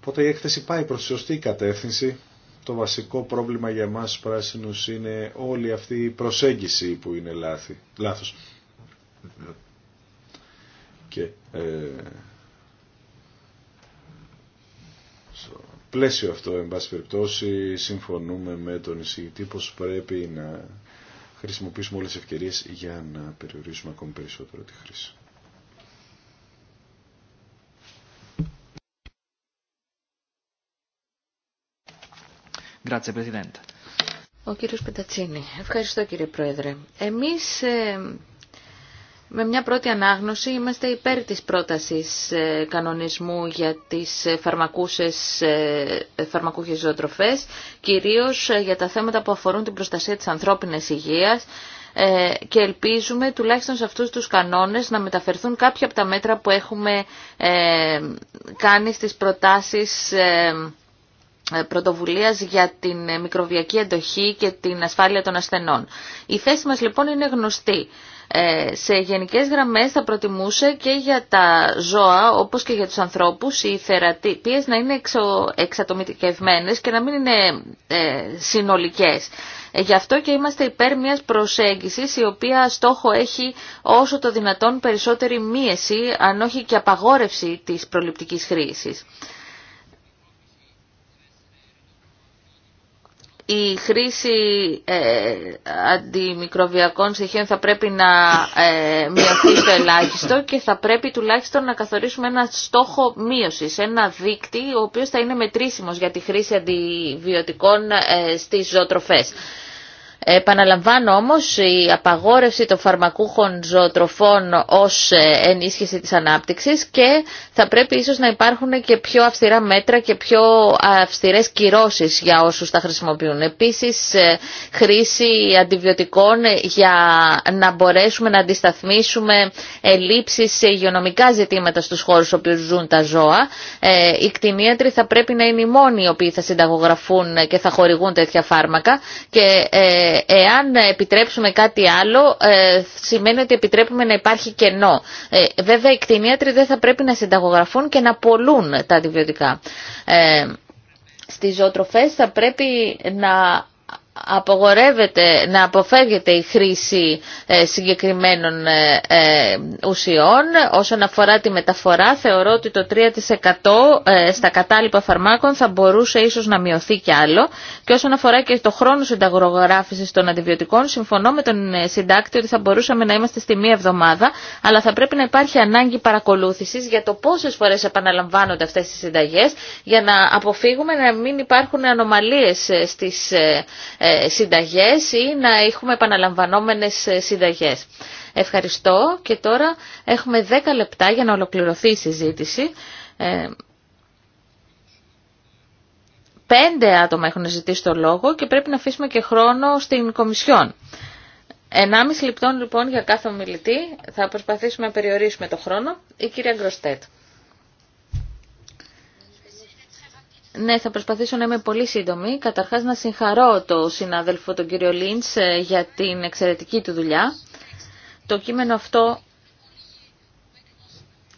Οπότε η έκθεση πάει προς σωστή κατεύθυνση. Το βασικό πρόβλημα για εμάς του πράσινους είναι όλη αυτή η προσέγγιση που είναι λάθη, λάθος. Και ε, στο πλαίσιο αυτό, εν πάση περιπτώσει, συμφωνούμε με τον εισηγητή πως πρέπει να χρησιμοποιήσουμε όλες τις ευκαιρίες για να περιορίσουμε ακόμη περισσότερο τη χρήση. Ο κύριος Πεντατσίνη. Ευχαριστώ κύριε Πρόεδρε. Εμείς ε, με μια πρώτη ανάγνωση είμαστε υπέρ της πρότασης ε, κανονισμού για τις ε, φαρμακούχε φαρμακούχες ζωοτροφές, κυρίως για τα θέματα που αφορούν την προστασία της ανθρώπινης υγείας, και ελπίζουμε τουλάχιστον σε αυτούς τους κανόνες να μεταφερθούν κάποια από τα μέτρα που έχουμε κάνει στις προτάσεις ε, πρωτοβουλίας για την ε, μικροβιακή εντοχή και την ασφάλεια των ασθενών. Η θέση μας λοιπόν είναι γνωστή. Ε, σε γενικές γραμμές θα προτιμούσε και για τα ζώα όπως και για τους ανθρώπους οι θεραπείες να είναι εξο, εξατομικευμένες και να μην είναι ε, συνολικές. Γι' αυτό και είμαστε υπέρ μιας προσέγγισης η οποία στόχο έχει όσο το δυνατόν περισσότερη μίεση αν όχι και απαγόρευση της προληπτικής χρήσης. η χρήση ε, αντιμικροβιακών στοιχείων θα πρέπει να ε, μειωθεί στο ελάχιστο και θα πρέπει τουλάχιστον να καθορίσουμε ένα στόχο μείωσης, ένα δίκτυο ο οποίος θα είναι μετρήσιμος για τη χρήση αντιβιωτικών ε, στις ζωοτροφές. Επαναλαμβάνω όμως η απαγόρευση των φαρμακούχων ζωοτροφών ως ε, ενίσχυση της ανάπτυξης και θα πρέπει ίσως να υπάρχουν και πιο αυστηρά μέτρα και πιο αυστηρές κυρώσεις για όσους τα χρησιμοποιούν. Επίσης ε, χρήση αντιβιωτικών για να μπορέσουμε να αντισταθμίσουμε ελλείψεις σε υγειονομικά ζητήματα στους χώρους όπου ζουν τα ζώα. Ε, οι κτηνίατροι θα πρέπει να είναι οι μόνοι οι οποίοι θα συνταγογραφούν και θα χορηγούν τέτοια φάρμακα εάν επιτρέψουμε κάτι άλλο, ε, σημαίνει ότι επιτρέπουμε να υπάρχει κενό. Ε, βέβαια, οι κτηνίατροι δεν θα πρέπει να συνταγογραφούν και να πολλούν τα αντιβιωτικά. Ε, στις ζωοτροφές θα πρέπει να απογορεύεται να αποφεύγεται η χρήση ε, συγκεκριμένων ε, ε, ουσιών. Όσον αφορά τη μεταφορά, θεωρώ ότι το 3% στα κατάλοιπα φαρμάκων θα μπορούσε ίσως να μειωθεί κι άλλο. Και όσον αφορά και το χρόνο συνταγογράφησης των αντιβιωτικών, συμφωνώ με τον συντάκτη ότι θα μπορούσαμε να είμαστε στη μία εβδομάδα, αλλά θα πρέπει να υπάρχει ανάγκη παρακολούθησης για το πόσες φορές επαναλαμβάνονται αυτές οι συνταγές, για να αποφύγουμε να μην υπάρχουν ανομαλίες στις ε, συνταγές ή να έχουμε επαναλαμβανόμενες ε, συνταγές. Ευχαριστώ και τώρα έχουμε 10 λεπτά για να ολοκληρωθεί η συζήτηση. Ε, πέντε άτομα έχουν ζητήσει το λόγο και πρέπει να αφήσουμε και χρόνο στην Κομισιόν. 1,5 λεπτό λοιπόν για κάθε ομιλητή. Θα προσπαθήσουμε να περιορίσουμε το χρόνο. Η κυρία Γκροστέτ. Ναι, θα προσπαθήσω να είμαι πολύ σύντομη. Καταρχάς να συγχαρώ το συνάδελφο τον κύριο Λίντς ε, για την εξαιρετική του δουλειά. Το κείμενο αυτό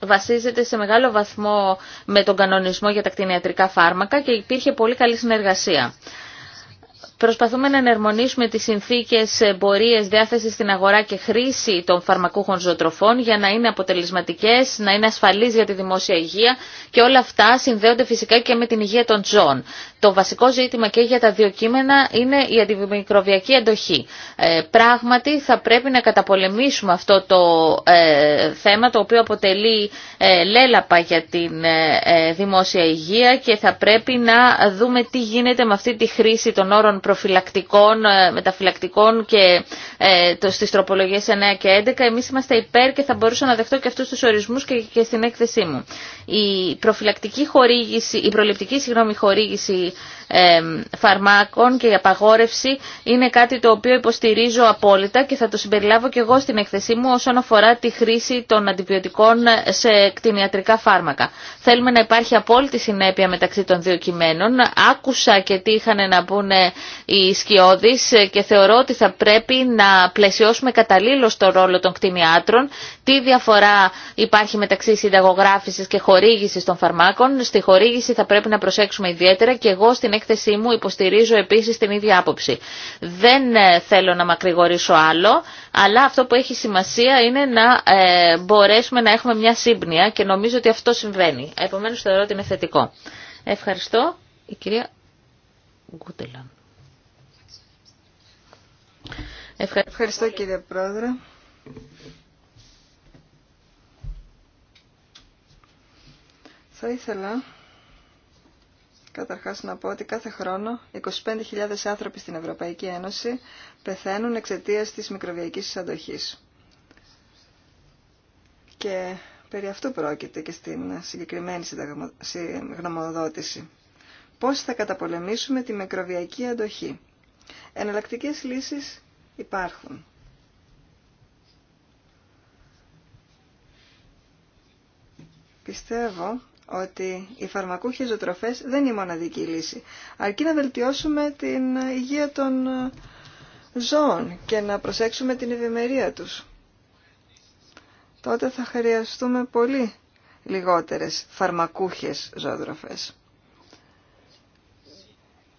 βασίζεται σε μεγάλο βαθμό με τον κανονισμό για τα κτηνιατρικά φάρμακα και υπήρχε πολύ καλή συνεργασία. Προσπαθούμε να ενερμονίσουμε τις συνθήκες πορείε διάθεση στην αγορά και χρήση των φαρμακούχων ζωοτροφών για να είναι αποτελεσματικές, να είναι ασφαλείς για τη δημόσια υγεία και όλα αυτά συνδέονται φυσικά και με την υγεία των ζώων. Το βασικό ζήτημα και για τα δύο κείμενα είναι η αντιμικροβιακή εντοχή. Ε, πράγματι θα πρέπει να καταπολεμήσουμε αυτό το ε, θέμα το οποίο αποτελεί ε, λέλαπα για την δημόσια υγεία και θα πρέπει να δούμε τι γίνεται με αυτή τη χρήση των όρων προφυλακτικών, ε, μεταφυλακτικών και ε, το, στις τροπολογίες 9 και 11. Εμείς είμαστε υπέρ και θα μπορούσα να δεχτώ και αυτούς τους ορισμούς και, και στην έκθεσή μου. Η προφυλακτική χορήγηση, η προληπτική συγγνώμη χορήγηση φαρμάκων και η απαγόρευση είναι κάτι το οποίο υποστηρίζω απόλυτα και θα το συμπεριλάβω και εγώ στην εκθεσή μου όσον αφορά τη χρήση των αντιβιωτικών σε κτηνιατρικά φάρμακα. Θέλουμε να υπάρχει απόλυτη συνέπεια μεταξύ των δύο κειμένων. Άκουσα και τι είχαν να πούνε οι σκιώδεις και θεωρώ ότι θα πρέπει να πλαισιώσουμε καταλήλως το ρόλο των κτηνιάτρων, τι διαφορά υπάρχει μεταξύ συνταγογράφησης και χορήγησης των φαρμάκων. Στη χορήγηση θα πρέπει να προσέξουμε ιδιαίτερα και εγώ στην έκθεσή μου υποστηρίζω επίσης την ίδια άποψη. Δεν ε, θέλω να μακρηγορήσω άλλο, αλλά αυτό που έχει σημασία είναι να ε, μπορέσουμε να έχουμε μια σύμπνοια και νομίζω ότι αυτό συμβαίνει. Επομένως θεωρώ ότι είναι θετικό. Ευχαριστώ. Η κυρία Γκούτελαν. Ευχαριστώ κύριε Πρόεδρε. Θα ήθελα Καταρχάς να πω ότι κάθε χρόνο 25.000 άνθρωποι στην Ευρωπαϊκή Ένωση πεθαίνουν εξαιτίας της μικροβιακής εισαντοχής. Και περί αυτού πρόκειται και στην συγκεκριμένη γνωμοδότηση. Πώς θα καταπολεμήσουμε τη μικροβιακή αντοχή. Εναλλακτικές λύσεις υπάρχουν. Πιστεύω ότι οι φαρμακούχες ζωτροφές δεν είναι η μοναδική λύση, αρκεί να βελτιώσουμε την υγεία των ζώων και να προσέξουμε την ευημερία τους. Τότε θα χρειαστούμε πολύ λιγότερες φαρμακούχες ζωοτροφές.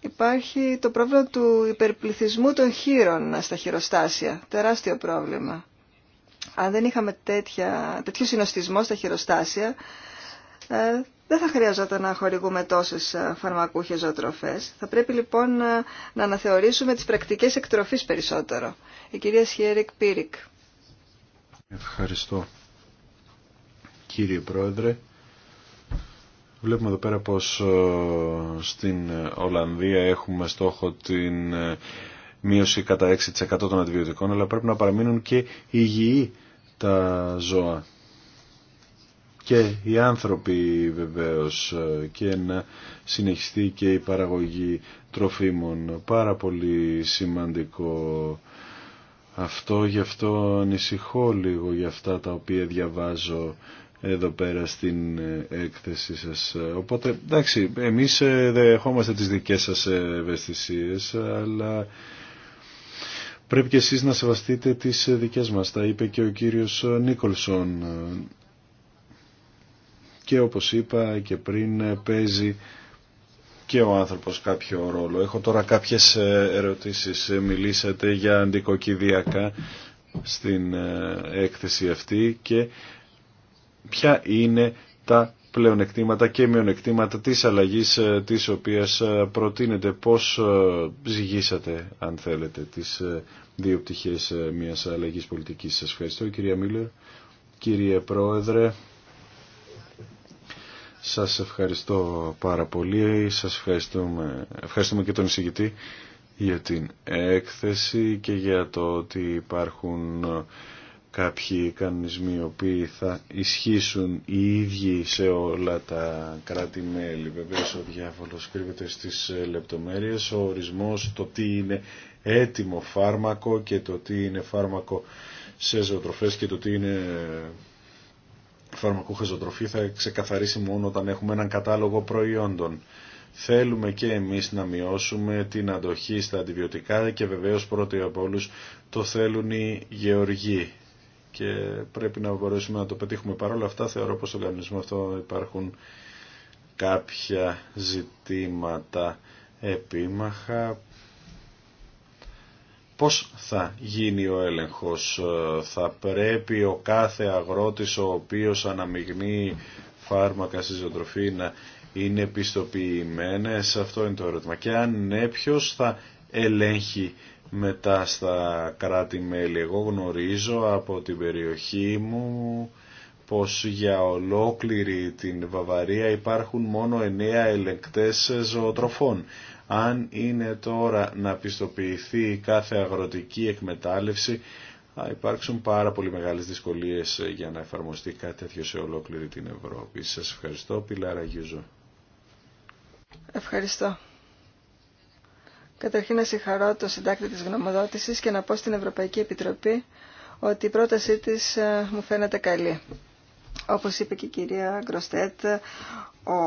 Υπάρχει το πρόβλημα του υπερπληθισμού των χείρων στα χειροστάσια. Τεράστιο πρόβλημα. Αν δεν είχαμε τέτοιο συνοστισμό στα χειροστάσια, ε, δεν θα χρειαζόταν να χορηγούμε τόσες ε, φαρμακούχες ζωοτροφές. Θα πρέπει λοιπόν ε, να αναθεωρήσουμε τις πρακτικές εκτροφής περισσότερο. Η κυρία Σιέρικ Πίρικ. Ευχαριστώ κύριε Πρόεδρε. Βλέπουμε εδώ πέρα πως στην Ολλανδία έχουμε στόχο την μείωση κατά 6% των αντιβιωτικών, αλλά πρέπει να παραμείνουν και υγιεί τα ζώα και οι άνθρωποι βεβαίως ε, και να συνεχιστεί και η παραγωγή τροφίμων. Πάρα πολύ σημαντικό αυτό, γι' αυτό ανησυχώ λίγο για αυτά τα οποία διαβάζω εδώ πέρα στην ε, έκθεση σας. Οπότε, εντάξει, εμείς ε, δεχόμαστε τις δικές σας ευαισθησίες, αλλά πρέπει και εσείς να σεβαστείτε τις δικές μας. Τα είπε και ο κύριος Νίκολσον και όπως είπα και πριν παίζει και ο άνθρωπος κάποιο ρόλο. Έχω τώρα κάποιες ε, ερωτήσεις. Ε, μιλήσατε για αντικοκυδιακά στην ε, έκθεση αυτή και ποια είναι τα πλεονεκτήματα και μειονεκτήματα της αλλαγής της οποίας προτείνετε. πώς ζυγίσατε αν θέλετε τις δύο πτυχές μιας αλλαγής πολιτικής. Σας ευχαριστώ κυρία Μίλλερ, κύριε Πρόεδρε. Σας ευχαριστώ πάρα πολύ. Σας ευχαριστούμε, ευχαριστούμε και τον εισηγητή για την έκθεση και για το ότι υπάρχουν κάποιοι κανονισμοί οι οποίοι θα ισχύσουν οι ίδιοι σε όλα τα κράτη-μέλη. Βεβαίως ο διάβολος κρύβεται στις λεπτομέρειες, ο ορισμός, το τι είναι έτοιμο φάρμακο και το τι είναι φάρμακο σε ζωοτροφές και το τι είναι φαρμακού χαζοτροφή θα ξεκαθαρίσει μόνο όταν έχουμε έναν κατάλογο προϊόντων. Θέλουμε και εμείς να μειώσουμε την αντοχή στα αντιβιωτικά και βεβαίως πρώτοι από όλου το θέλουν οι γεωργοί και πρέπει να μπορέσουμε να το πετύχουμε. Παρ' όλα αυτά θεωρώ πως στον κανονισμό αυτό υπάρχουν κάποια ζητήματα επίμαχα Πώς θα γίνει ο έλεγχος, ε, θα πρέπει ο κάθε αγρότης ο οποίος αναμειγνύει φάρμακα στη ζωοτροφή να είναι πιστοποιημένες, αυτό είναι το ερώτημα. Και αν ναι, θα ελέγχει μετά στα κράτη-μέλη. Εγώ γνωρίζω από την περιοχή μου πως για ολόκληρη την Βαβαρία υπάρχουν μόνο εννέα ελεγκτές ζωοτροφών. Αν είναι τώρα να πιστοποιηθεί κάθε αγροτική εκμετάλλευση, θα υπάρξουν πάρα πολύ μεγάλες δυσκολίες για να εφαρμοστεί κάτι τέτοιο σε ολόκληρη την Ευρώπη. Σας ευχαριστώ, Πιλάρα Ευχαριστώ. Καταρχήν να συγχαρώ το συντάκτη της γνωμοδότησης και να πω στην Ευρωπαϊκή Επιτροπή ότι η πρότασή της ε, μου φαίνεται καλή. Όπως είπε και η κυρία Γκροστέτ, ο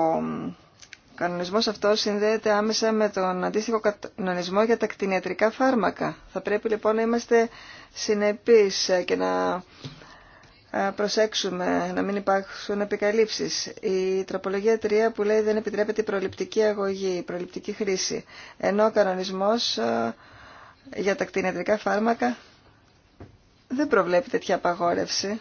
κανονισμός αυτός συνδέεται άμεσα με τον αντίστοιχο κανονισμό για τα κτηνιατρικά φάρμακα. Θα πρέπει λοιπόν να είμαστε συνεπείς και να ε, προσέξουμε να μην υπάρχουν επικαλύψεις. Η τροπολογία 3 που λέει δεν επιτρέπεται η προληπτική αγωγή, η προληπτική χρήση, ενώ ο κανονισμός ε, για τα κτηνιατρικά φάρμακα δεν προβλέπει τέτοια απαγόρευση.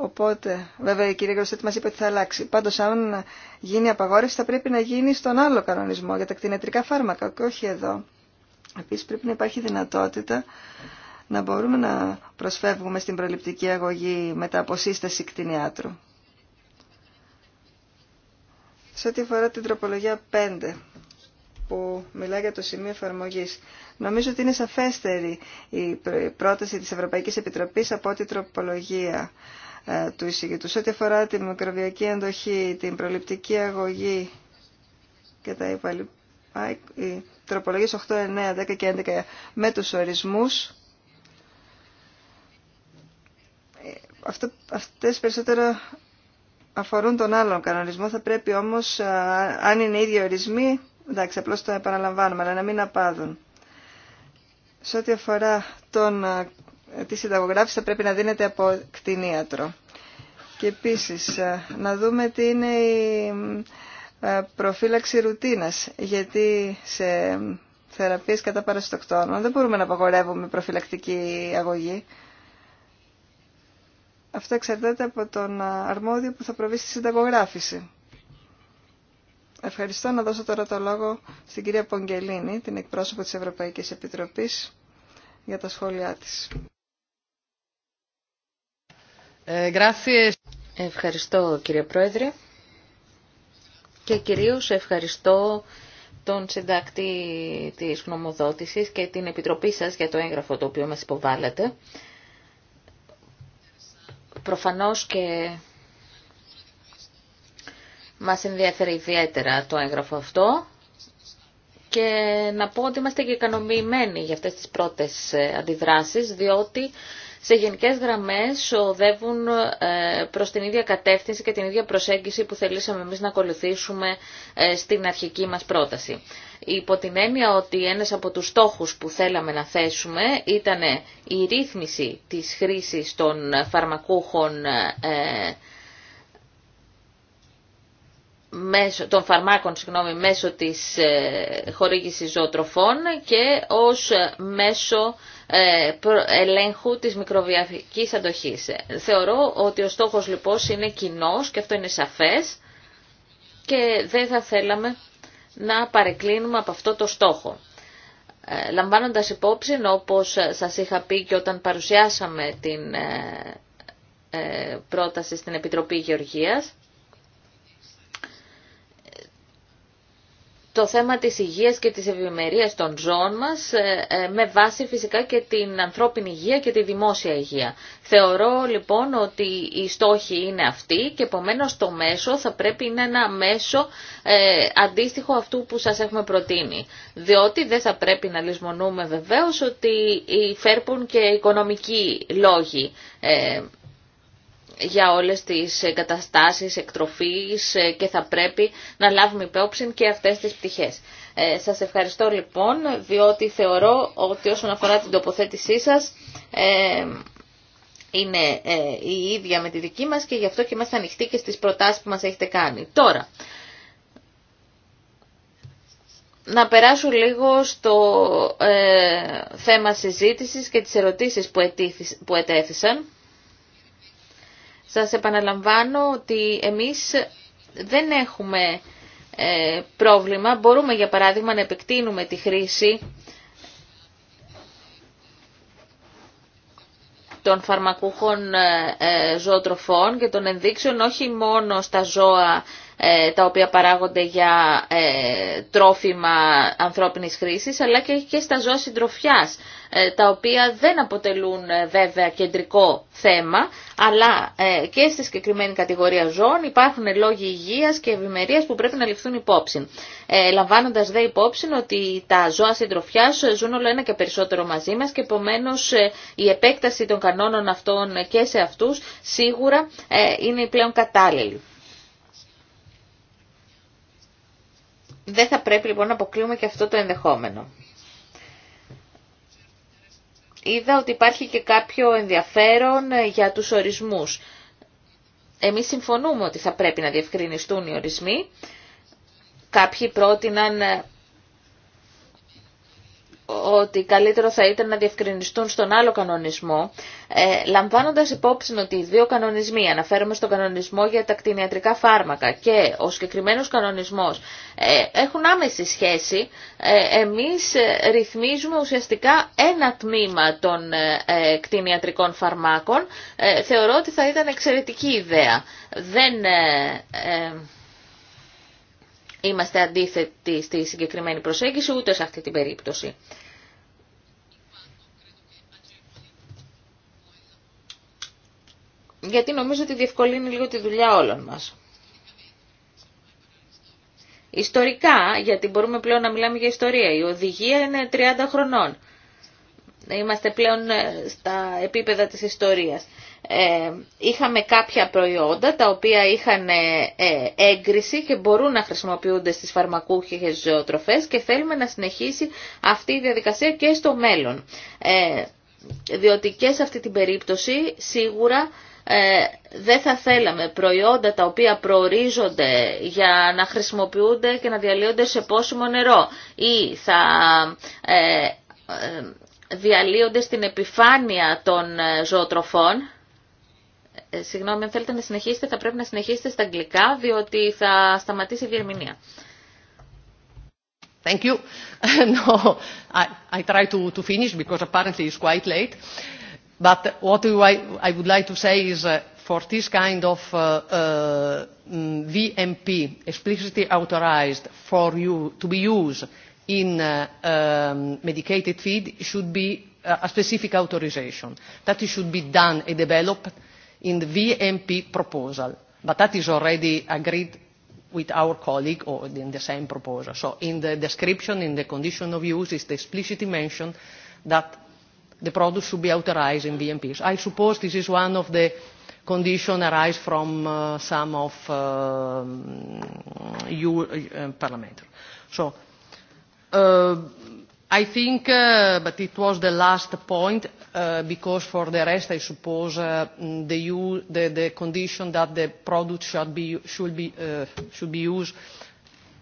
Οπότε, βέβαια η κυρία Γκροσέτη μας είπε ότι θα αλλάξει. Πάντως, αν γίνει απαγόρευση θα πρέπει να γίνει στον άλλο κανονισμό για τα κτηνιατρικά φάρμακα και όχι εδώ. Επίσης πρέπει να υπάρχει δυνατότητα να μπορούμε να προσφεύγουμε στην προληπτική αγωγή μετά από σύσταση κτηνιάτρου. Σε ό,τι αφορά την τροπολογία 5 που μιλά για το σημείο εφαρμογή. Νομίζω ότι είναι σαφέστερη η πρόταση της Ευρωπαϊκής Επιτροπής από την τροπολογία ε, του Σε ό,τι αφορά τη μικροβιακή εντοχή, την προληπτική αγωγή και τα υπαλληλικά, οι τροπολογίες 8, 9, 10 και 11 με τους ορισμούς, αυτό, αυτές περισσότερο αφορούν τον άλλον κανονισμό. Θα πρέπει όμως, ε, αν είναι ίδιοι ορισμοί, εντάξει, απλώς το επαναλαμβάνουμε, αλλά να μην απάδουν. Σε ό,τι αφορά τον ε, Τη συνταγογράφηση θα πρέπει να δίνεται από κτηνίατρο. Και επίσης ε, να δούμε τι είναι η ε, προφύλαξη ρουτίνας, γιατί σε θεραπείες κατά παραστοκτόνων δεν μπορούμε να απαγορεύουμε προφυλακτική αγωγή. Αυτό εξαρτάται από τον ε, αρμόδιο που θα προβεί στη συνταγογράφηση. Ευχαριστώ να δώσω τώρα το λόγο στην κυρία Πογγελίνη, την εκπρόσωπο της Ευρωπαϊκής Επιτροπής, για τα σχόλιά της. Ε, ευχαριστώ κύριε Πρόεδρε και κυρίως ευχαριστώ τον συντάκτη της γνωμοδότησης και την Επιτροπή σας για το έγγραφο το οποίο μας υποβάλλατε. Προφανώς και μας ενδιαφέρει ιδιαίτερα το έγγραφο αυτό και να πω ότι είμαστε και ικανοποιημένοι για αυτές τις πρώτες ε, αντιδράσεις διότι σε γενικές γραμμές οδεύουν ε, προς την ίδια κατεύθυνση και την ίδια προσέγγιση που θελήσαμε εμείς να ακολουθήσουμε ε, στην αρχική μας πρόταση. Υπό την έννοια ότι ένας από τους στόχους που θέλαμε να θέσουμε ήταν η ρύθμιση της χρήσης των φαρμακούχων ε, μέσω, των φαρμάκων συγγνώμη, μέσω της ε, χορήγησης ζωοτροφών και ως μέσο ε, ελέγχου της μικροβιακής αντοχής. Θεωρώ ότι ο στόχος λοιπόν είναι κοινό και αυτό είναι σαφές και δεν θα θέλαμε να παρεκκλίνουμε από αυτό το στόχο. Ε, λαμβάνοντας υπόψη, όπως σας είχα πει και όταν παρουσιάσαμε την ε, πρόταση στην Επιτροπή Γεωργίας, το θέμα της υγείας και της ευημερίας των ζώων μας ε, ε, με βάση φυσικά και την ανθρώπινη υγεία και τη δημόσια υγεία. Θεωρώ λοιπόν ότι οι στόχοι είναι αυτοί και επομένω το μέσο θα πρέπει να είναι ένα μέσο ε, αντίστοιχο αυτού που σας έχουμε προτείνει. Διότι δεν θα πρέπει να λησμονούμε βεβαίως ότι φέρπουν και οικονομικοί λόγοι για όλες τις καταστάσεις εκτροφής ε, και θα πρέπει να λάβουμε υπόψη και αυτές τις πτυχές. Ε, σας ευχαριστώ λοιπόν, διότι θεωρώ ότι όσον αφορά την τοποθέτησή σας ε, είναι ε, η ίδια με τη δική μας και γι' αυτό και είμαστε ανοιχτοί και στις προτάσεις που μας έχετε κάνει. Τώρα, να περάσω λίγο στο ε, θέμα συζήτησης και τις ερωτήσεις που, που ετέθησαν. Σας επαναλαμβάνω ότι εμείς δεν έχουμε ε, πρόβλημα. Μπορούμε για παράδειγμα να επεκτείνουμε τη χρήση των φαρμακούχων ε, ε, ζωοτροφών και των ενδείξεων όχι μόνο στα ζώα ε, τα οποία παράγονται για ε, τρόφιμα ανθρώπινης χρήσης, αλλά και, και στα ζώα συντροφιάς, ε, τα οποία δεν αποτελούν βέβαια κεντρικό θέμα, αλλά και στη συγκεκριμένη κατηγορία ζώων υπάρχουν λόγοι υγείας και ευημερίας που πρέπει να ληφθούν υπόψη. Ε, λαμβάνοντας δε υπόψη ότι τα ζώα συντροφιάς ζουν όλο ένα και περισσότερο μαζί μας και επομένως η επέκταση των κανόνων αυτών και σε αυτούς σίγουρα είναι η πλέον κατάλληλη. Δεν θα πρέπει λοιπόν να αποκλείουμε και αυτό το ενδεχόμενο. Είδα ότι υπάρχει και κάποιο ενδιαφέρον ε, για τους ορισμούς. Εμείς συμφωνούμε ότι θα πρέπει να διευκρινιστούν οι ορισμοί. Κάποιοι πρότειναν ε, ότι καλύτερο θα ήταν να διευκρινιστούν στον άλλο κανονισμό, ε, λαμβάνοντας υπόψη ότι οι δύο κανονισμοί, αναφέρομαι στον κανονισμό για τα κτηνιατρικά φάρμακα και ο συγκεκριμένο κανονισμός, ε, έχουν άμεση σχέση, ε, εμείς ρυθμίζουμε ουσιαστικά ένα τμήμα των ε, ε, κτηνιατρικών φαρμάκων. Ε, θεωρώ ότι θα ήταν εξαιρετική ιδέα. Δεν... Είμαστε αντίθετοι στη συγκεκριμένη προσέγγιση, ούτε σε αυτή την περίπτωση. γιατί νομίζω ότι διευκολύνει λίγο τη δουλειά όλων μας. Ιστορικά, γιατί μπορούμε πλέον να μιλάμε για ιστορία, η οδηγία είναι 30 χρονών. Είμαστε πλέον ε, στα επίπεδα της ιστορίας. Ε, είχαμε κάποια προϊόντα τα οποία είχαν ε, ε, έγκριση και μπορούν να χρησιμοποιούνται στις φαρμακούχες ζωοτροφές και θέλουμε να συνεχίσει αυτή η διαδικασία και στο μέλλον. Ε, διότι και σε αυτή την περίπτωση σίγουρα ε, δεν θα θέλαμε προϊόντα τα οποία προορίζονται για να χρησιμοποιούνται και να διαλύονται σε πόσιμο νερό ή θα ε, ε, διαλύονται στην επιφάνεια των ζωοτροφών. Συγγνώμη, αν θέλετε να συνεχίσετε, θα πρέπει να συνεχίσετε στα αγγλικά, διότι θα σταματήσει η διερμηνία. Thank you. no, I, I try to finish because apparently it's quite late. But what I would like to say is for this kind of VMP explicitly authorized for you to be used in medicated feed should be a specific authorization. That should be done and developed in the VMP proposal. But that is already agreed with our colleague or in the same proposal. So in the description, in the condition of use, is explicitly mentioned that the product should be authorized in BMPs. I suppose this is one of the conditions arise from some of EU parliament. So I think, but it was the last point, because for the rest I suppose the the condition that the product should be should be should be used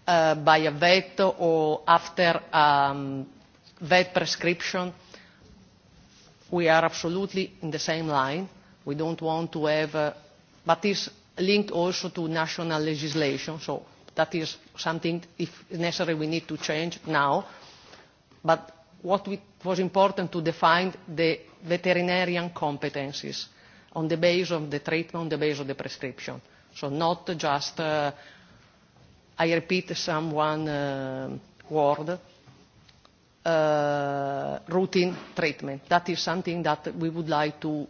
by a vet or after a vet prescription we are absolutely in the same line. We don't want to have, but is linked also to national legislation. So that is something, if necessary, we need to change now. But what was important to define the veterinarian competencies on the basis of the treatment, on the basis of the prescription. So not just, I repeat some one word routine treatment. That is something that we would like to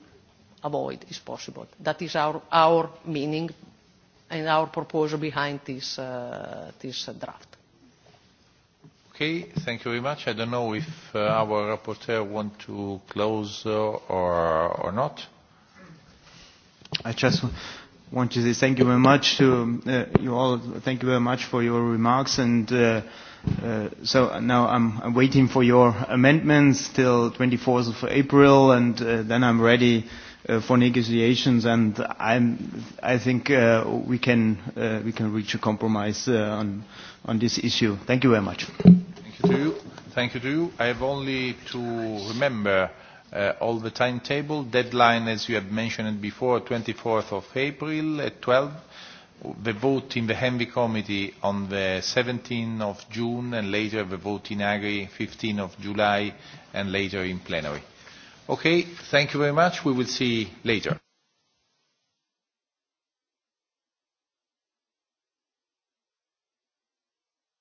avoid, if possible. That is our our meaning and our proposal behind this draft. Okay, thank you very much. I don't know if our rapporteur want to close or not. I just want to say thank you very much to you all. Thank you very much for your remarks and So now I'm waiting for your amendments till 24th of April, and then I'm ready for negotiations. And I'm, I think we can we can reach a compromise on on this issue. Thank you very much. Thank you to you. Thank you to you. I have only to remember all the timetable. Deadline, as you have mentioned before, 24th of April at 12 the vote in the Henvi Committee on the 17th of June and later the vote in Agri 15th of July and later in plenary. Okay, thank you very much. We will see later.